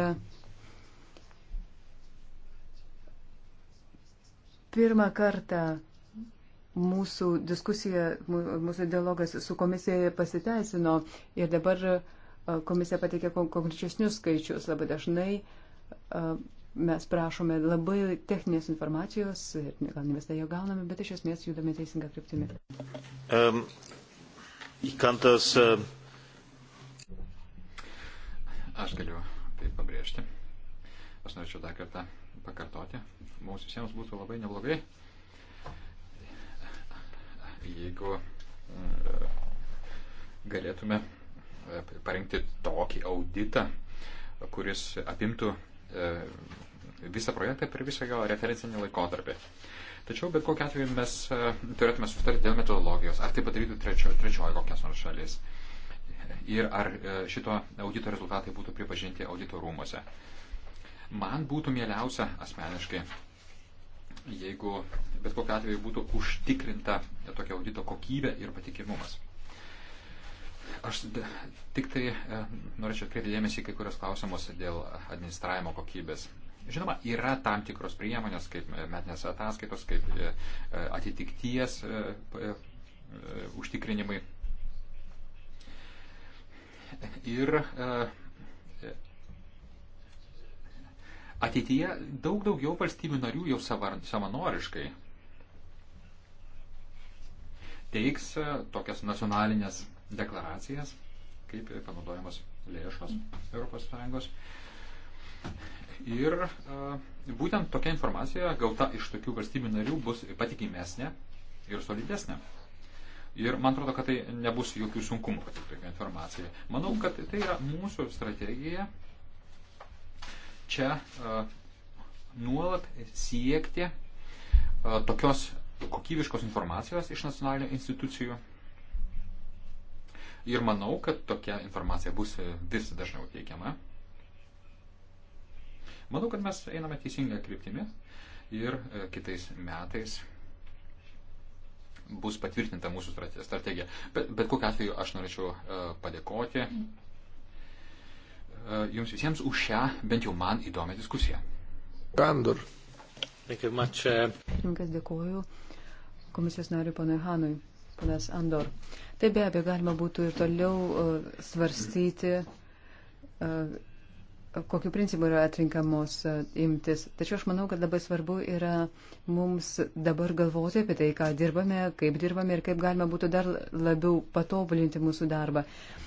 pirmą kartą mūsų diskusija, mūsų dialogas su komisija pasiteisino ir dabar komisija pateikė konkrečesnius skaičius. Labai dažnai mes prašome labai techninės informacijos ir gal ne visą ją gauname, bet iš esmės judame teisinga kryptimi. Um, įkantas. Uh... Aš galiu tai pabrėžti. Aš norėčiau dar kartą pakartoti. Mums visiems būtų labai neblogai, uh, jeigu e, galėtume e, parengti tokį auditą, kuris apimtų e, visą projektą per visą jo referencinį laikotarpį. Tačiau bet kokiu atveju mes turėtume sustarti dėl metodologijos, ar tai padarytų trečio, trečioji kokias nors šalis. Ir ar šito audito rezultatai būtų pripažinti audito rūmose. Man būtų mieliausia asmeniškai jeigu bet kokiu atveju būtų užtikrinta tokia audito kokybė ir patikimumas. Aš tik tai e, norėčiau atkreipti dėmesį kai kurios klausimus dėl administravimo kokybės. Žinoma, yra tam tikros priemonės, kaip metinės ataskaitos, kaip e, e, atitikties užtikrinimai. Ir Ateityje daug daugiau valstybių narių jau savanoriškai teiks e, tokias nacionalinės deklaracijas, kaip panaudojamos lėšos ES. Ir e, būtent tokia informacija gauta iš tokių valstybių narių bus patikimesnė ir solidesnė. Ir man atrodo, kad tai nebus jokių sunkumų patikti tokią informaciją. Manau, kad tai yra mūsų strategija čia nuolat siekti tokios kokybiškos informacijos iš nacionalinių institucijų. Ir manau, kad tokia informacija bus vis dažniau teikiama. Manau, kad mes einame teisingą kryptimį ir e, kitais metais bus patvirtinta mūsų strategija. Bet, bet kokiu atveju aš norėčiau e, padėkoti. Mm Eh, jums visiems už šią, bent jau man, įdomią diskusiją. Kandur. Eh. Pinkas dėkoju komisijos nariu ponui Hanui, ponas Andor. Tai be abejo galima būtų ir toliau uh, svarstyti, uh, kokiu principu yra atrinkamos uh, imtis. Tačiau aš manau, kad labai svarbu yra mums dabar galvoti apie tai, ką dirbame, kaip dirbame ir kaip galima būtų dar labiau patobulinti mūsų darbą. Uh,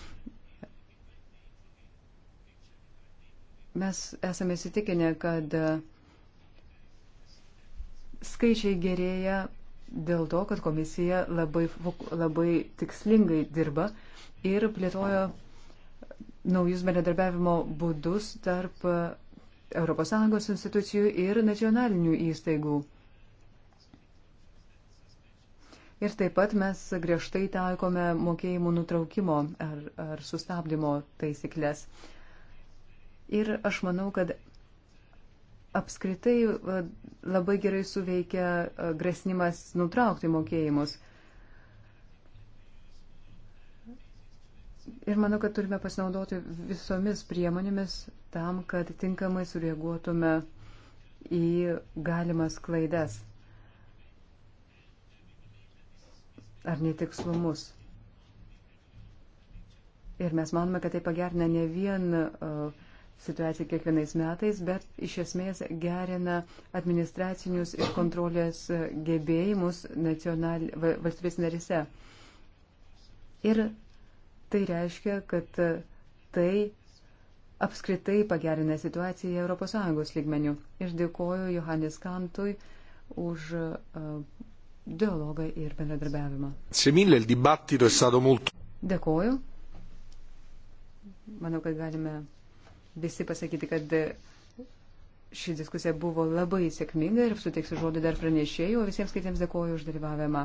Mes esame įsitikinę, kad skaičiai gerėja dėl to, kad komisija labai, labai tikslingai dirba ir plėtojo naujus bendradarbiavimo būdus tarp ES institucijų ir nacionalinių įstaigų. Ir taip pat mes griežtai taikome mokėjimų nutraukimo ar, ar sustabdymo taisyklės. Ir aš manau, kad apskritai labai gerai suveikia grasnimas nutraukti mokėjimus. Ir manau, kad turime pasinaudoti visomis priemonėmis tam, kad tinkamai sureaguotume į galimas klaidas ar netikslumus. Ir mes manome, kad tai pagerina ne vien uh, situaciją kiekvienais metais, bet iš esmės gerina administracinius ir kontrolės gebėjimus nacional... valstybės narise. Ir tai reiškia, kad tai apskritai pagerina situaciją ES lygmenių. Ir dėkoju Johannes Kantui už dialogą ir bendradarbiavimą. Dėkoju. Manau, kad galime visi pasakyti, kad ši diskusija buvo labai sėkminga ir suteiksiu žodį dar pranešėjų, o visiems kitiems dėkoju už dalyvavimą.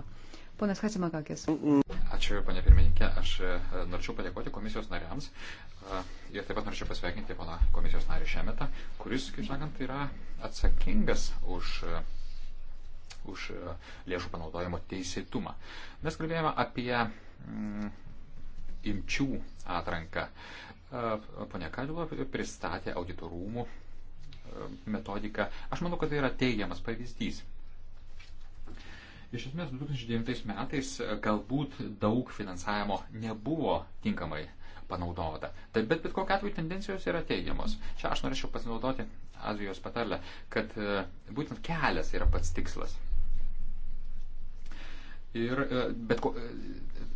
Ponas Hatsimakakis. Ačiū, ponė pirmininkė. Aš e, norėčiau padėkoti komisijos nariams e, ir taip pat norėčiau pasveikinti poną komisijos narį Šemetą, kuris, kaip sakant, yra atsakingas už e, už lėšų panaudojimo teisėtumą. Mes kalbėjome apie mm, imčių atranką ponia Kalilo pristatė auditorumų e, metodiką. Aš manau, kad tai yra teigiamas pavyzdys. Iš esmės, 2009 metais galbūt daug finansavimo nebuvo tinkamai panaudota. Taip, bet bet kokia atveju tendencijos yra teigiamos. Čia aš norėčiau pasinaudoti Azijos patarlę, kad e, būtent kelias yra pats tikslas. Ir, e, bet ko,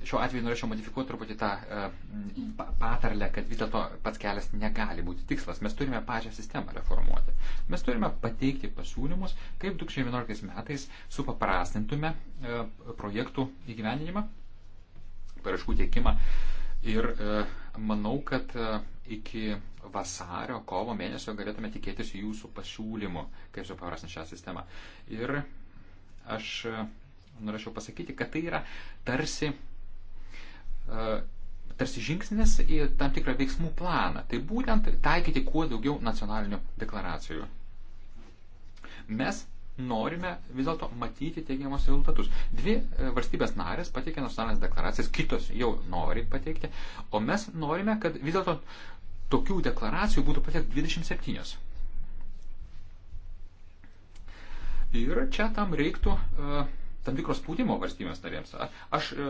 šiuo atveju norėčiau modifikuoti truputį tą e, patarlę, kad vis dėlto pats kelias negali būti tikslas. Mes turime pačią sistemą reformuoti. Mes turime pateikti pasiūlymus, kaip 2011 metais supaprastintume e, projektų įgyvendinimą, paraškų tiekimą. Ir e, manau, kad iki vasario, kovo mėnesio galėtume tikėtis jūsų pasiūlymų, kaip supaprastinti šią sistemą. Ir aš norėčiau pasakyti, kad tai yra tarsi E, tarsi žingsnis į tam tikrą veiksmų planą. Tai būtent taikyti kuo daugiau nacionalinių deklaracijų. Mes norime vis dėlto matyti teigiamus rezultatus. Dvi e, valstybės narės pateikė nacionalinės deklaracijas, kitos jau nori pateikti, o mes norime, kad vis dėlto tokių deklaracijų būtų pateikti 27. Ir čia tam reiktų uh, tam tikro spaudimo valstybės narėms. Aš e,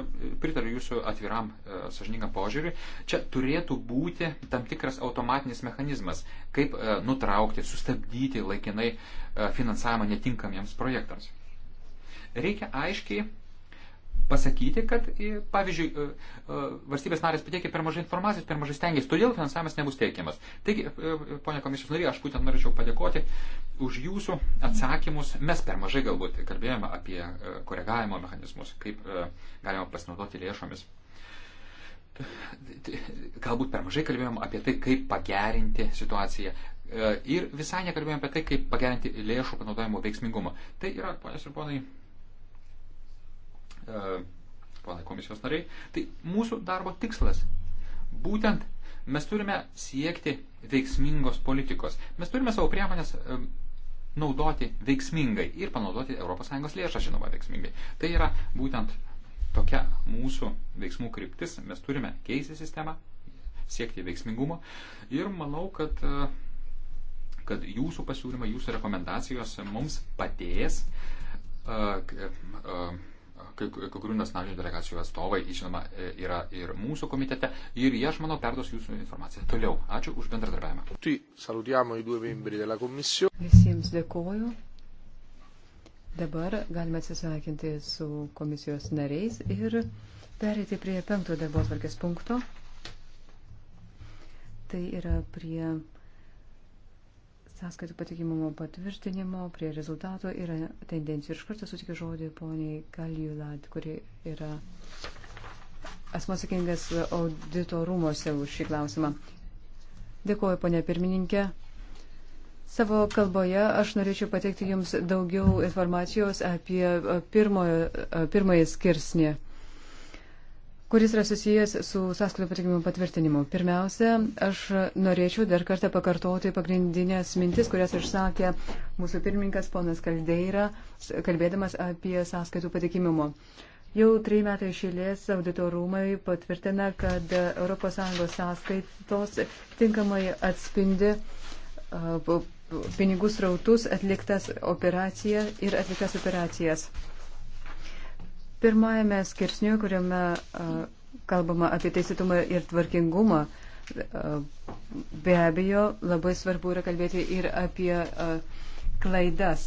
pritariu jūsų atviram, e, sažiningam požiūriui. Čia turėtų būti tam tikras automatinis mechanizmas, kaip e, nutraukti, sustabdyti laikinai finansavimą netinkamiems projektams. Reikia aiškiai pasakyti, kad, e, pavyzdžiui, e, e, valstybės narės pateikė per mažai informacijos, per mažai stengiasi, todėl finansavimas nebus teikiamas. Taigi, ponia komisijos nariai, aš būtent norėčiau padėkoti už jūsų atsakymus. Mes per mažai galbūt kalbėjome apie koregavimo mechanizmus, kaip galima pasinaudoti lėšomis. Galbūt per mažai kalbėjom apie tai, kaip pagerinti situaciją. Ir visai nekalbėjom apie tai, kaip pagerinti lėšų panaudojimo veiksmingumą. Tai yra, ponios ir ponai, ponai e, e, komisijos nariai, tai mūsų darbo tikslas būtent mes turime siekti veiksmingos politikos. Mes turime savo priemonės e, naudoti veiksmingai ir panaudoti ES lėšas, žinoma, veiksmingai. Tai yra būtent tokia mūsų veiksmų kryptis. Mes turime keisti sistemą, siekti veiksmingumo ir manau, kad, kad jūsų pasiūlymai, jūsų rekomendacijos mums padės kai, kai kurių nacionalinių delegacijų atstovai, žinoma, e, yra ir mūsų komitete. Ir jie, aš manau, perduos jūsų informaciją. Toliau. Ačiū už bendradarbiavimą. Visiems dėkoju. Dabar galime atsisveikinti su komisijos nariais ir perėti prie penktojo darbo tvarkės punkto. Tai yra prie sąskaitų patikimumo patvirtinimo prie rezultato yra tendencijų. Ir iš karto sutikiu žodį poniai Kaliulat, kuri yra asmo atsakingas audito rūmose už šį klausimą. Dėkuoju, ponė pirmininkė. Savo kalboje aš norėčiau pateikti Jums daugiau informacijos apie pirmojo, pirmąjį skirsnį kuris yra susijęs su sąskaitų patikimų patvirtinimu. Pirmiausia, aš norėčiau dar kartą pakartoti pagrindinės mintis, kurias išsakė mūsų pirmininkas ponas Kaldeira, kalbėdamas apie sąskaitų patikimimo. Jau trijų metų išėlės auditorumai patvirtina, kad ES sąskaitos tinkamai atspindi pinigų srautus, atliktas operacijas ir atliktas operacijas. Pirmajame skirsniuje, kuriame kalbama apie teisėtumą ir tvarkingumą, be abejo, labai svarbu yra kalbėti ir apie klaidas.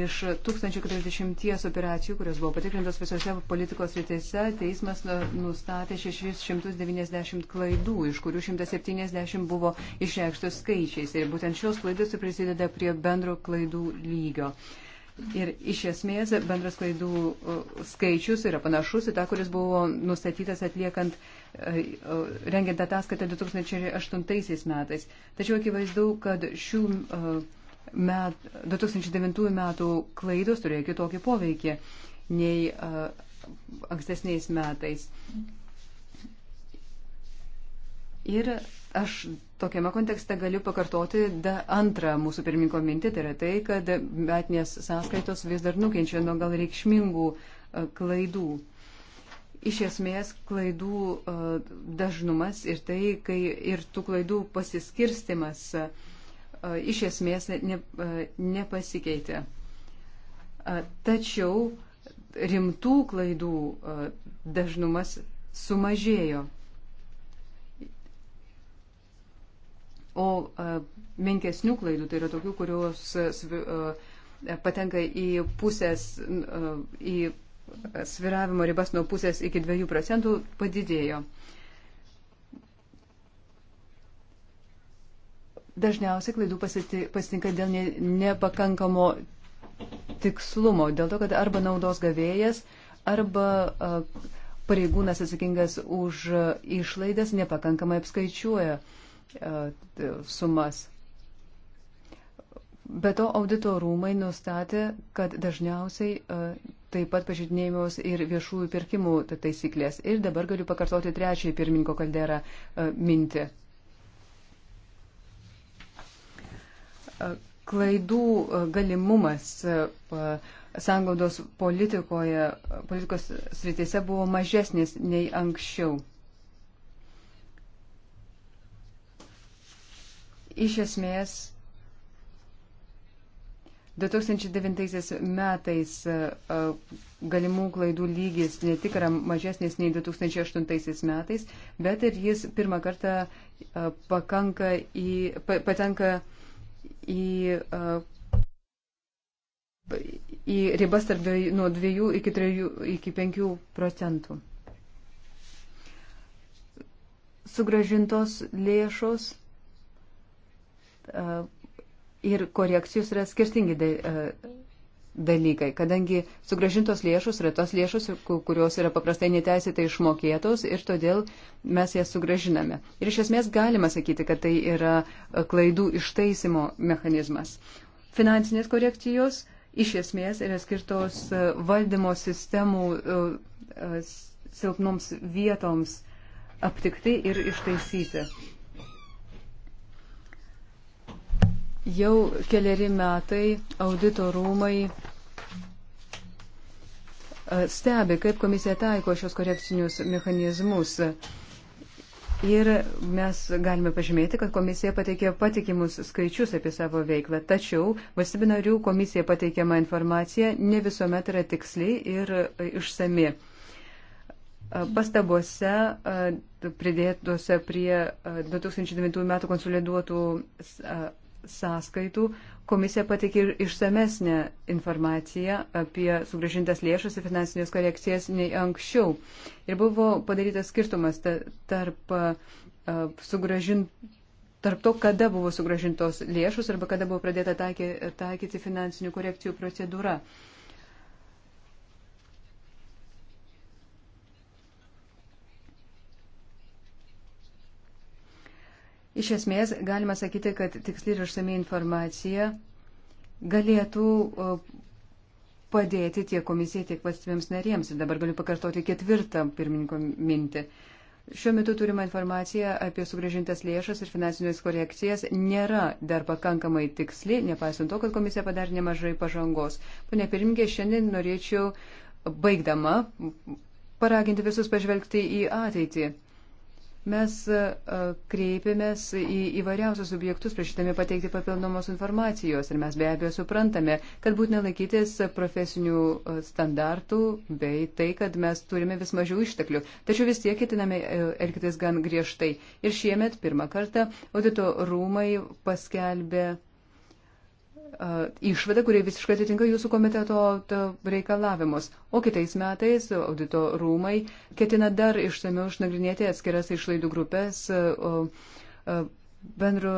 Iš 1040 operacijų, kurios buvo patikrintos visose politikos rytise, teismas nu, nustatė 690 klaidų, iš kurių 170 buvo išreikštos skaičiais. Ir būtent šios klaidos prisideda prie bendro klaidų lygio. Uh, Ir iš esmės bendras klaidų skaičius yra panašus į tą, kuris buvo nustatytas atliekant, e, rengiant ataskaitą 2008 metais. Tačiau akivaizdu, kad šių e, met, 2009 metų klaidos turėjo kitokį poveikį nei e, ankstesniais metais. Ir aš tokiame kontekste galiu pakartoti antrą mūsų pirmininko mintį, tai yra tai, kad metinės sąskaitos vis dar nukenčia nuo gal reikšmingų e, klaidų. Iš esmės, klaidų e, dažnumas ir tai, kai ir tų klaidų pasiskirstimas e, iš esmės ne, nepasikeitė. Tačiau rimtų klaidų dažnumas sumažėjo. O e, menkesnių klaidų, tai yra tokių, kurios e, e, patenka į pusės, į sviravimo ribas nuo pusės iki 2 procentų, padidėjo. Dažniausiai klaidų pasitinka dėl nepakankamo tikslumo, dėl to, kad arba naudos gavėjas, arba pareigūnas atsakingas už išlaidas nepakankamai apskaičiuoja E, sumas. Be to, audito rūmai nustatė, kad dažniausiai e, taip pat pažydinėjimos ir viešųjų pirkimų taisyklės. Ir dabar galiu pakartoti trečiąjį pirmininko kalderą e, mintį. Klaidų galimumas sanglaudos politikoje, politikos srityse buvo mažesnis nei anksčiau. Iš esmės, 2009 metais galimų klaidų lygis ne tik yra mažesnis nei 2008 metais, bet ir jis pirmą kartą pakanka į, patenka į, į ribas tarp nuo 2 iki, 3, iki 5 procentų. Sugražintos lėšos E, ir korekcijos yra skirtingi e, dalykai, kadangi sugražintos lėšos yra tos lėšos, kurios yra paprastai neteisėtai išmokėtos ir todėl mes jas sugražiname. Ir iš esmės galima sakyti, kad tai yra e, klaidų ištaisimo mechanizmas. Finansinės korekcijos iš esmės yra skirtos valdymo sistemų silpnoms vietoms aptikti ir ištaisyti. Jau keliari metai audito rūmai e, stebi, kaip komisija taiko šios korekcinius mechanizmus. Ir mes galime pažymėti, kad komisija pateikė patikimus skaičius apie savo veiklą, tačiau valstybių narių komisija pateikiama informacija ne visuomet yra tiksliai ir e, išsami. E, pastabuose pridėtose prie 2009 metų konsoliduotų sąskaitų komisija pateikė ir išsamesnę informaciją apie sugražintas lėšas ir finansinės korekcijas nei anksčiau. Ir buvo padarytas skirtumas tarp, sugražint, tarp to, kada buvo sugražintos lėšos arba kada buvo pradėta taikyti finansinių korekcijų procedūra. Uh, Iš esmės, galima sakyti, kad tiksli ir išsami informacija galėtų padėti tiek komisijai, tiek valstybėms narėms. Ir dabar galiu pakartoti ketvirtą pirmininko mintį. Šiuo metu turima informacija apie sugražintas lėšas ir finansinės korekcijas nėra dar pakankamai tiksli, nepaisant to, kad komisija padarė nemažai pažangos. Pane pirmininkė, šiandien norėčiau, baigdama, paraginti visus pažvelgti į ateitį. Mes e, e, kreipėmės į įvairiausius subjektus prašydami pateikti papildomos informacijos ir mes be abejo suprantame, kad būtina laikytis profesinių e, standartų bei tai, kad mes turime vis mažiau išteklių. Tačiau vis tiek ketiname elgtis gan griežtai. Ir šiemet pirmą kartą audito rūmai paskelbė išvada, kurie visiškai atitinka jūsų komiteto reikalavimus. O kitais metais audito rūmai ketina dar išsamiau išnagrinėti atskiras išlaidų grupės bendro,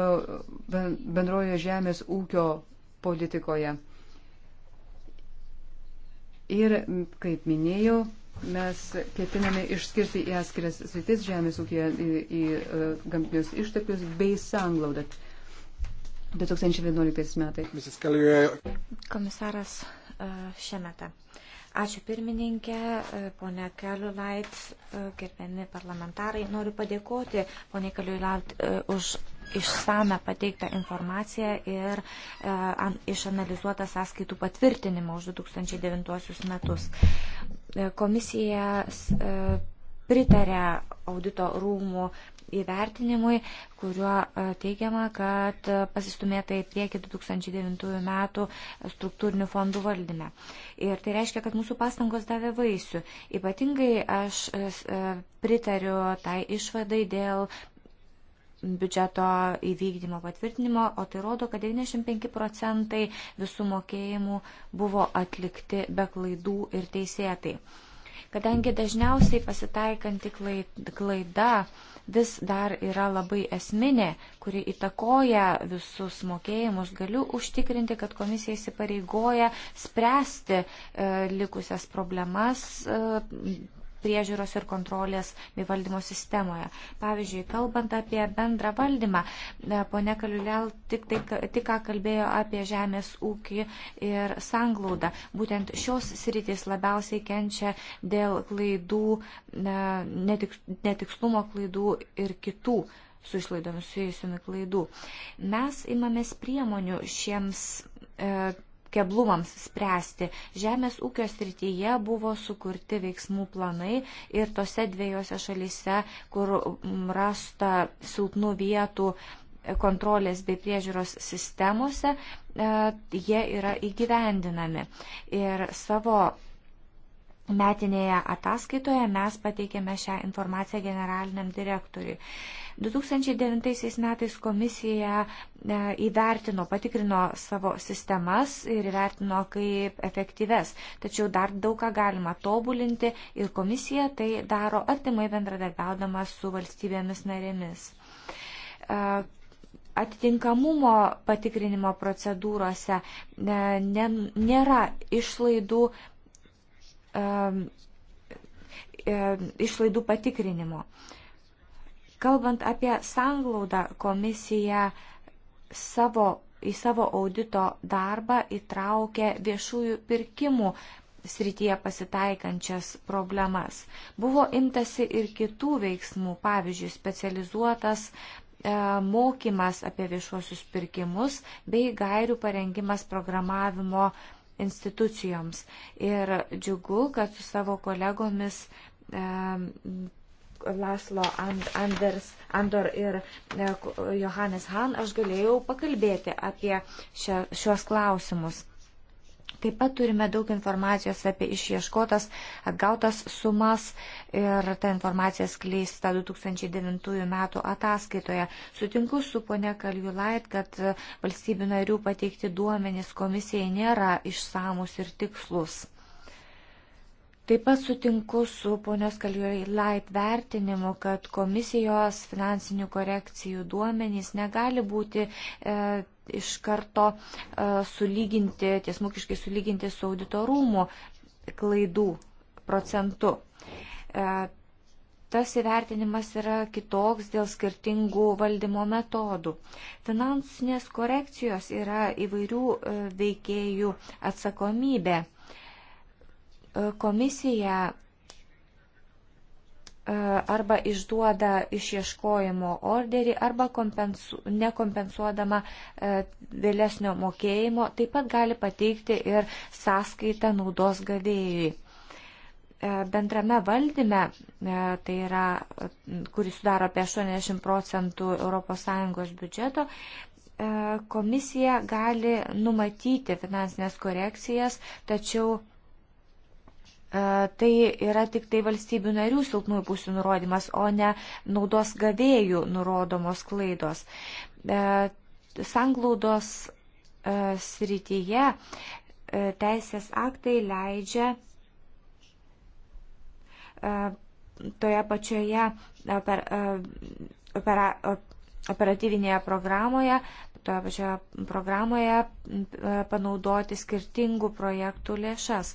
bendrojo žemės ūkio politikoje. Ir, kaip minėjau, mes ketiname išskirti į atskiras sritis žemės ūkiją, į, į, į gamtinius išteklius bei sanglaudat. 2011 metais. Komisaras e, šiame. Ačiū pirmininkė, e, ponia Kaliulait, e, gerbiami parlamentarai. Noriu padėkoti ponia Kaliulait už išsame pateiktą informaciją ir e, išanalizuotą sąskaitų patvirtinimą už 2009 metus. Komisija e, pritarė audito rūmų e, įvertinimui, kuriuo e, teigiama, kad e, pasistumėta į priekį 2009 metų struktūrinių fondų valdyme. Ir tai reiškia, kad mūsų pastangos davė vaisių. Ypatingai aš e, pritariu tai išvadai dėl biudžeto įvykdymo patvirtinimo, o tai rodo, kad 95 procentai visų mokėjimų buvo atlikti be klaidų ir teisėtai. Kadangi dažniausiai pasitaikanti klaida, klaida vis dar yra labai esminė, kuri įtakoja visus mokėjimus. Galiu užtikrinti, kad komisija įsipareigoja spręsti e, likusias problemas, e, priežiūros ir kontrolės bei valdymo sistemoje. Pavyzdžiui, kalbant apie bendrą valdymą, e, ponė Kaliulėl tik, tai, tik ką kalbėjo apie žemės ūkį ir sanglaudą. Būtent šios sritys labiausiai kenčia dėl klaidų, e, netiks, netikslumo klaidų ir kitų su išlaidomis susijusiumi klaidų. Mes imamės priemonių šiems e, keblumams spręsti. Žemės ūkio srityje buvo sukurti veiksmų planai ir tose dviejose šalise, kur rasta silpnų vietų kontrolės bei priežiūros sistemose, e, jie yra įgyvendinami. Ir savo metinėje ataskaitoje mes pateikėme šią informaciją generaliniam direktoriui. 2009 metais komisija e, įvertino, patikrino savo sistemas ir įvertino kaip efektyves, tačiau dar daug ką galima tobulinti ir komisija tai daro artimai bendradarbiaudama su valstybėmis narėmis e, atitinkamumo patikrinimo procedūrose e, ne, nėra išlaidų Um, um, išlaidų patikrinimo. Kalbant apie sanglaudą, komisija savo, į savo audito darbą įtraukė viešųjų pirkimų srityje pasitaikančias problemas. Buvo imtasi ir kitų veiksmų, pavyzdžiui, specializuotas e, mokymas apie viešuosius pirkimus bei gairių parengimas programavimo institucijoms. Ir džiugu, kad su savo kolegomis Laslo Anders, Andor ir e, Johannes Han aš galėjau pakalbėti apie šios klausimus. Taip pat turime daug informacijos apie išieškotas, atgautas sumas ir ta informacija skleista 2009 metų ataskaitoje. Sutinku su ponia Kalvilait, kad valstybių narių pateikti duomenys komisijai nėra išsamus ir tikslus. Taip pat sutinku su ponios Kalvilait vertinimu, kad komisijos finansinių korekcijų duomenys negali būti. E, iš karto e, sulyginti, tiesmukiškai sulyginti su auditorumų klaidų procentu. E, tas įvertinimas yra kitoks dėl skirtingų valdymo metodų. Finansinės korekcijos yra įvairių e, veikėjų atsakomybė. Komisija E, arba išduoda išieškojimo orderį arba kompensu, nekompensuodama e, vėlesnio mokėjimo, taip pat gali pateikti ir sąskaitą naudos gavėjui. E, bendrame valdyme, tai yra, kuris sudaro apie 80 procentų ES biudžeto, komisija gali numatyti finansinės korekcijas, tačiau E, tai yra tik tai valstybių narių silpnųjų pusių nurodymas, o ne naudos gavėjų nurodomos klaidos. E, sanglaudos e, srityje teisės aktai leidžia toje pačioje opera, opera, operatyvinėje programoje toje pačioje programoje e, panaudoti skirtingų projektų lėšas.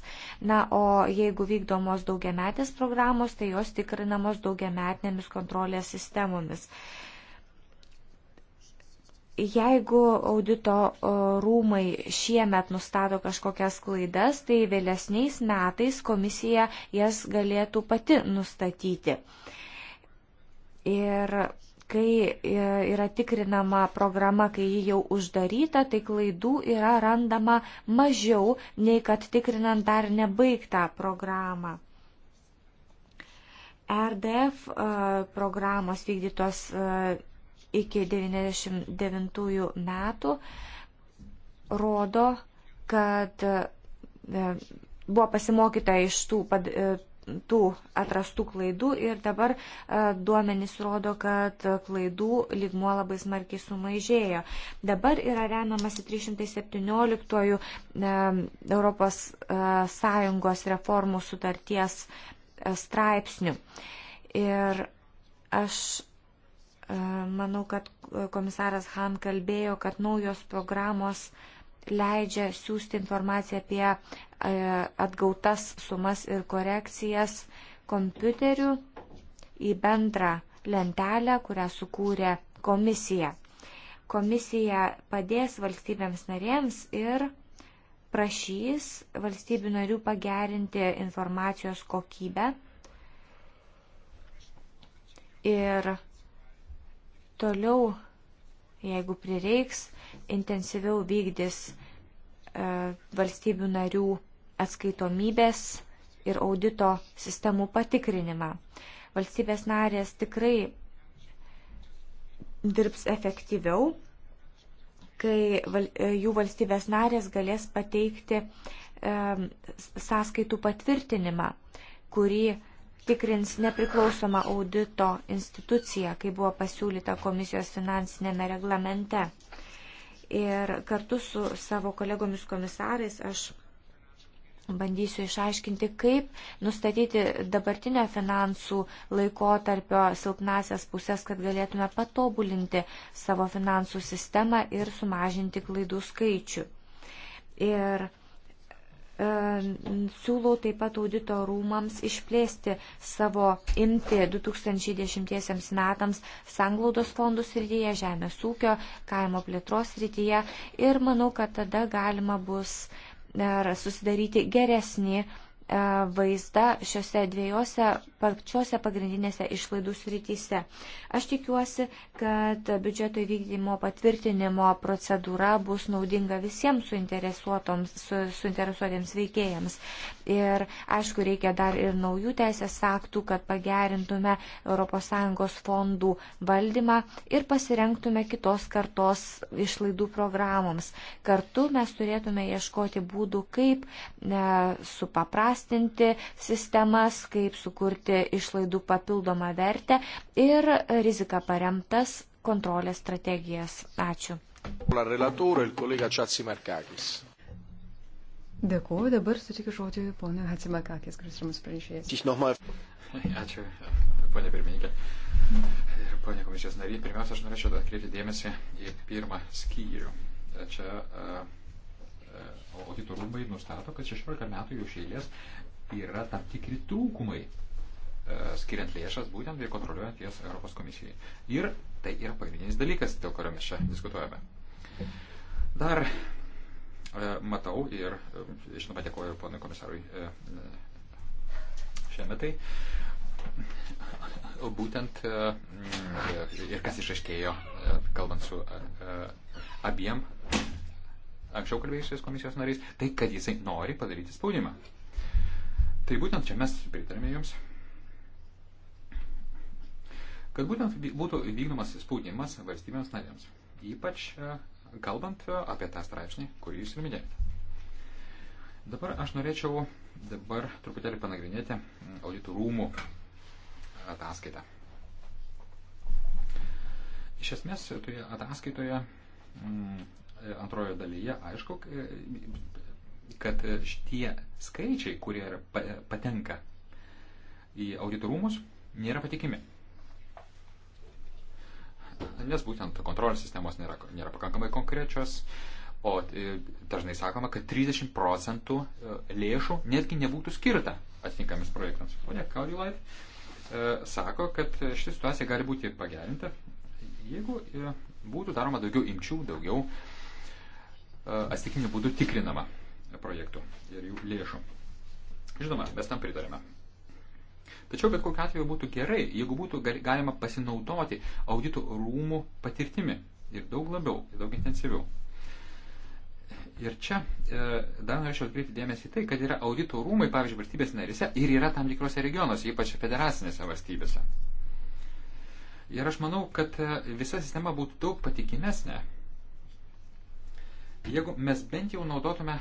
Na, o jeigu vykdomos daugiametės programos, tai jos tikrinamos daugiametinėmis kontrolės sistemomis. Jeigu audito e, rūmai šiemet nustato kažkokias klaidas, tai vėlesniais metais komisija jas galėtų pati nustatyti. Ir kai e, yra tikrinama programa, kai ji jau uždaryta, tai klaidų yra randama mažiau, nei kad tikrinant dar nebaigtą programą. RDF e, programos vykdytos e, iki 99 metų rodo, kad buvo pasimokyta iš tų tų atrastų klaidų ir dabar e, duomenys rodo, kad klaidų lygmuo labai smarkiai sumažėjo. Dabar yra remiamasi 317 e, Europos e, Sąjungos reformų sutarties straipsnių. Ir aš manau, kad komisaras Han kalbėjo, kad naujos programos uh, leidžia siūsti informaciją apie e, atgautas sumas ir korekcijas kompiuteriu į bendrą lentelę, kurią sukūrė komisija. Komisija padės valstybėms narėms ir prašys valstybių narių pagerinti informacijos kokybę ir toliau, jeigu prireiks, intensyviau vykdys e, valstybių narių atskaitomybės ir audito sistemų patikrinimą. Valstybės narės tikrai dirbs efektyviau, kai e, jų valstybės narės galės pateikti e, sąskaitų patvirtinimą, kurį tikrins nepriklausoma audito institucija, kaip buvo pasiūlyta komisijos finansinėme reglamente. Ir kartu su savo kolegomis komisarais aš bandysiu išaiškinti, kaip nustatyti dabartinio finansų laikotarpio silpnasias pusės, kad galėtume patobulinti savo finansų sistemą ir sumažinti klaidų skaičių. Ir E, siūlau taip pat audito rūmams išplėsti savo imti 2010 metams sanglaudos fondų srityje, žemės ūkio, kaimo plėtros srityje ir manau, kad tada galima bus e, susidaryti geresnį E, vaizdą šiuose dviejose pačiuose pagrindinėse išlaidų srityse. Aš tikiuosi, kad biudžeto įvykdymo patvirtinimo procedūra bus naudinga visiems suinteresuotiems veikėjams. Ir aišku, reikia dar ir naujų teisės aktų, kad pagerintume ES fondų valdymą ir pasirenktume kitos kartos išlaidų programoms. Kartu mes turėtume ieškoti būdų, kaip e, supaprastinti sistemas, kaip sukurti išlaidų papildomą vertę ir riziką paremtas kontrolės strategijas. Ačiū. La relatore, il collega Ciazzi Marcakis. Dėkuoju, dabar sutikiu žodžiu ponio Hatsimakakės, kuris yra mūsų pranešėjas. Ačiū, ponė pirmininkė. Ir ponė komisijos nariai, pirmiausia, aš norėčiau atkreipti dėmesį į pirmą skyrių. Čia e, e, audito rūmai nustato, kad 16 metų jau šeilės yra tam tikri trūkumai e, skiriant lėšas būtent ir kontroliuojant jas Europos komisijai. Ir tai yra pagrindinis dalykas, dėl kurio mes čia diskutuojame. Dar E, matau ir, e, žinoma, dėkoju ponui komisarui e, šiame tai. Būtent ir kas išaiškėjo, kalbant su abiem anksčiau kalbėjusiais komisijos nariais, tai kad jisai nori padaryti spaudimą. Tai būtent čia mes pritarėme jums, kad būtent būtų vykdomas spaudimas valstybėms narėms, ypač kalbant apie tą straipsnį, kurį jūs ir minėjote. Dabar aš norėčiau dabar truputėlį panagrinėti auditų rūmų ataskaitą. Iš esmės, toje ataskaitoje mm, antrojo dalyje aišku, kad šitie skaičiai, kurie patenka į auditorumus, nėra patikimi nes būtent kontrolės sistemos nėra, nėra pakankamai konkrečios. O e, dažnai sakoma, kad 30 procentų e, lėšų netgi nebūtų skirta atitinkamiems projektams. Pone Kaudilait e, sako, kad ši situacija gali būti pagerinta, jeigu būtų daroma daugiau imčių, daugiau atsitikinių būdų tikrinama projektų ir jų lėšų. Žinoma, mes tam pritarėme. Tačiau bet kokiu atveju būtų gerai, jeigu būtų galima pasinaudoti auditų rūmų patirtimi ir daug labiau, ir daug intensyviau. Ir čia e, dar norėčiau atkreipti dėmesį tai, kad yra audito rūmai, pavyzdžiui, valstybės narise ir yra tam tikrose regionuose, ypač federacinėse valstybėse. Ir aš manau, kad e, visa sistema būtų daug patikimesnė, jeigu mes bent jau naudotume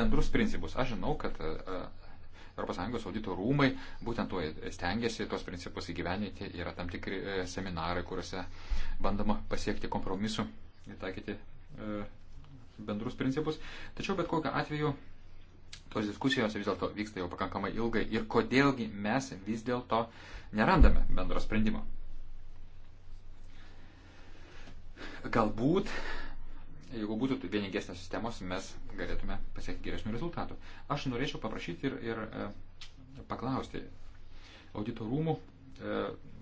bendrus principus. Aš žinau, kad e, ES audito rūmai būtent tuo stengiasi tuos principus įgyveninti. Yra tam tikri e, seminarai, kuriuose bandoma pasiekti kompromisų ir taikyti e, bendrus principus. Tačiau bet kokiu atveju tos diskusijos vis dėlto vyksta jau pakankamai ilgai ir kodėlgi mes vis dėlto nerandame bendro sprendimo. Galbūt jeigu būtų vieningesnės sistemos, mes galėtume pasiekti geresnių rezultatų. Aš norėčiau paprašyti ir, ir e, paklausti audito rūmų, e,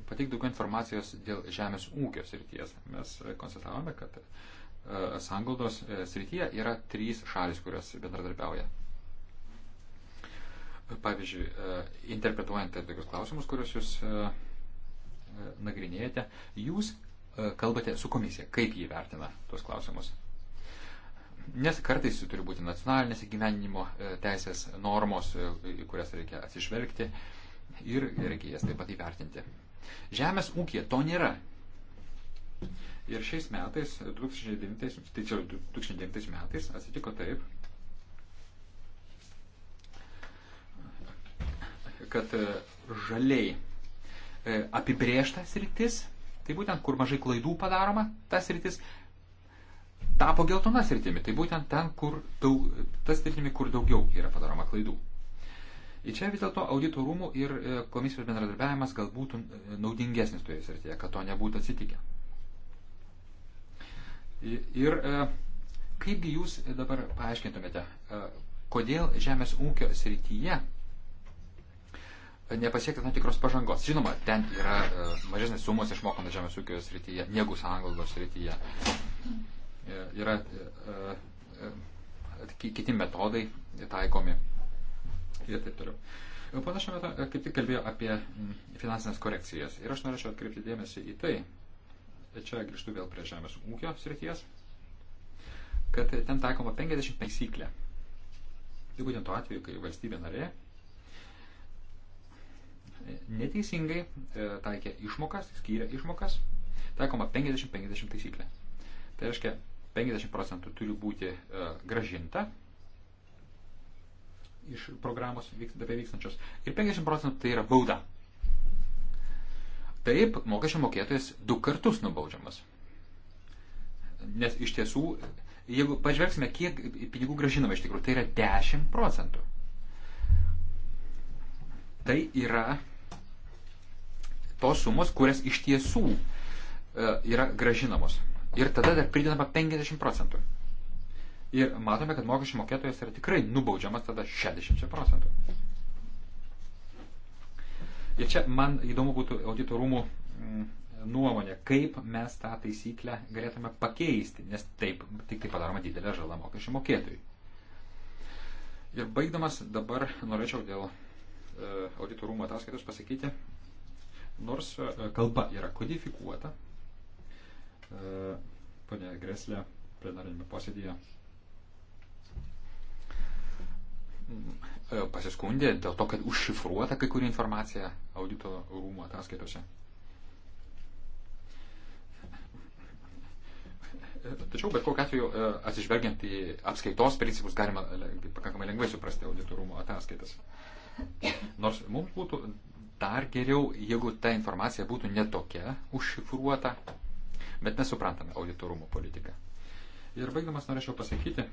pateikti daugiau informacijos dėl žemės ūkio srities. Mes konstatavome, kad e, sangaldos e, srityje yra trys šalis, kurios bendradarbiauja. Pavyzdžiui, e, interpretuojant tai tokius klausimus, kuriuos jūs e, e nagrinėjate, jūs e, kalbate su komisija, kaip jį vertina tuos klausimus nes kartais turi būti nacionalinės įgyvendinimo e, teisės normos, e, į kurias reikia atsižvelgti ir reikia jas taip pat įvertinti. Žemės ūkija to nėra. Ir šiais metais, 2009, tai 2009 metais atsitiko taip, kad e, žaliai apibriešta sritis, tai būtent kur mažai klaidų padaroma, tas sritis tapo geltona sritimi. Tai būtent ten, kur daug, tas sritimi, kur daugiau yra padaroma klaidų. Ir čia vis dėlto audito rūmų ir e, komisijos bendradarbiavimas gal būtų e, naudingesnis toje srityje, kad to nebūtų atsitikę. Ir e, kaipgi jūs dabar paaiškintumėte, kodėl žemės ūkio srityje nepasiekti tam tikros pažangos. Žinoma, ten yra mažesnės sumos išmokama žemės ūkio srityje negu sąnglaudos srityje. E, yra e, e, kiti metodai taikomi ir taip toliau. Pana šiuo metu kaip tik kalbėjo apie finansinės korekcijas ir aš norėčiau atkreipti dėmesį į tai, čia grįžtu vėl prie žemės ūkio srities, kad ten taikoma 50 taisyklė. Tai būtent tuo atveju, kai valstybė narė neteisingai taikė išmokas, skyrė išmokas, taikoma 50-50 taisyklė. Tai reiškia, 50 procentų turi būti e, gražinta iš programos dabar vykstančios ir 50 procentų tai yra bauda. Taip, mokesčio mokėtojas du kartus nubaudžiamas. Nes iš tiesų, jeigu pažvelgsime, kiek pinigų gražinama iš tikrųjų, tai yra 10 procentų. Tai yra tos sumos, kurias iš tiesų e, yra gražinamos ir tada dar pridedama 50 procentų. Ir matome, kad mokesčių mokėtojas yra tikrai nubaudžiamas tada 60 procentų. Ir čia man įdomu būtų audito rūmų mm, nuomonė, kaip mes tą taisyklę galėtume pakeisti, nes taip tik tai padaroma didelė žala mokesčių mokėtojui. Ir baigdamas dabar norėčiau dėl e, audito rūmų ataskaitos pasakyti, nors e, kalba yra kodifikuota, ponė Greslė plenarinėme posėdėje pasiskundė dėl to, kad užšifruota kai kuri informacija audito rūmų ataskaitose. Tačiau bet kokiu atveju, e, atsižvelgiant į apskaitos principus, galima pakankamai lengvai suprasti audito rūmų ataskaitas. Nors mums būtų dar geriau, jeigu ta informacija būtų netokia užšifruota, Bet mes suprantame auditorumo politiką. Ir baigdamas norėčiau pasakyti,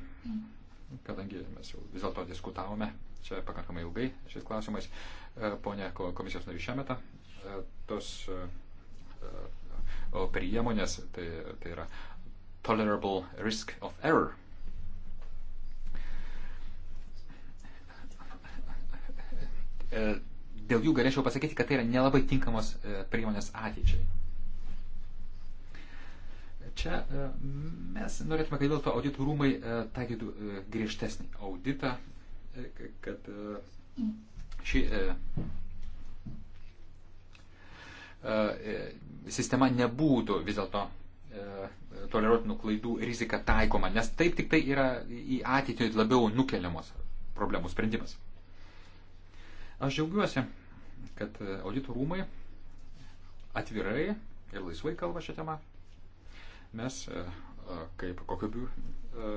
kadangi mes jau vis dėlto diskutavome čia pakankamai ilgai šiais klausimais, e, ponė komisijos narių šiame metą, e, tos e, priemonės, tai, tai yra tolerable risk of error. Dėl jų galėčiau pasakyti, kad tai yra nelabai tinkamos priemonės ateičiai čia e, mes norėtume, kad dėl to auditų rūmai e, taikytų e, griežtesnį auditą, kad ši sistema nebūtų vis dėlto toleruotinų klaidų rizika taikoma, nes taip tik tai yra į ateitį labiau nukeliamos problemų sprendimas. Aš džiaugiuosi, kad auditų rūmai atvirai ir laisvai kalba šią temą. Mes, e, e, kaip kokių e,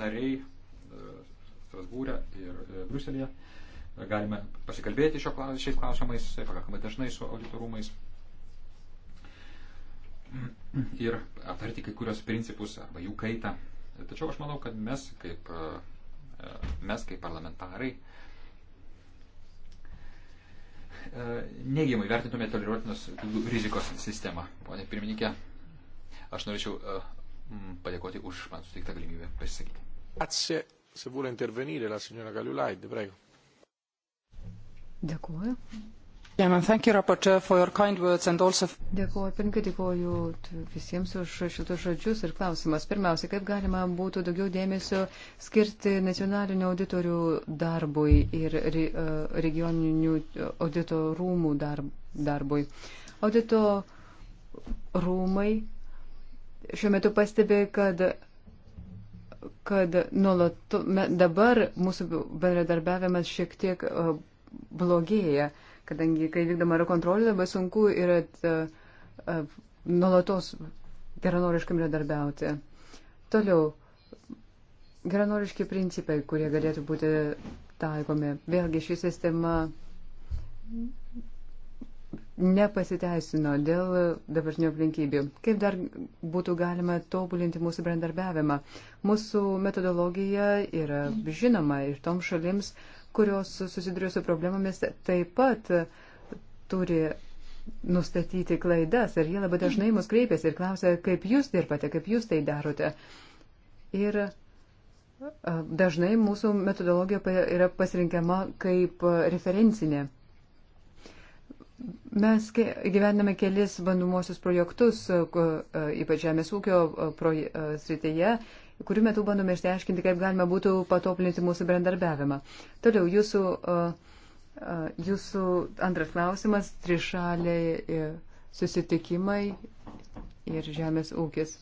nariai Strasbūrė ir Bruselėje, galime pasikalbėti šio, šiais klausimais pakankamai dažnai su auditorumais ir aptarti kai kurios principus arba jų kaitą. Tačiau aš manau, kad mes kaip, mes kaip parlamentarai neigiamai vertintume toleruotinos rizikos sistemą. Pone pirmininkė, Aš norėčiau e, padėkoti už man suteiktą galimybę pasisakyti. Ačiū. Se vuole intervenire la signora Galiulaid, prego. Dėkuoju. Dėkuoju, pirmininkai, dėkuoju visiems už šitus žodžius ir klausimas. Pirmiausia, kaip galima būtų daugiau dėmesio skirti nacionalinio auditorių darbui ir e, regioninių audito rūmų darbui. Audito rūmai šiuo metu pastebi, kad, kad nuolatu, dabar mūsų bendradarbiavimas šiek tiek blogėja, kadangi, kai vykdoma yra kontrolė, labai sunku yra nuolatos geranoriškai bendradarbiauti. Toliau, geranoriški principai, kurie galėtų būti taikomi. Vėlgi, ši sistema nepasiteisino dėl dabartinių aplinkybių. Kaip dar būtų galima tobulinti mūsų bendarbiavimą? Mūsų metodologija yra žinoma ir tom šalims, kurios susiduria su problemomis, taip pat turi nustatyti klaidas ir jie labai dažnai mus kreipiasi ir klausia, kaip jūs dirbate, kaip jūs tai darote. Ir dažnai mūsų metodologija yra pasirinkiama kaip referencinė. Mes gyvename kelis bandomosius projektus, e, e, ypač žemės ūkio e, srityje, kurių metu bandome išsiaiškinti, kaip galima būtų patoplinti mūsų bendarbiavimą. Toliau, jūsų, jūsų antras klausimas - trišaliai susitikimai ir žemės ūkis.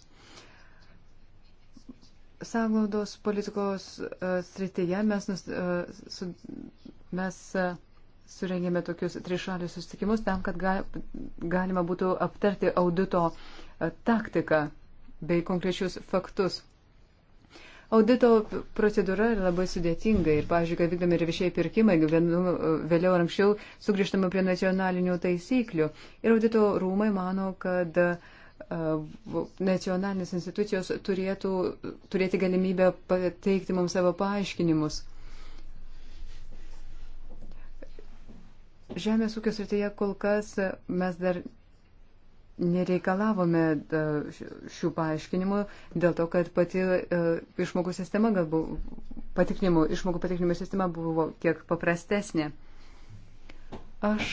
Sanglaudos politikos srityje mes, mes surengėme tokius trišalius susitikimus tam, kad galima būtų aptarti audito e, taktiką bei konkrečius faktus. Audito procedūra yra labai sudėtinga ir, pavyzdžiui, kai vykdomi ir viešieji pirkimai, vienu, vėliau ar anksčiau sugrįžtama prie nacionalinių taisyklių. Ir audito rūmai mano, kad e, nacionalinės institucijos turėtų turėti galimybę pateikti mums savo paaiškinimus. Žemės ūkio srityje kol kas mes dar nereikalavome šių paaiškinimų dėl to, kad pati e, išmokų sistema galbūt patikrinimų, išmokų patikrinimų sistema buvo kiek paprastesnė. Aš,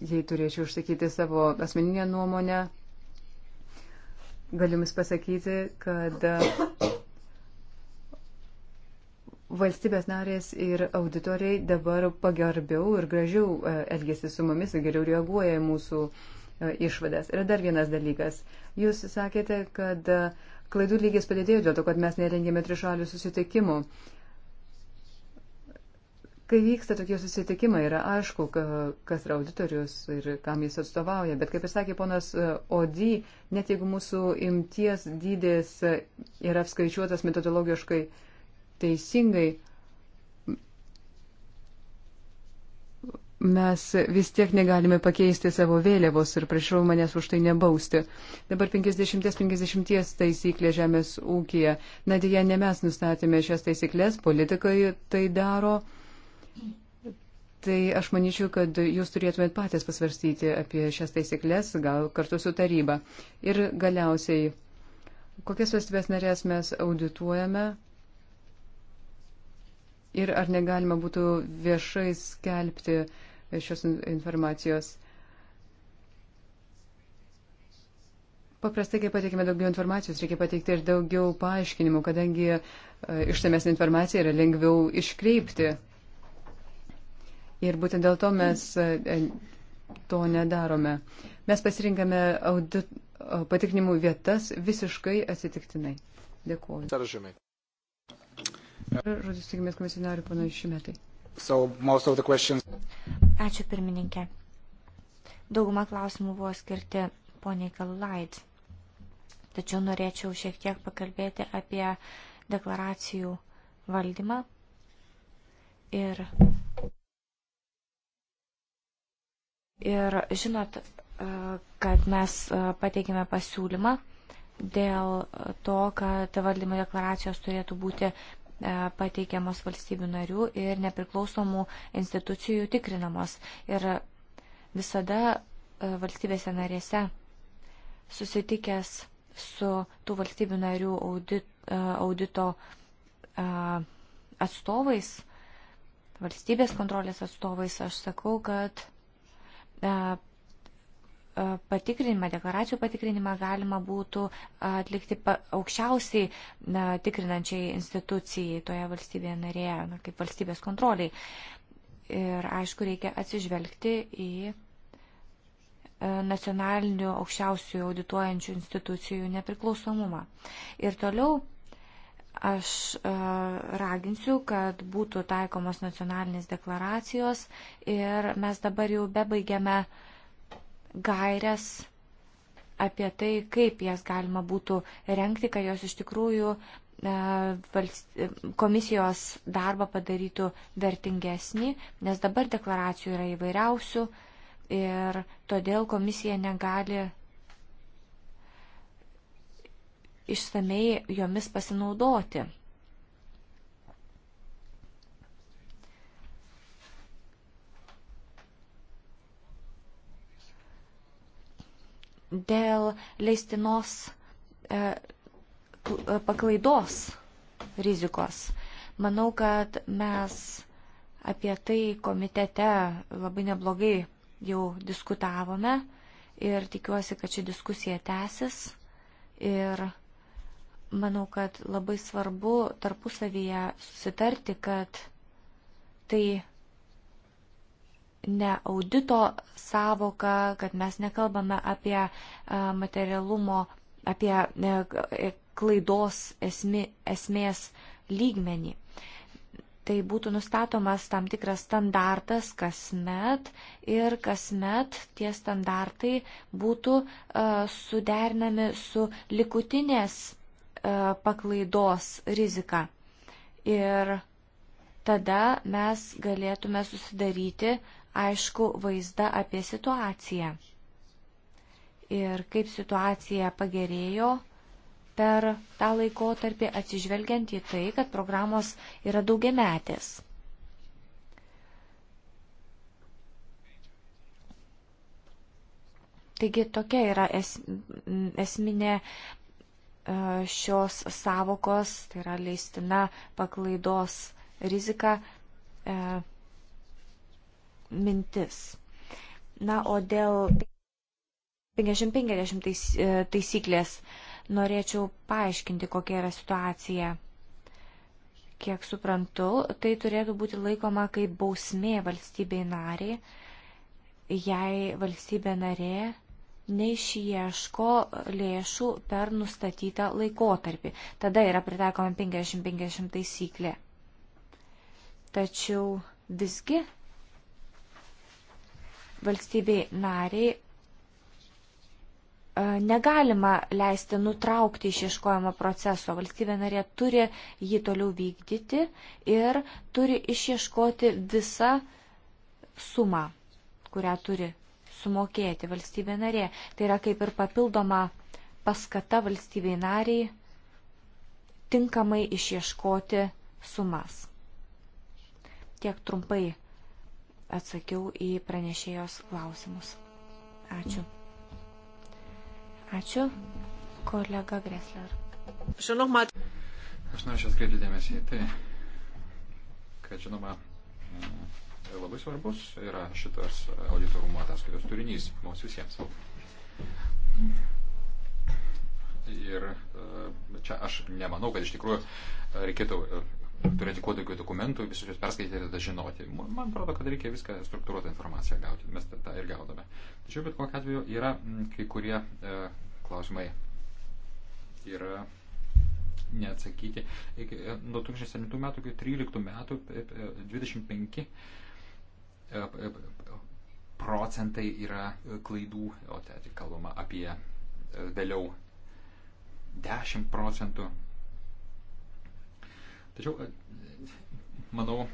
jei turėčiau užsakyti savo asmeninę nuomonę, galiu jums pasakyti, kad valstybės narės ir auditoriai dabar pagarbiau ir gražiau e, elgesi su mumis ir geriau reaguoja į mūsų e, išvadas. Ir dar vienas dalykas. Jūs sakėte, kad e, klaidų lygis padidėjo dėl to, kad mes nerengėme trišalių susitikimų. Kai vyksta tokie susitikimai, yra aišku, kas yra auditorius ir kam jis atstovauja, bet kaip ir sakė ponas Odi, net jeigu mūsų imties dydis yra apskaičiuotas metodologiškai uh, teisingai, mes vis tiek negalime pakeisti savo vėliavos ir prašau manęs už tai nebausti. Dabar 50-50 taisyklė žemės ūkija. Na dėja, ne mes nustatėme šias taisyklės, politikai tai daro. Tai aš manyčiau, kad jūs turėtumėt patys pasvarstyti apie šias taisyklės, gal kartu su taryba. Ir galiausiai, kokias valstybės narės mes audituojame, ir ar negalima būtų viešai skelbti šios informacijos. Paprastai, kai pateikime daugiau informacijos, reikia pateikti ir daugiau paaiškinimų, kadangi e, išsamesnė informacija yra lengviau iškreipti. Ir būtent dėl to mes e, e, to nedarome. Mes pasirinkame audit, patikrinimų vietas visiškai atsitiktinai. Dėkuoju. Žodis, tikimės komisionarių panašių metai. So questions... Ačiū pirmininkė. Dauguma klausimų buvo skirti poniai Kalulait. Tačiau norėčiau šiek tiek pakalbėti apie deklaracijų valdymą ir, ir žinot, e, kad mes e, pateikėme pasiūlymą dėl to, kad valdymo deklaracijos turėtų būti E, pateikiamos valstybių narių ir nepriklausomų institucijų tikrinamos. Ir visada e, valstybėse narėse susitikęs su tų valstybių narių audit, e, audito atstovais, valstybės kontrolės atstovais, aš sakau, kad E, patikrinimą, deklaracijų patikrinimą galima būtų atlikti aukščiausiai na, tikrinančiai institucijai toje valstybėje narėje, na, kaip valstybės kontroliai. Ir aišku, reikia atsižvelgti į e, nacionalinių aukščiausių audituojančių institucijų nepriklausomumą. Ir toliau aš e, raginsiu, kad būtų taikomos nacionalinės deklaracijos ir mes dabar jau bebaigiame uh, gairias apie tai, kaip jas galima būtų renkti, kad jos iš tikrųjų e, komisijos darbą padarytų vertingesnį, nes dabar deklaracijų yra įvairiausių ir todėl komisija negali išsamei jomis pasinaudoti. dėl leistinos e, e, paklaidos rizikos. Manau, kad mes apie tai komitete labai neblogai jau diskutavome ir tikiuosi, kad ši diskusija tęsis. Ir manau, kad labai svarbu tarpusavyje susitarti, kad tai ne audito savoka, kad mes nekalbame apie e, materialumo, apie e, e, klaidos esmi, esmės lygmenį. Tai būtų nustatomas tam tikras standartas kasmet ir kasmet tie standartai būtų uh, suderinami su likutinės uh, paklaidos rizika. Ir tada mes galėtume susidaryti uh, aišku vaizdą apie situaciją ir kaip situacija pagerėjo per tą laikotarpį atsižvelgiant į tai, kad programos yra daugiametės. Taigi tokia yra es, esminė e, šios savokos, tai yra leistina paklaidos rizika e, mintis. Na, o dėl 50-50 tais, e, taisyklės norėčiau paaiškinti, kokia yra situacija. Kiek suprantu, tai turėtų būti laikoma kaip bausmė valstybei nariai, jei valstybė narė neišieško lėšų per nustatytą laikotarpį. Tada yra pritaikoma 50-50 taisyklė. Tačiau visgi valstybei nariai e, negalima leisti nutraukti išieškojimo proceso. Valstybė narė turi jį toliau vykdyti ir turi išieškoti visą sumą, kurią turi sumokėti valstybė narė. Tai yra kaip ir papildoma paskata valstybei nariai tinkamai išieškoti sumas. Tiek trumpai atsakiau į pranešėjos klausimus. Ačiū. Ačiū, kolega Gresler. Žinoma, aš norėčiau atkreipti dėmesį į tai, kad žinoma, tai labai svarbus yra šitas auditorumo ataskaitos turinys mums visiems. Ir e, čia aš nemanau, kad iš tikrųjų reikėtų e, turėti kuo daugiau dokumentų, visus juos perskaityti ir tada žinoti. Man atrodo, kad reikia viską struktūruotą informaciją gauti, mes tą ir gaudame. Tačiau bet kokiu atveju yra kai kurie e, klausimai yra neatsakyti. Iki, e, nuo 2007 metų iki 2013 metų 25 e, e, procentai yra klaidų, o tai kalbama apie vėliau 10 procentų Tačiau, e, manau,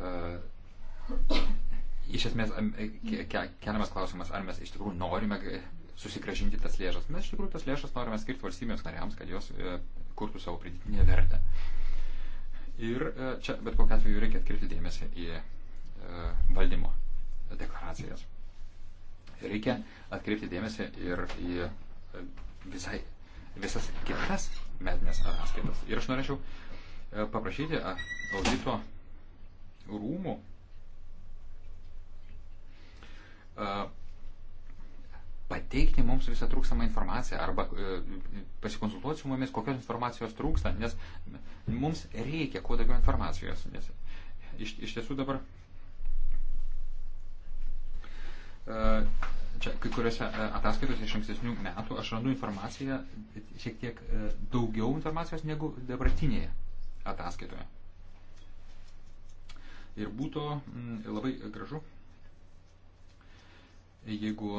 e, iš esmės e, keliamas klausimas, ar mes iš tikrųjų norime susigražinti tas lėšas. Mes iš tikrųjų tas lėšas norime skirti valstybėms nariams, kad jos kurtų savo pridėtinę vertę. Ir čia bet kokiu atveju reikia atkreipti dėmesį į valdymo deklaracijas. Reikia atkreipti dėmesį ir į visai, visas kitas metinės ataskaitas. Ir aš norėčiau e, paprašyti audito rūmų e, pateikti mums visą trūkstamą informaciją arba e, pasikonsultuoti su mumis, kokios informacijos trūksta, nes mums reikia kuo daugiau informacijos. Nes iš, iš tiesų dabar Čia kai kuriuose e, ataskaitose iš ankstesnių metų aš randu informaciją, šiek tiek e, daugiau informacijos negu dabartinėje ataskaitoje. Ir būtų labai gražu, jeigu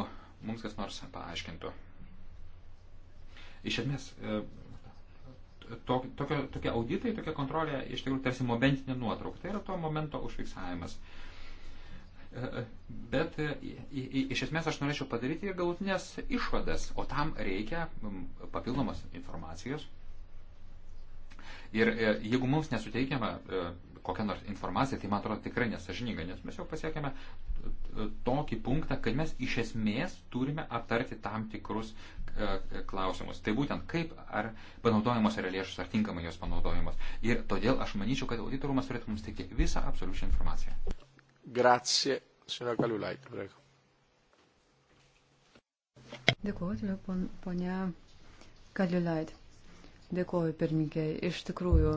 mums kas nors paaiškintų. Iš esmės, e, to, tokio, tokie auditai, tokia kontrolė iš tikrųjų tarsi momentinė nuotrauka. Tai yra to momento užfiksavimas. Uh, Bet e, iš esmės aš norėčiau padaryti ir galutinės išvadas, o tam reikia papildomos informacijos. Ir e, jeigu mums nesuteikiama e, kokią nors informaciją, tai man atrodo tikrai nesažininga, nes mes jau pasiekėme tokį punktą, kad mes iš esmės turime aptarti tam tikrus klausimus. Tai būtent kaip ar panaudojamos yra lėšos, ar tinkamai jos panaudojamos. Ir todėl aš manyčiau, kad auditorumas turėtų mums teikti visą absoliučią informaciją. Grazie. Signora Kaliulait, prego. Dėkuoju, pon, ponia Kaliulait. Dėkuoju, pirmininkė. Iš tikrųjų,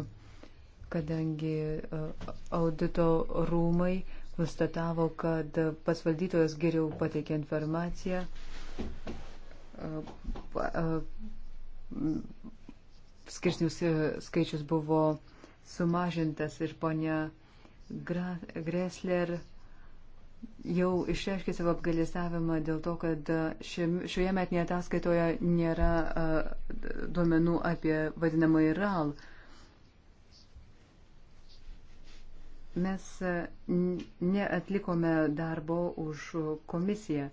kadangi audito rūmai konstatavo, kad pasvaldytojas geriau pateikė informaciją, skirsnių e, skaičius buvo sumažintas ir ponia Gressler jau išreiškė savo apgalistavimą dėl to, kad šioje metinėje ataskaitoje nėra duomenų apie vadinamąjį RAL. Mes neatlikome darbo už komisiją.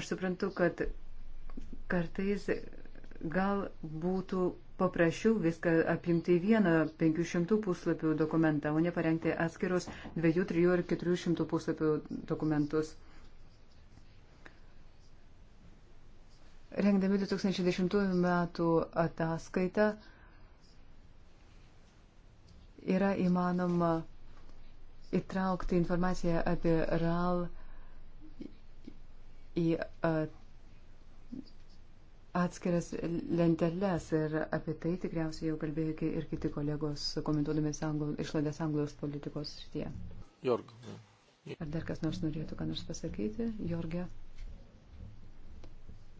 Aš suprantu, kad kartais gal būtų paprašiau viską apjungti į vieną 500 puslapių dokumentą, o ne parengti atskirus 2, 3 ir 400 puslapių dokumentus. Rengdami 2010 metų ataskaitą yra įmanoma įtraukti informaciją apie RAL į atskiras lenteles ir apie tai tikriausiai jau kalbėjo ir kiti kolegos, komentuodami išladęs anglos politikos šitie. Jorg. Ar dar kas nors norėtų ką nors pasakyti, Jorge?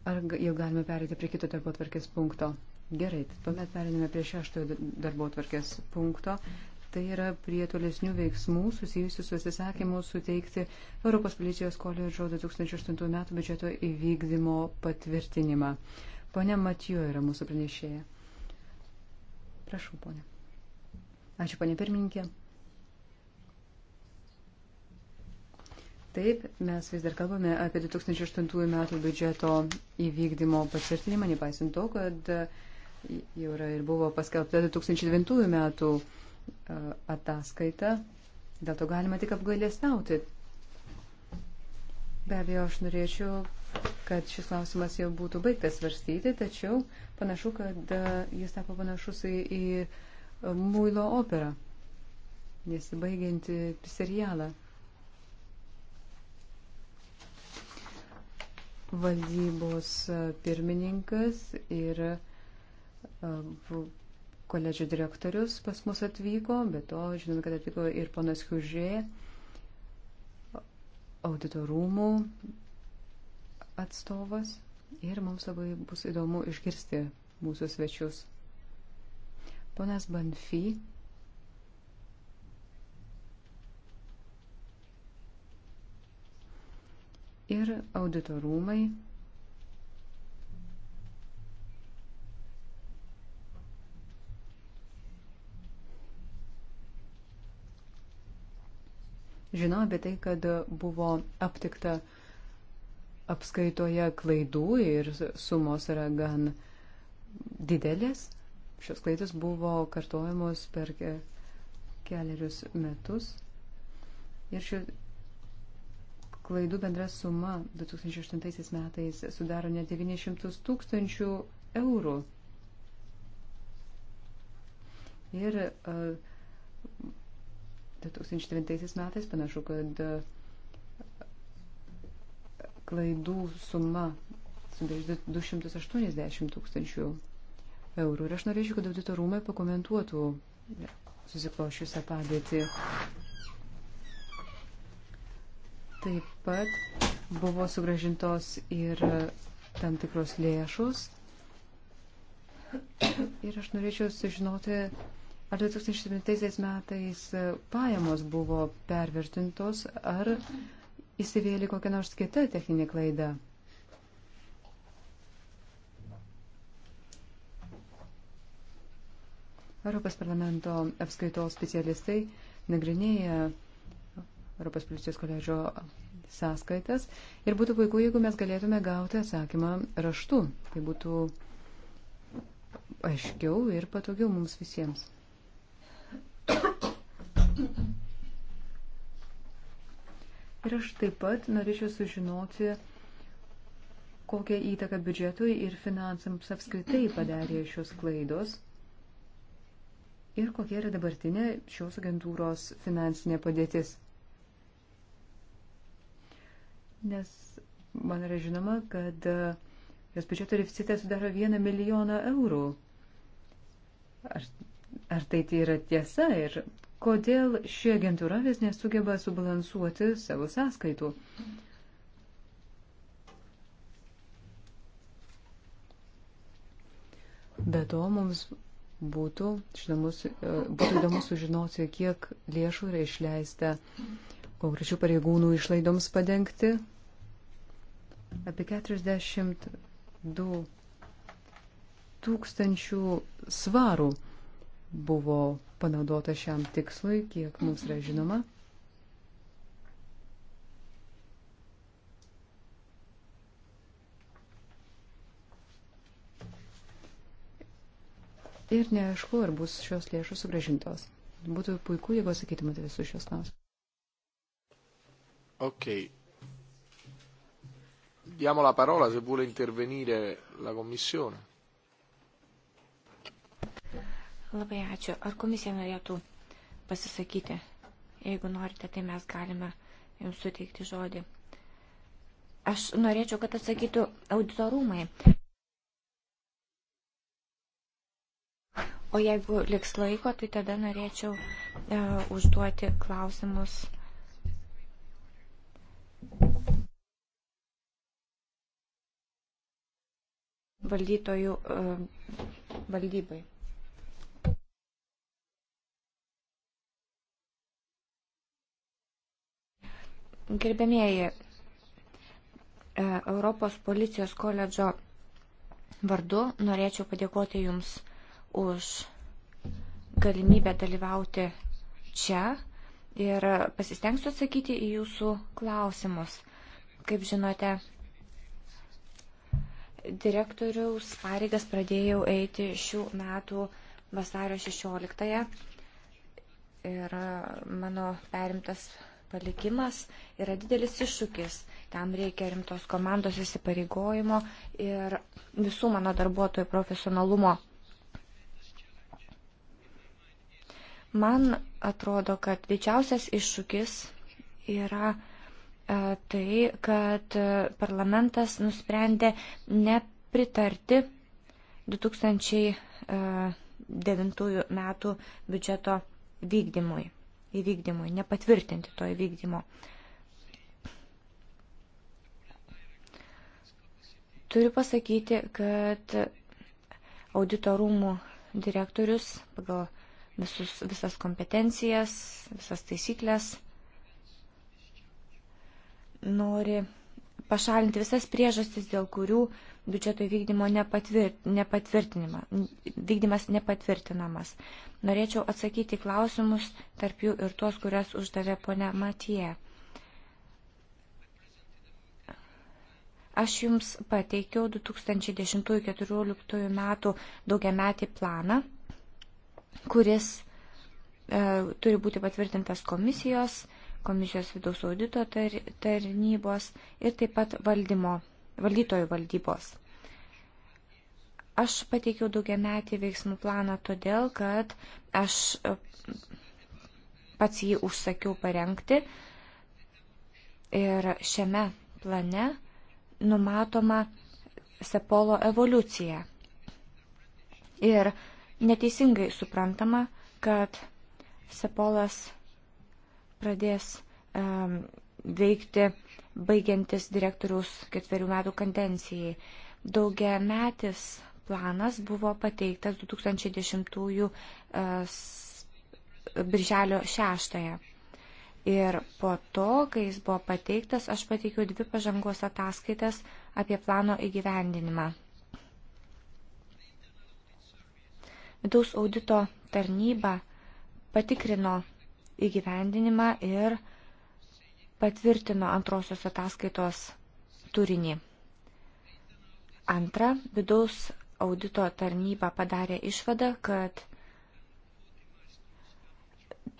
Ar jau galime perėti prie kito darbo tvarkės punkto? Gerai, tuomet periname prie šeštojo darbo tvarkės punkto. Tai yra prie tolesnių veiksmų susijusių su atsisakymu suteikti Europos policijos koledžo 2008 metų biudžeto įvykdymo patvirtinimą. Pone Matijo yra mūsų pranešėja. Prašau, ponė. Ačiū, ponė pirmininkė. Taip, mes vis dar kalbame apie 2008 metų biudžeto įvykdymo patvirtinimą, nepaisant to, kad jau yra ir buvo paskelbta 2009 metų ataskaitą, dėl to galima tik apgailėstauti. Be abejo, aš norėčiau, kad šis klausimas jau būtų baigtas svarstyti, tačiau panašu, kad jis tapo panašus į, į Mūlo operą, nesibaigianti serialą. Valdybos pirmininkas ir koledžio direktorius pas mus atvyko, bet to žinome, kad atvyko ir ponas Hužė, auditorumų atstovas. Ir mums labai bus įdomu išgirsti mūsų svečius. Ponas Banfi. Ir auditorumai žinojo apie tai, kad buvo aptikta apskaitoje klaidų ir sumos yra gan didelės. Šios klaidos buvo kartojamos per keliarius metus. Ir šių klaidų bendra suma 2008 metais sudaro net 900 tūkstančių eurų. Ir uh, 2009 metais panašu, kad klaidų suma sudarys 280 tūkstančių eurų. Ir aš norėčiau, kad audito rūmai pakomentuotų susiklošiusią padėtį. Taip pat buvo sugražintos ir tam tikros lėšos. Ir aš norėčiau sužinoti, Ar 2007 metais e, pajamos buvo pervertintos, ar įsivėlė kokia nors kita techninė klaida? Europos parlamento apskaitos specialistai nagrinėja Europos policijos koledžio sąskaitas ir būtų puiku, jeigu mes galėtume gauti atsakymą raštu. Tai būtų aiškiau ir patogiau mums visiems. Ir aš taip pat norėčiau sužinoti, kokią įtaką biudžetui ir finansams apskritai padarė šios klaidos ir kokia yra dabartinė šios agentūros finansinė padėtis. Nes man yra žinoma, kad e, jos biudžeto deficitas sudaro vieną milijoną eurų. Aš Ar tai, tai yra tiesa ir kodėl ši agentūra vis nesugeba subalansuoti savo sąskaitų? Be to, mums būtų, žinomus, e, būtų įdomu sužinoti, kiek lėšų yra išleista konkrečių pareigūnų išlaidoms padengti. Apie 42 tūkstančių svarų buvo panaudota šiam tikslui, kiek mums yra žinoma. Ir neaišku, ar bus šios lėšos sugražintos. Būtų puiku, jeigu atsakytumėte visus šios klausimus. Ok. Diamo la parola se vuole intervenire la Commissione. Labai ačiū. Ar komisija norėtų pasisakyti? Jeigu norite, tai mes galime jums suteikti žodį. Aš norėčiau, kad atsakytų auditorumai. O jeigu liks laiko, tai tada norėčiau e, užduoti klausimus. valdytojų e, valdybai. Gerbėmieji, e, Europos policijos koledžo vardu norėčiau padėkoti Jums už galimybę dalyvauti čia ir pasistengsiu atsakyti į Jūsų klausimus. Kaip žinote, direktoriaus pareigas pradėjau eiti šių metų vasario 16 ir mano perimtas palikimas yra didelis iššūkis. Tam reikia rimtos komandos įsipareigojimo ir visų mano darbuotojų profesionalumo. Man atrodo, kad didžiausias iššūkis yra e, tai, kad e, parlamentas nusprendė nepritarti 2009 e, metų biudžeto vykdymui įvykdymui, nepatvirtinti to įvykdymo. Turiu pasakyti, kad auditorumų direktorius pagal visus, visas kompetencijas, visas taisyklės nori pašalinti visas priežastis, dėl kurių biudžeto įvykdymo nepatvirtinimą. Vykdymas nepatvirtinamas. Norėčiau atsakyti klausimus, tarp jų ir tuos, kurias uždavė ponia Matie. Aš jums pateikiau 2010-2014 metų daugiametį planą, kuris e, turi būti patvirtintas komisijos, komisijos vidaus audito tar, tarnybos ir taip pat valdymo valdytojų valdybos. Aš pateikiau daugiametį veiksmų planą todėl, kad aš e, pats jį užsakiau parengti ir šiame plane numatoma Sepolo evoliucija. Ir neteisingai suprantama, kad Sepolas pradės um, veikti baigiantis direktoriaus ketverių metų kandencijai. Daugia metis planas buvo pateiktas 2010 e, birželio 6. Ir po to, kai jis buvo pateiktas, aš pateikiau dvi pažangos ataskaitas apie plano įgyvendinimą. Vidaus audito tarnyba patikrino įgyvendinimą ir uh, patvirtino antrosios ataskaitos turinį. Antra, vidaus audito tarnyba padarė išvadą, kad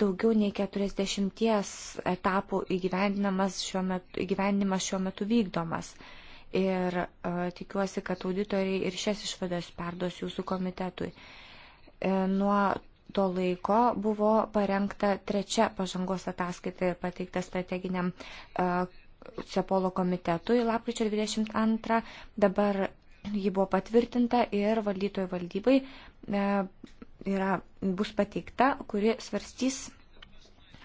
daugiau nei 40 etapų įgyvendinimas šiuo metu, įgyvendinimas šiuo metu vykdomas. Ir e, tikiuosi, kad auditoriai ir šias išvadas perduos jūsų komitetui. E, nuo to laiko buvo parengta trečia pažangos ataskaita ir pateikta strateginiam e, Cepolo komitetui lapkričio 22. Dabar ji buvo patvirtinta ir valdytojų valdybai e, yra, bus pateikta, kuri svarstys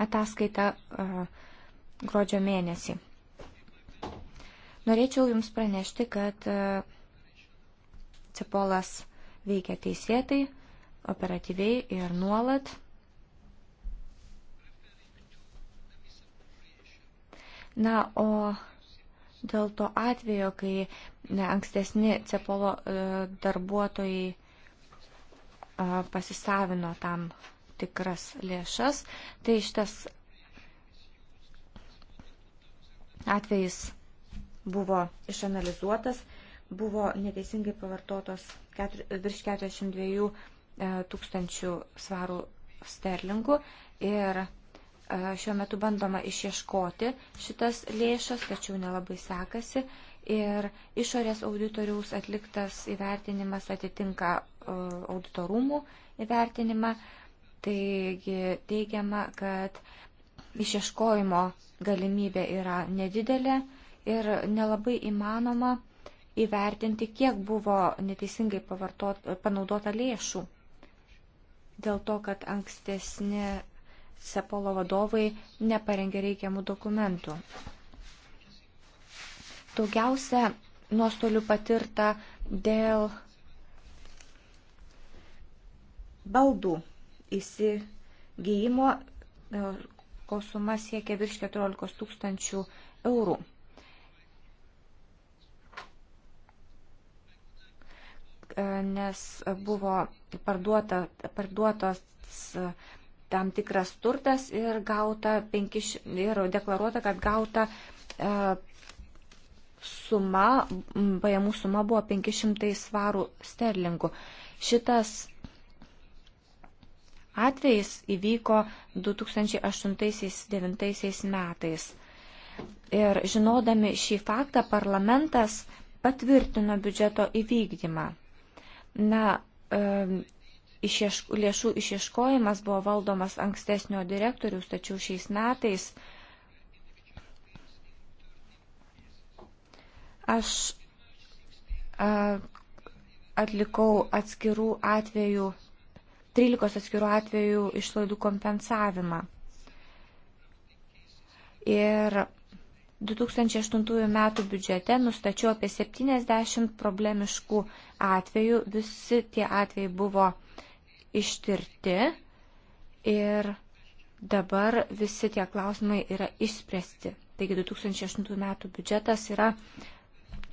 ataskaitą e, gruodžio mėnesį. Norėčiau Jums pranešti, kad Cepolas veikia teisėtai operatyviai ir nuolat. Na, o dėl to atvejo, kai ne, ankstesni cepolo e, darbuotojai e, pasisavino tam tikras lėšas, tai šitas atvejis buvo išanalizuotas, buvo neteisingai pavartotos keturi, virš 42 E, tūkstančių svarų sterlingų ir e, šiuo metu bandoma išieškoti šitas lėšas, tačiau nelabai sekasi ir išorės auditoriaus atliktas įvertinimas atitinka e, auditorumų įvertinimą, taigi teigiama, kad išieškojimo galimybė yra nedidelė ir nelabai įmanoma įvertinti, kiek buvo neteisingai panaudota lėšų dėl to, kad ankstesni Sepolo vadovai neparengė reikiamų dokumentų. Daugiausia nuostolių patirta dėl baldų įsigijimo, ko suma siekia virš 14 tūkstančių eurų. Nes buvo parduota, parduotos e, tam tikras turtas ir, gauta 5, ir deklaruota, kad gauta e, suma, pajamų suma buvo 500 svarų sterlingų. Šitas atvejis įvyko 2008-2009 metais. Ir žinodami šį faktą, parlamentas patvirtino biudžeto įvykdymą. Na, išiešk, lėšų išieškojimas buvo valdomas ankstesnio direktorius, tačiau šiais metais aš a, atlikau atskirų atvejų, 13 atskirų atvejų išlaidų kompensavimą. Ir 2008 metų biudžete nustačiau apie 70 problemiškų atvejų. Visi tie atvejai buvo ištirti ir dabar visi tie klausimai yra išspręsti. Taigi 2008 metų biudžetas yra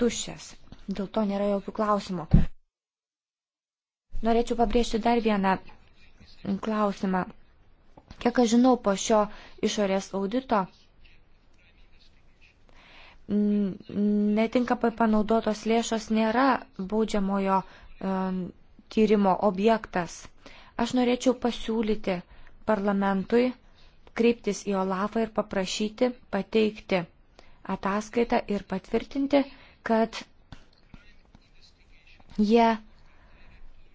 tušęs. Dėl to nėra jokių klausimų. Norėčiau pabrėžti dar vieną klausimą. Kiek aš žinau, po šio išorės audito netinkamai panaudotos lėšos nėra baudžiamojo tyrimo objektas. Aš norėčiau pasiūlyti parlamentui kreiptis į Olafą ir paprašyti pateikti ataskaitą ir patvirtinti, kad jie e,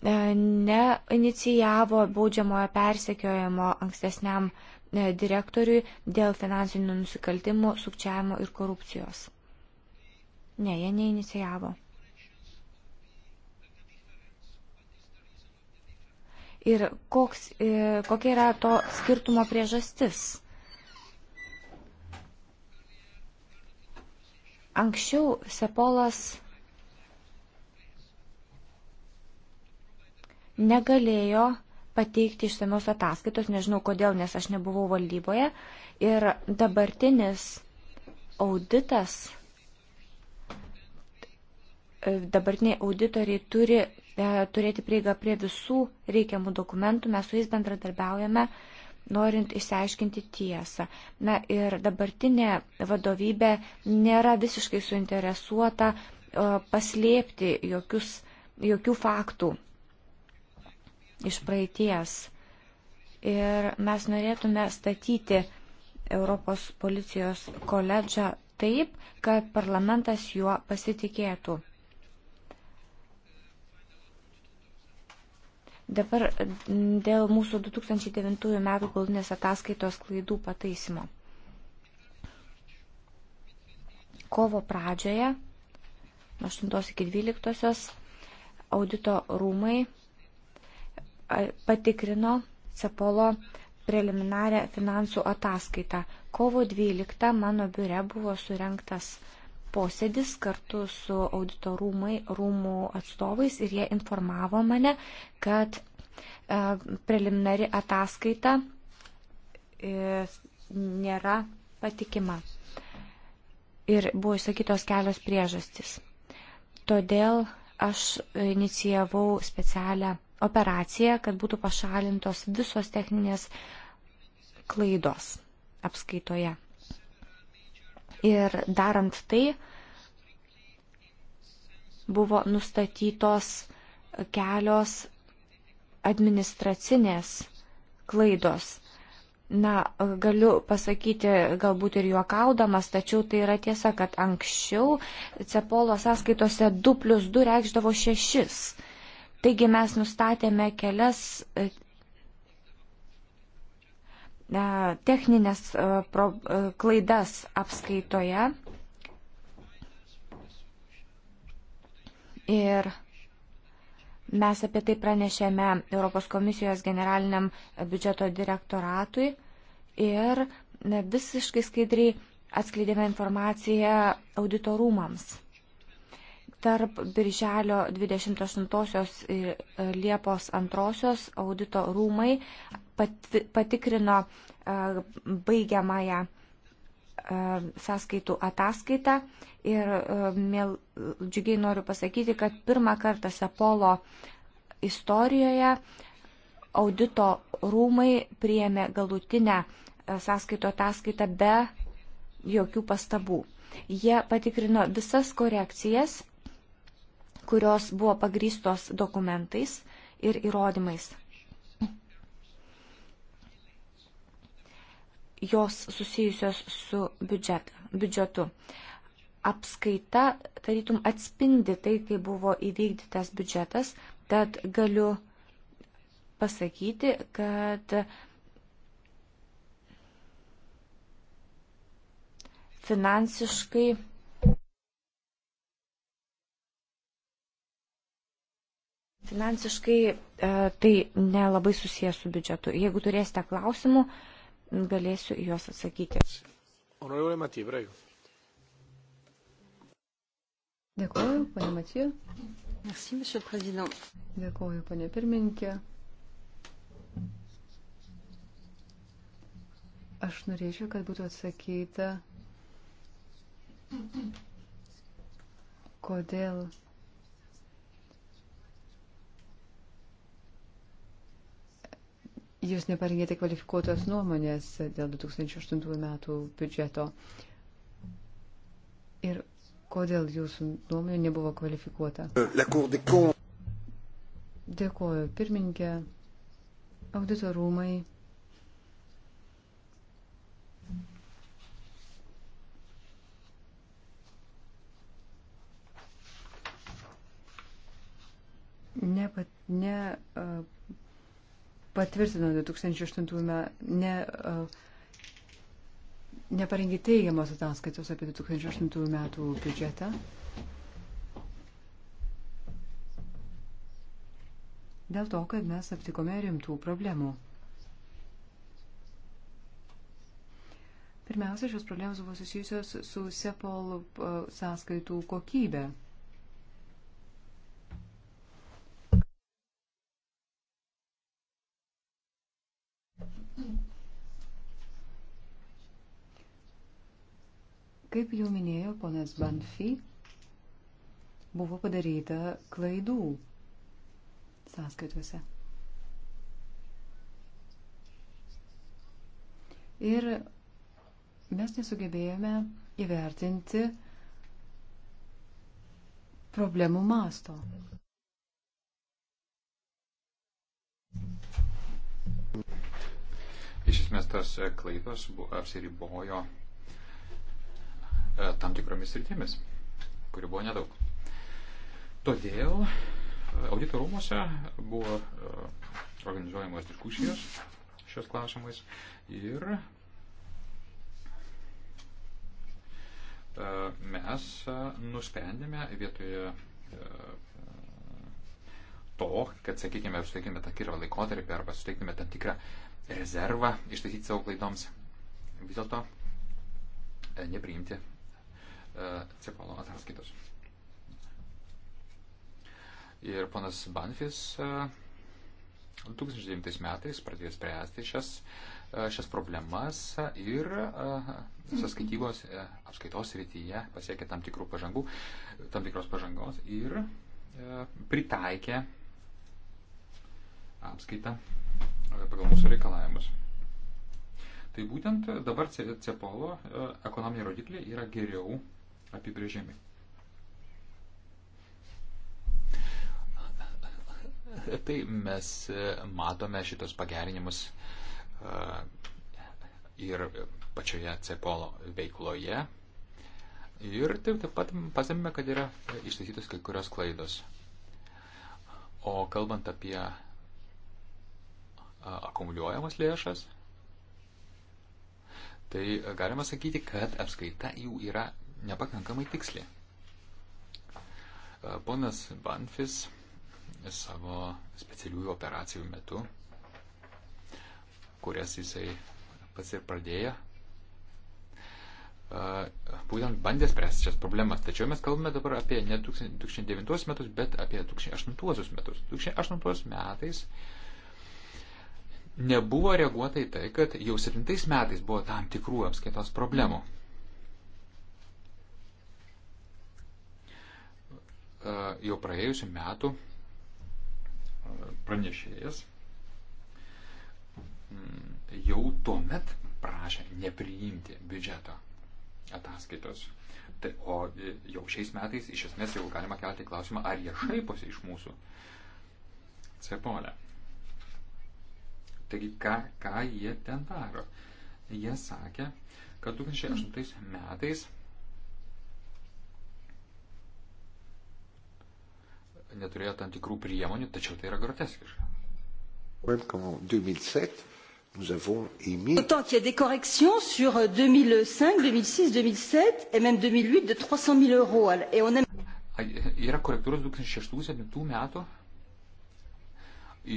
neinicijavo baudžiamojo persekiojimo ankstesniam uh, E, direktoriui dėl finansinių nusikaltimų, sukčiavimo ir korupcijos. Ne, jie neinicijavo. Ir koks, e, kokia yra to skirtumo priežastis? Anksčiau Sepolas negalėjo pateikti išsamios ataskaitos, nežinau kodėl, nes aš nebuvau valdyboje. Ir dabartinis auditas, e, dabartiniai auditoriai turi e, turėti prieigą prie visų reikiamų dokumentų, mes su jais bendradarbiaujame, norint išsiaiškinti tiesą. Na ir dabartinė vadovybė nėra visiškai suinteresuota e, paslėpti jokius, jokių faktų iš praeities. Ir mes norėtume statyti Europos policijos koledžą taip, kad parlamentas juo pasitikėtų. Dabar dėl mūsų 2009 metų galutinės ataskaitos klaidų pataisimo. Kovo pradžioje, 8 iki 12, audito rūmai patikrino Cepolo preliminarią finansų ataskaitą. Kovo 12 mano biure buvo surinktas posėdis kartu su auditorumai, rūmų atstovais ir jie informavo mane, kad e, preliminari ataskaita e, nėra patikima. Ir buvo išsakytos kelios priežastys. Todėl aš inicijavau specialią operaciją, kad būtų pašalintos visos techninės klaidos apskaitoje. Ir darant tai, buvo nustatytos kelios administracinės klaidos. Na, galiu pasakyti, galbūt ir juokaudamas, tačiau tai yra tiesa, kad anksčiau Cepolo sąskaitose 2 plus 2 reikšdavo 6. Taigi mes nustatėme kelias e, e, techninės e, klaidas apskaitoje. Ir mes apie tai pranešėme Europos komisijos generaliniam biudžeto direktoratui ir visiškai skaidriai atskleidėme informaciją auditorumams. Tarp birželio 28 ir e, Liepos 2 audito rūmai patikrino e, baigiamąją e, sąskaitų ataskaitą ir mėl, džiugiai noriu pasakyti, kad pirmą kartą Sepolo istorijoje audito rūmai priėmė galutinę sąskaito ataskaitą be jokių pastabų. Jie patikrino visas korekcijas kurios buvo pagrystos dokumentais ir įrodymais. Jos susijusios su biudžet, biudžetu. Apskaita, tarytum, atspindi tai, kai buvo įvykdytas biudžetas, tad galiu pasakyti, kad finansiškai Finansiškai e, tai nelabai susijęs su biudžetu. Jeigu turėsite klausimų, galėsiu į juos atsakyti. Honorable Matį, praėjau. Dėkuoju, ponė Matijo. Merci, monsieur président. Dėkuoju, ponė pirmininkė. Aš norėčiau, kad būtų atsakyta, kodėl Jūs neparengėte kvalifikuotos nuomonės dėl 2008 metų biudžeto. Ir kodėl jūsų nuomonė nebuvo kvalifikuota? Euh, Dėkuoju, pirmininkė, auditorumai. nepat, ne, ne patvirtino 2008 metų, ne, neparengė teigiamos ataskaitos apie 2008 metų biudžetą. Dėl to, kad mes aptikome rimtų problemų. Pirmiausia, šios problemos buvo susijusios su Sepol sąskaitų kokybė. Kaip jau minėjo ponas Banfi, buvo padaryta klaidų sąskaituose. Ir mes nesugebėjome įvertinti problemų masto. Iš esmės tas klaidos apsiribojo E, tam tikromis rytimis, kurių buvo nedaug. Todėl e, audito rūmose buvo e, organizuojamos diskusijos šios klausimais ir mes nusprendėme vietoje to, kad, sakykime, suteikime tą kirvą laikotarpį arba suteikime tam tikrą rezervą ištaisyti savo klaidoms, vis dėlto nepriimti Cepalo ataskaitos. Ir ponas Banfis 2009 e, metais pradėjo spręsti šias, e, šias problemas ir e, sąskaitybos apskaitos rytyje pasiekė tam tikrų pažangų, tam tikros pažangos ir pritaikė apskaitą pagal mūsų reikalavimus. Tai būtent dabar CEPOLO ekonominiai rodikliai yra geriau apibrėžimi. Tai mes matome šitos pagerinimus e, ir pačioje CEPOLO veikloje. Ir taip, taip pat pasimėme, kad yra ištaisytos kai kurios klaidos. O kalbant apie e, akumuliuojamas lėšas, tai galima sakyti, kad apskaita jų yra nepakankamai tiksliai. E, ponas Banfis savo specialiųjų operacijų metu, kurias jisai pats ir pradėjo, e, būtent bandė spręsti šias problemas. Tačiau mes kalbame dabar apie ne 2009 metus, bet apie 2008 metus. 2008 metais nebuvo reaguota į tai, kad jau 7 metais buvo tam tikrų apskaitos problemų. Mm. jau praėjusiu metu pranešėjas jau tuomet prašė nepriimti biudžeto ataskaitos. Tai, o jau šiais metais iš esmės jau galima kelti klausimą, ar jie šaiposi iš mūsų cepolę. Taigi, ką, ką jie ten daro? Jie sakė, kad 2008 metais neturėjo tam tikrų priemonių, tačiau tai yra groteskiška. Autant qu'il y a des corrections sur 2005, 2006, 2007 et même 2008 de 300 000 euros. Et on a... Yra korektūros 2006-2007 metų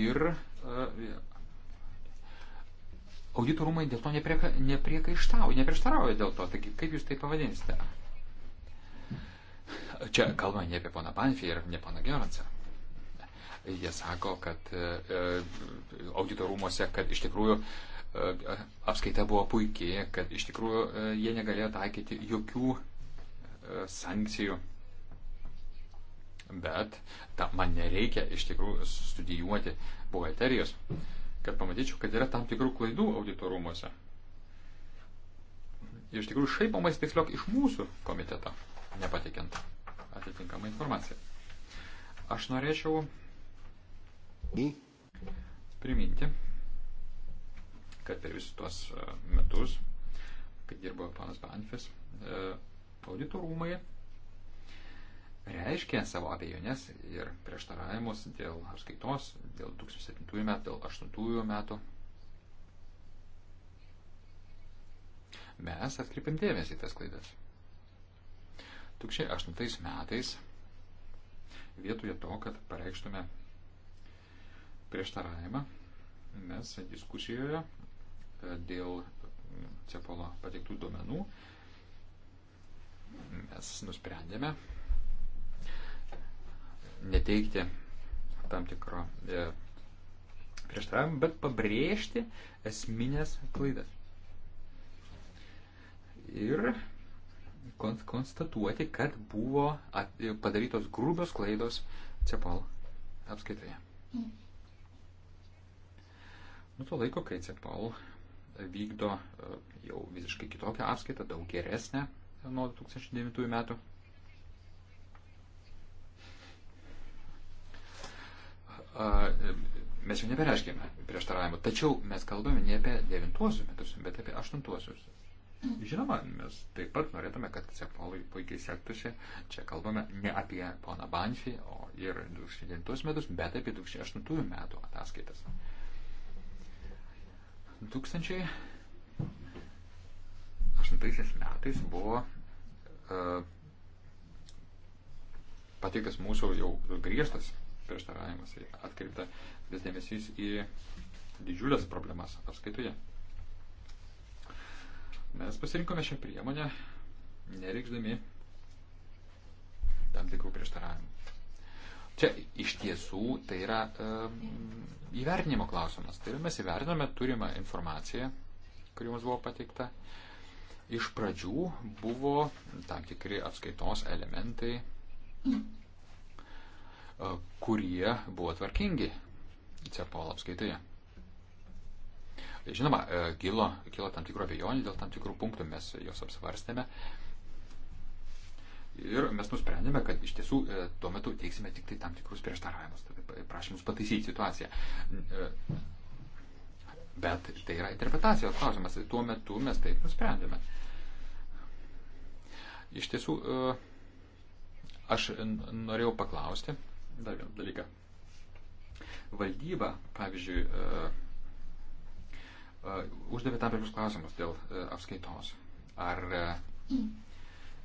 ir uh, auditorumai dėl to neprieka, nepriekaištauja, neprieštarauja dėl to. Taigi, kaip jūs tai pavadinsite? Čia kalba ne apie poną Banfį ir ne poną Geronsą. Jie sako, kad e, e, audito rūmose, kad iš tikrųjų e, apskaita buvo puikiai, kad iš tikrųjų jie negalėjo taikyti jokių sankcijų. Bet ta, man nereikia iš tikrųjų studijuoti buhalterijos, kad pamatyčiau, kad yra tam tikrų klaidų auditorumuose. Iš tikrųjų šaipomais tiksliog iš mūsų komiteto nepateikiant atitinkamą informaciją. Aš norėčiau priminti, kad per visus tuos e, metus, kai dirbo panas Banfis, e, audito rūmai reiškė savo abejonės ir prieštaravimus dėl apskaitos, dėl 2007 metų, dėl 2008 metų. Mes atkreipėm dėmesį į tas klaidas. 2008 metais vietoje to, kad pareikštume prieštaravimą, mes diskusijoje e, dėl Cepolo pateiktų duomenų mes nusprendėme neteikti tam tikro e, prieštaravimo, bet pabrėžti esminės klaidas. Ir konstatuoti, kad buvo padarytos grubios klaidos CEPOL apskaitoje. Nuo to laiko, kai CEPOL vykdo e, jau visiškai kitokią apskaitą, daug geresnę nuo 2009 metų. E, mes jau nebereiškėme prieštaravimų, tačiau mes kalbame ne apie devintuosius metus, bet apie aštuntuosius Žinoma, mes taip pat norėtume, kad Cepolui puikiai sektųsi. Čia kalbame ne apie poną Banfį, o ir 2009 metus, bet apie 2008 metų ataskaitas. 2008 metais buvo uh, pateiktas mūsų jau griežtas prieštaravimas, atkreipta vis dėmesys į didžiulės problemas apskaitoje. Mes pasirinkome šią priemonę, nereikšdami tam tikrų prieštaravimų. Čia iš tiesų tai yra um, įvertinimo klausimas. Tai yra mes įvertiname turimą informaciją, kuri mums buvo pateikta. Iš pradžių buvo tam tikri apskaitos elementai, e, kurie buvo tvarkingi CEPOL apskaitoje. Tai žinoma, e, kilo, kilo tam tikro abejonių dėl tam tikrų punktų, mes juos apsvarstėme. Ir mes nusprendėme, kad iš tiesų e, tuo metu teiksime tik tai tam tikrus prieštaravimus, tai prašymus pataisyti situaciją. E, bet tai yra interpretacijos klausimas. Tai tuo metu mes taip nusprendėme. Iš tiesų, aš norėjau paklausti dar vieną dalyką. Valdyba, pavyzdžiui, Uh, uždavė tam tikrus klausimus dėl uh, apskaitos. Ar uh,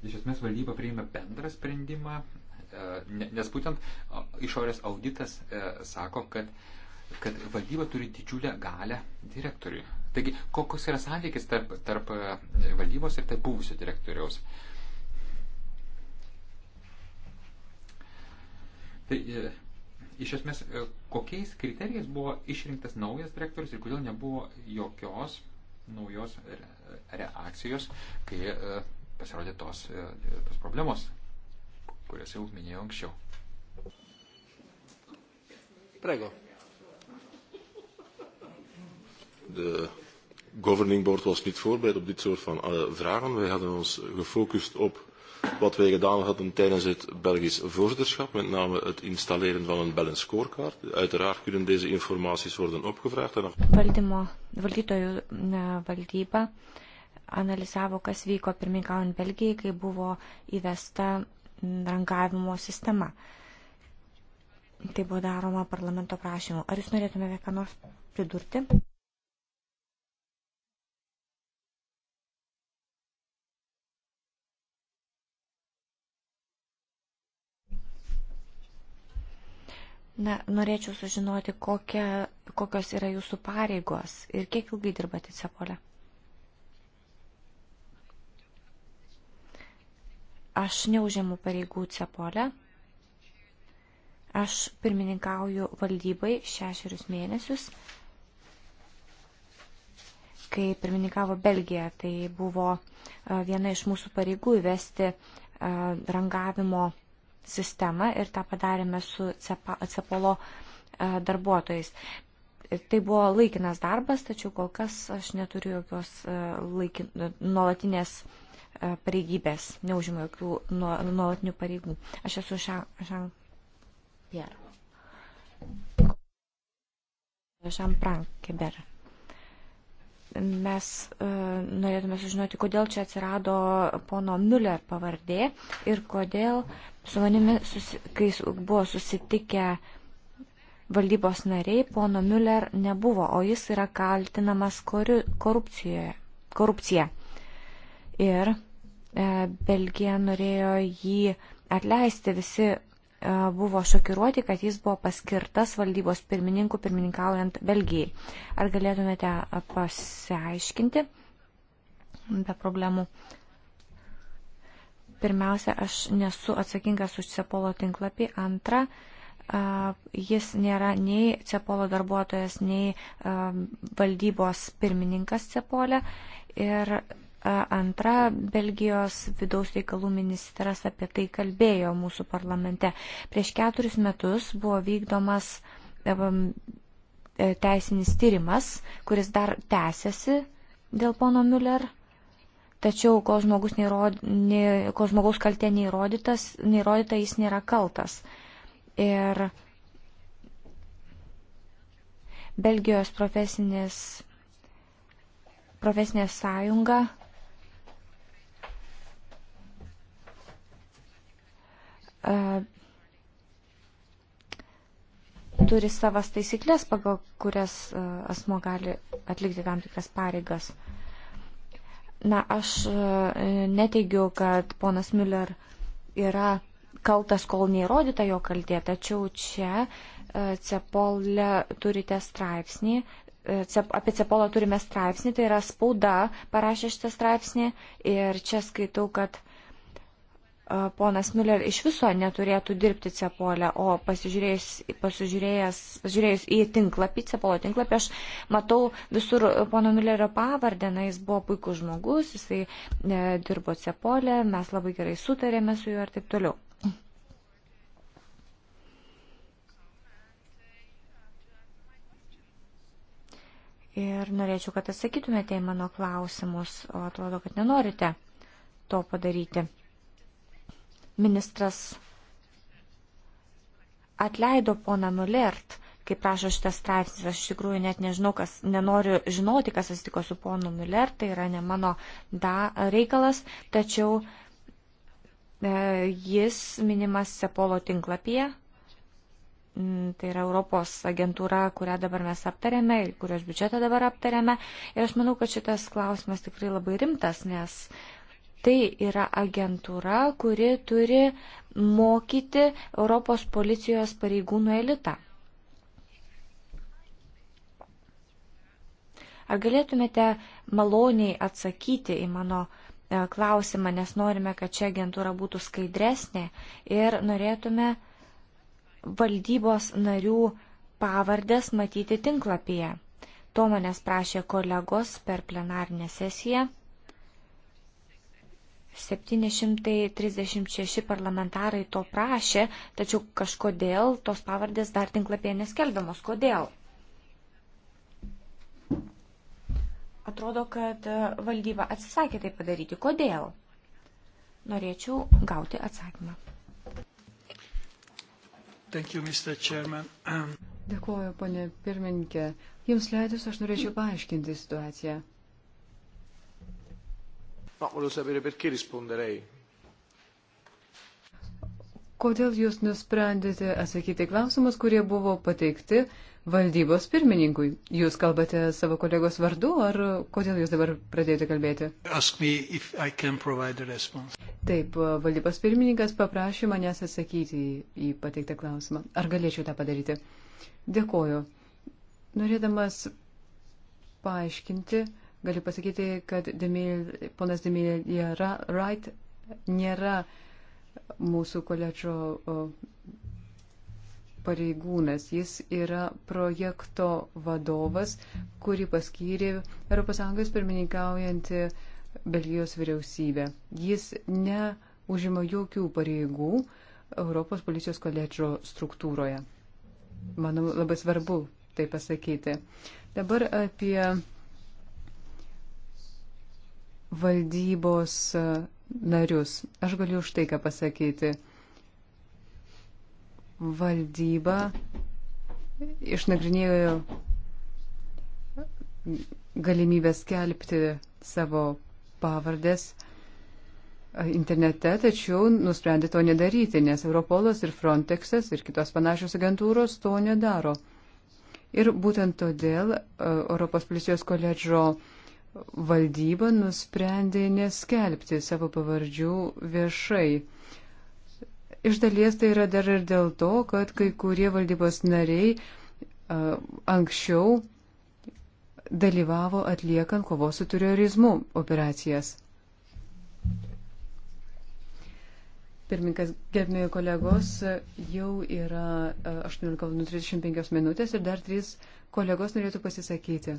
iš esmės valdyba priėmė bendrą sprendimą, nes būtent išorės auditas sako, kad, kad valdyba turi didžiulę galę direktoriui. Taigi, koks yra santykis tarp, tarp valdybos ir tarp buvusio direktoriaus? Tai iš esmės, e, kokiais kriterijais buvo išrinktas naujas direktorius ir kodėl nebuvo jokios naujos reakcijos, kai e, pasirodė tos, e, tos problemos, kurias jau minėjau anksčiau. Prego. De governing board was niet voorbereid op dit soort van uh, vragen. Wij hadden ons gefocust op wat wij gedaan hadden tijdens het Belgisch voorzitterschap, met name het installeren van een balance scorecard. Uiteraard kunnen deze informaties worden opgevraagd. En... Valdymo, valdytojų valdyba analizavo, kas vyko pirmininkaujant Belgijai, kai buvo įvesta rangavimo sistema. Tai buvo daroma parlamento prašymu. Ar jūs norėtumėte ką nors pridurti? Na, norėčiau sužinoti, kokia, kokios yra jūsų pareigos ir kiek ilgai dirbate Cepole. Aš neužėmu pareigų Cepole. Aš pirmininkauju valdybai šešerius mėnesius. Kai pirmininkavo Belgija, tai buvo viena iš mūsų pareigų įvesti rangavimo sistemą ir tą padarėme su Cepolo e, darbuotojais. Tai buvo laikinas darbas, tačiau kol kas aš neturiu jokios e, laikin, nuolatinės e, pareigybės, neužimu jokių nuolatinių pareigų. Aš esu Jean Pierre. Jean Prank Keber mes e, norėtume sužinoti, kodėl čia atsirado pono Müller pavardė ir kodėl su manimi, susi, kai buvo susitikę valdybos nariai, pono Müller nebuvo, o jis yra kaltinamas korupcijoje. Korupcija. Ir e, Belgija norėjo jį atleisti, visi E, buvo šokiruoti, kad jis buvo paskirtas valdybos pirmininku pirmininkaujant Belgijai. Ar galėtumėte e, pasiaiškinti be problemų? Pirmiausia, aš nesu atsakingas už Cepolo tinklapį. Antra, e, jis nėra nei Cepolo darbuotojas, nei valdybos pirmininkas Cepolė. Ir antra Belgijos vidaus reikalų ministras apie tai kalbėjo mūsų parlamente. Prieš keturis metus buvo vykdomas e, teisinis tyrimas, kuris dar tęsiasi dėl pono Müller. Tačiau, kol, žmogus neįrod, ne, kol žmogaus kaltė neįrodyta, jis nėra kaltas. Ir Belgijos profesinės, profesinė sąjunga E, turi savas taisyklės, pagal kurias e, asmo gali atlikti tam tikras pareigas. Na, aš e, neteigiu, kad ponas Miller yra kaltas, kol neįrodyta jo kaltė, tačiau čia Cepolė turite straipsnį, apie Cepolą turime straipsnį, tai yra spauda parašė šitą straipsnį ir čia skaitau, kad uh, ponas Miller iš viso neturėtų dirbti Cepolę, o pasižiūrėjus, pasižiūrėjus, pasižiūrėjus į tinklapį, Cepolo tinklapį, aš matau visur pono Millerio pavardę, na, jis buvo puikus žmogus, jisai e, dirbo Cepolę, mes labai gerai sutarėme su juo ir taip toliau. Ir norėčiau, kad atsakytumėte į mano klausimus, o atrodo, kad nenorite to padaryti ministras atleido poną Mulert, kaip prašo šitas straipsnis, aš iš tikrųjų net nežinau, kas, nenoriu žinoti, kas atsitiko su ponu Mulert, tai yra ne mano da, reikalas, tačiau e, jis minimas Sepolo tinklapyje, tai yra Europos agentūra, kurią dabar mes aptarėme ir kurios biudžetą dabar aptarėme. Ir aš manau, kad šitas klausimas tikrai labai rimtas, nes e, Tai yra agentūra, kuri turi mokyti Europos policijos pareigūnų elitą. Ar galėtumėte maloniai atsakyti į mano e, klausimą, nes norime, kad čia agentūra būtų skaidresnė ir norėtume valdybos narių pavardės matyti tinklapyje. To manęs prašė kolegos per plenarinę sesiją. 736 parlamentarai to prašė, tačiau kažkodėl tos pavardės dar tinklapėje neskelbiamos. Kodėl? Atrodo, kad valdyba atsisakė tai padaryti. Kodėl? Norėčiau gauti atsakymą. Thank you, Mr. Chairman. Dėkuoju, ponė pirmininkė. Jums leidus, aš norėčiau paaiškinti situaciją. No, volevo sapere perché risponde lei. Kodėl jūs nusprendėte atsakyti klausimus, kurie buvo pateikti valdybos pirmininkui? Jūs kalbate savo kolegos vardu, ar kodėl jūs dabar pradėjote kalbėti? Taip, valdybos pirmininkas paprašė manęs atsakyti į pateiktą klausimą. Ar galėčiau tą padaryti? Dėkoju. Norėdamas paaiškinti, Galiu pasakyti, kad Demir, ponas Demilija Wright nėra mūsų koledžo pareigūnas. Jis yra projekto vadovas, kurį paskyrė ES pirmininkaujanti Belgijos vyriausybė. Jis neužima jokių pareigų Europos policijos koledžo struktūroje. Manau, labai svarbu tai pasakyti. Dabar apie valdybos e, narius. Aš galiu už tai ką pasakyti. Valdyba išnagrinėjo galimybę skelbti savo pavardės e, internete, tačiau nusprendė to nedaryti, nes Europolas ir Frontexas ir kitos panašios agentūros to nedaro. Ir būtent todėl e, Europos policijos koledžo uh, valdyba nusprendė neskelbti savo pavardžių viešai. Iš dalies tai yra dar ir dėl to, kad kai kurie valdybos nariai uh, anksčiau dalyvavo atliekant kovos su terorizmu operacijas. Pirmininkas, gerbėjai kolegos, jau yra 18.35 minutės ir dar trys kolegos norėtų pasisakyti.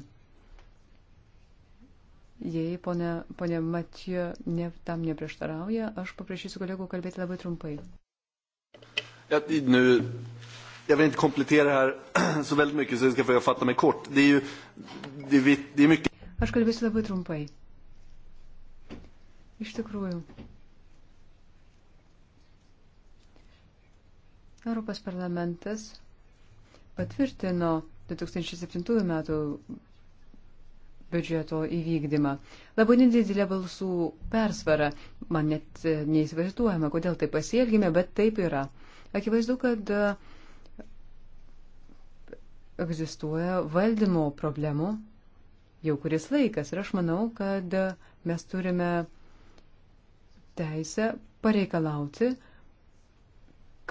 Jei ponė, ponė Matijo ne, tam neprieštarauja, aš paprašysiu kolegų kalbėti labai trumpai. Ja, nu, jag vill inte komplettera här så väldigt mycket så jag ska försöka fatta mig kort. Det är ju det är, det är mycket... Aš kalbėsiu labai trumpai. Iš tikrųjų. Europos parlamentas patvirtino 2007 metų biudžeto įvykdymą. Labai nedidelė balsų persvara. Man net e, neįsivaizduojama, kodėl tai pasielgime, bet taip yra. Akivaizdu, kad e, egzistuoja valdymo problemų jau kuris laikas ir aš manau, kad e, mes turime teisę pareikalauti,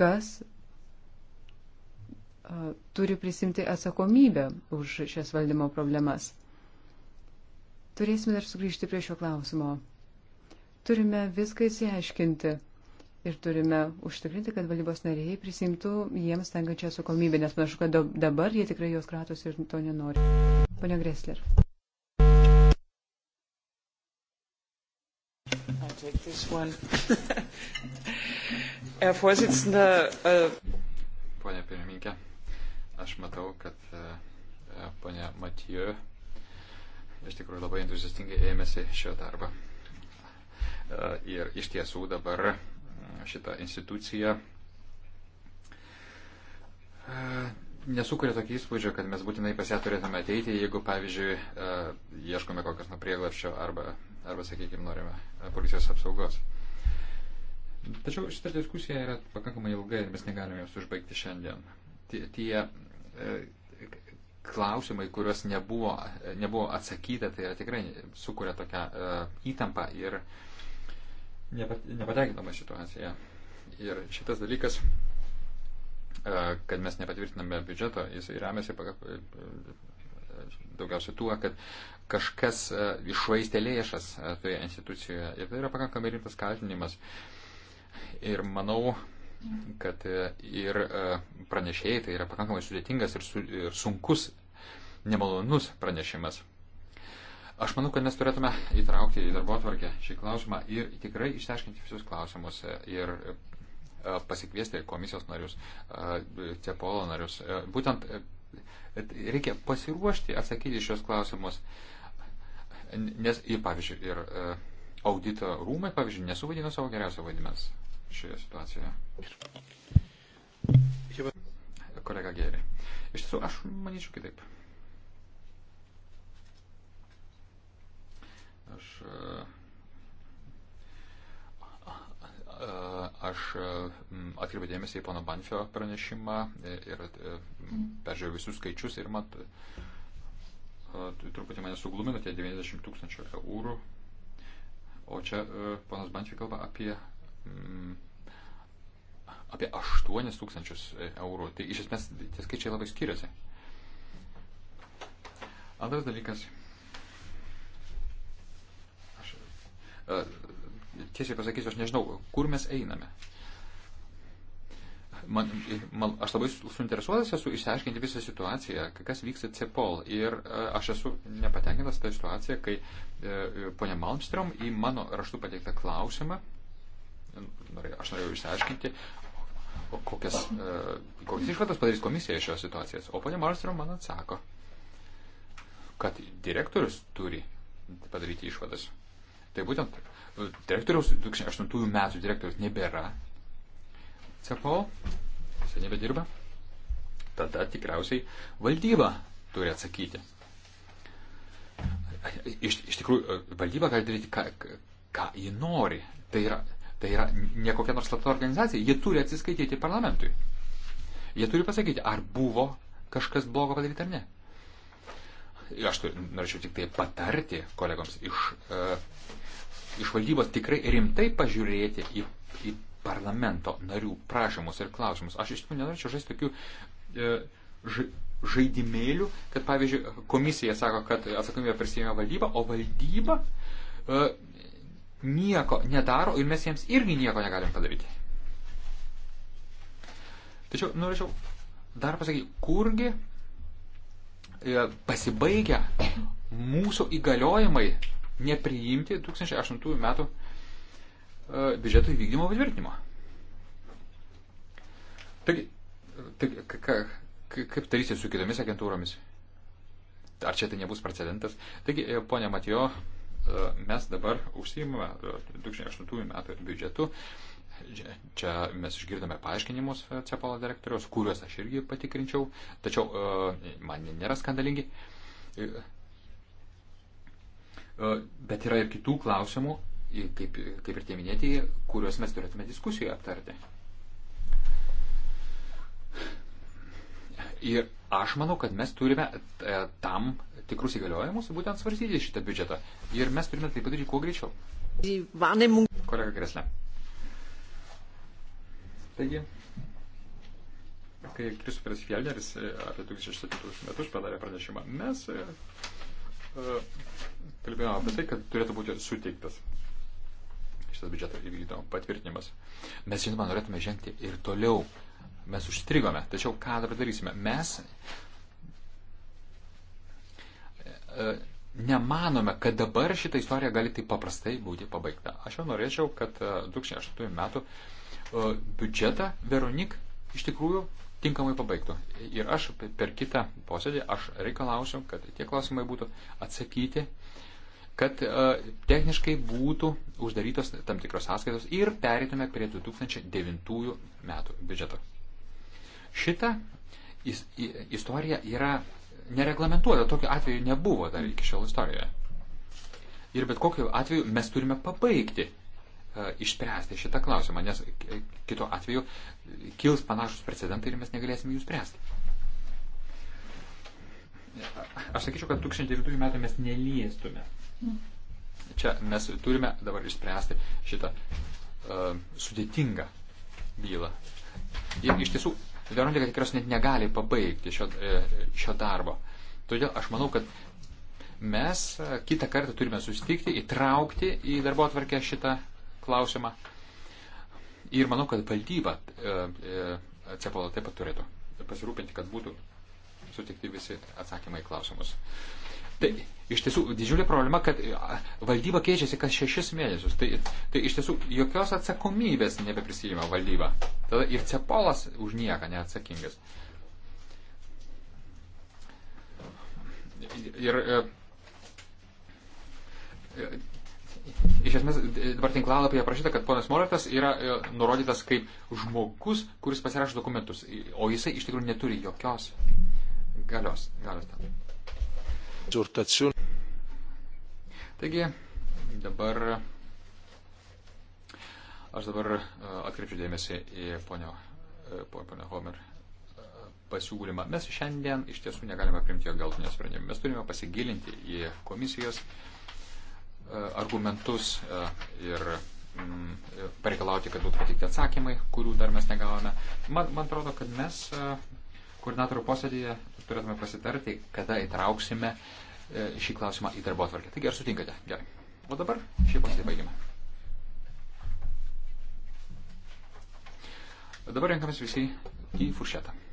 kas turi prisimti atsakomybę už šias valdymo problemas. Turėsime dar sugrįžti prie šio klausimo. Turime viską įsiaiškinti ir turime užtikrinti, kad valdybos nariai prisimtų jiems tenkančią atsakomybę, nes panašu, kad dabar jie tikrai jos kratos ir to nenori. Pane Gresler. Äh, pone pirmininkė, aš matau, kad äh, ponė Matijo iš tikrųjų labai entuziastingai ėmėsi šio darbo. E, ir iš tiesų dabar mm, šita institucija e, nesukuria tokį įspūdžio, kad mes būtinai pas ją turėtume ateiti, jeigu, pavyzdžiui, e, ieškome kokios nuo prieglapščio arba, arba, sakykime, norime policijos apsaugos. Tačiau šita diskusija yra pakankamai ilga ir mes negalime jos užbaigti šiandien. Tie, tie klausimai, kuriuos nebuvo, nebuvo atsakyta, tai yra tikrai sukuria tokią e, įtampą ir nepatenkinamą situaciją. Ir šitas dalykas, e, kad mes nepatvirtiname biudžeto, jis remiasi e, daugiausiai tuo, kad kažkas išvaistė lėšas toje institucijoje. Ir tai yra pakankamai rimtas kaltinimas. Ir manau, kad ir pranešėjai tai yra pakankamai sudėtingas ir, su, ir sunkus nemalonus pranešimas. Aš manau, kad mes turėtume įtraukti į darbo atvarkę šį klausimą ir tikrai išsiaiškinti visus klausimus e, ir e, pasikviesti komisijos narius, e, CEPOLO narius. Būtent reikia pasiruošti atsakyti šios klausimus, nes, ir, pavyzdžiui, ir audito rūmai, pavyzdžiui, nesuvaidino savo geriausio vaidmens šioje situacijoje. Kolega Gėri. Iš tiesų, aš manyčiau kitaip. Aš, e, e, aš e, atkreipiu dėmesį į pono Banfio pranešimą ir peržiūrėjau visus skaičius ir mat truputį mane suglumino tie 90 tūkstančių eurų. O čia ponas Banfio kalba apie apie 8 tūkstančius eurų. Tai iš esmės tie skaičiai labai skiriasi. Antras dalykas E, tiesiai pasakysiu, aš nežinau, kur mes einame. Man, man, aš labai suinteresuotas esu išsiaiškinti visą situaciją, kas vyksta CEPOL. Ir e, aš esu nepatenkintas tą situaciją, kai e, ponia Malmstrom į mano raštų pateiktą klausimą, norėjau, aš norėjau išsiaiškinti, o kokias, e, kokias išvadas padarys komisija iš šios situacijos. O ponia Malmstrom man atsako, kad direktorius turi padaryti išvadas. Tai būtent direktoriaus 2008 metų direktoriaus nebėra CPO, jisai nebedirba, tada tikriausiai valdyba turi atsakyti. Iš, iš tikrųjų, valdyba gali daryti, ką, ką ji nori. Tai yra, tai yra ne kokia nors slapta organizacija, jie turi atsiskaityti parlamentui. Jie turi pasakyti, ar buvo kažkas blogo padaryta ar ne. Aš turi, norėčiau tik tai patarti kolegoms iš uh, iš valdybos tikrai rimtai pažiūrėti į, į parlamento narių prašymus ir klausimus. Aš iš tikrųjų nenorėčiau žaisti tokių e, ž, žaidimėlių, kad pavyzdžiui komisija sako, kad atsakomybę prisėmė valdyba, o valdyba e, nieko nedaro ir mes jiems irgi nieko negalim padaryti. Tačiau norėčiau dar pasakyti, kurgi e, pasibaigia mūsų įgaliojimai nepriimti 2008 metų e, biudžeto įvykdymo patvirtinimo. Taigi, taigi ka, ka, kaip tarysit su kitomis agentūromis? Ar čia tai nebus precedentas? Taigi, e, ponia Matijo, e, mes dabar užsiimame 2008 metų biudžetu. Čia mes išgirdome paaiškinimus Cepalo direktoriaus, kuriuos aš irgi patikrinčiau, tačiau man nėra skandalingi. E, bet yra ir kitų klausimų, kaip, kaip ir tie minėti, kuriuos mes turėtume diskusijoje aptarti. Ir aš manau, kad mes turime e, tam tikrus įgaliojimus būtent svarstyti šitą biudžetą. Ir mes turime tai padaryti kuo greičiau. Kolega Kreslė. Taigi, kai Kristoferis Fjellneris e, apie 2007 metus padarė pranešimą, mes E, kalbėjome apie tai, kad turėtų būti suteiktas šitas biudžeto įvykdymo patvirtinimas. Mes, žinoma, norėtume žengti ir toliau. Mes užstrigome. Tačiau ką dabar darysime? Mes e, nemanome, kad dabar šitą istoriją gali taip paprastai būti pabaigta. Aš jau norėčiau, kad 2008 e, metų biudžetą Veronik iš tikrųjų tinkamai pabaigtų. Ir aš per kitą posėdį aš reikalausiu, kad tie klausimai būtų atsakyti, kad uh, techniškai būtų uždarytos tam tikros sąskaitos ir perėtume prie 2009 metų biudžeto. Šita is, i, istorija yra nereglamentuota, tokio atveju nebuvo dar iki šiol istorijoje. Ir bet kokiu atveju mes turime pabaigti E, išspręsti šitą klausimą, nes e, kito atveju kils panašus precedentai ir mes negalėsime jų spręsti. Aš sakyčiau, kad 2009 metų mes neliestume. Čia mes turime dabar išspręsti šitą uh, sudėtingą bylą. Ir iš tiesų, Veronika tikriausiai net negali pabaigti šio, šio darbo. Todėl aš manau, kad mes kitą kartą turime susitikti, įtraukti į darbo atvarkę šitą klausimą. Ir manau, kad valdyba e, e, Cepolo taip pat turėtų pasirūpinti, kad būtų sutikti visi atsakymai į klausimus. Tai iš tiesų didžiulė problema, kad e, valdyba keičiasi kas šešis mėnesius. Tai, tai iš tiesų jokios atsakomybės nebeprisijima valdyba. Tada ir cepolas už nieką neatsakingas. Ir, ir Iš esmės, dabar tinklalapyje parašyta, kad ponas Moratas yra e, nurodytas kaip žmogus, kuris pasirašo dokumentus, o jisai iš tikrųjų neturi jokios galios. galios tam. Taigi, dabar aš dabar e, atkreipčiau dėmesį į ponio, e, ponio Homer pasiūlymą. Mes šiandien iš tiesų negalime priimti jo galtinio sprendimo. Mes turime pasigilinti į komisijos uh, E, argumentus e, ir mm, e, pareikalauti, kad būtų pateikti atsakymai, kurių dar mes negavome. Man, man atrodo, kad mes koordinatorių posėdėje turėtume pasitarti, kada įtrauksime šį klausimą į darbo atvarkę. Taigi, ar sutinkate? Gerai. O dabar šį posėdį baigime. Dabar renkamės visi į furšetą.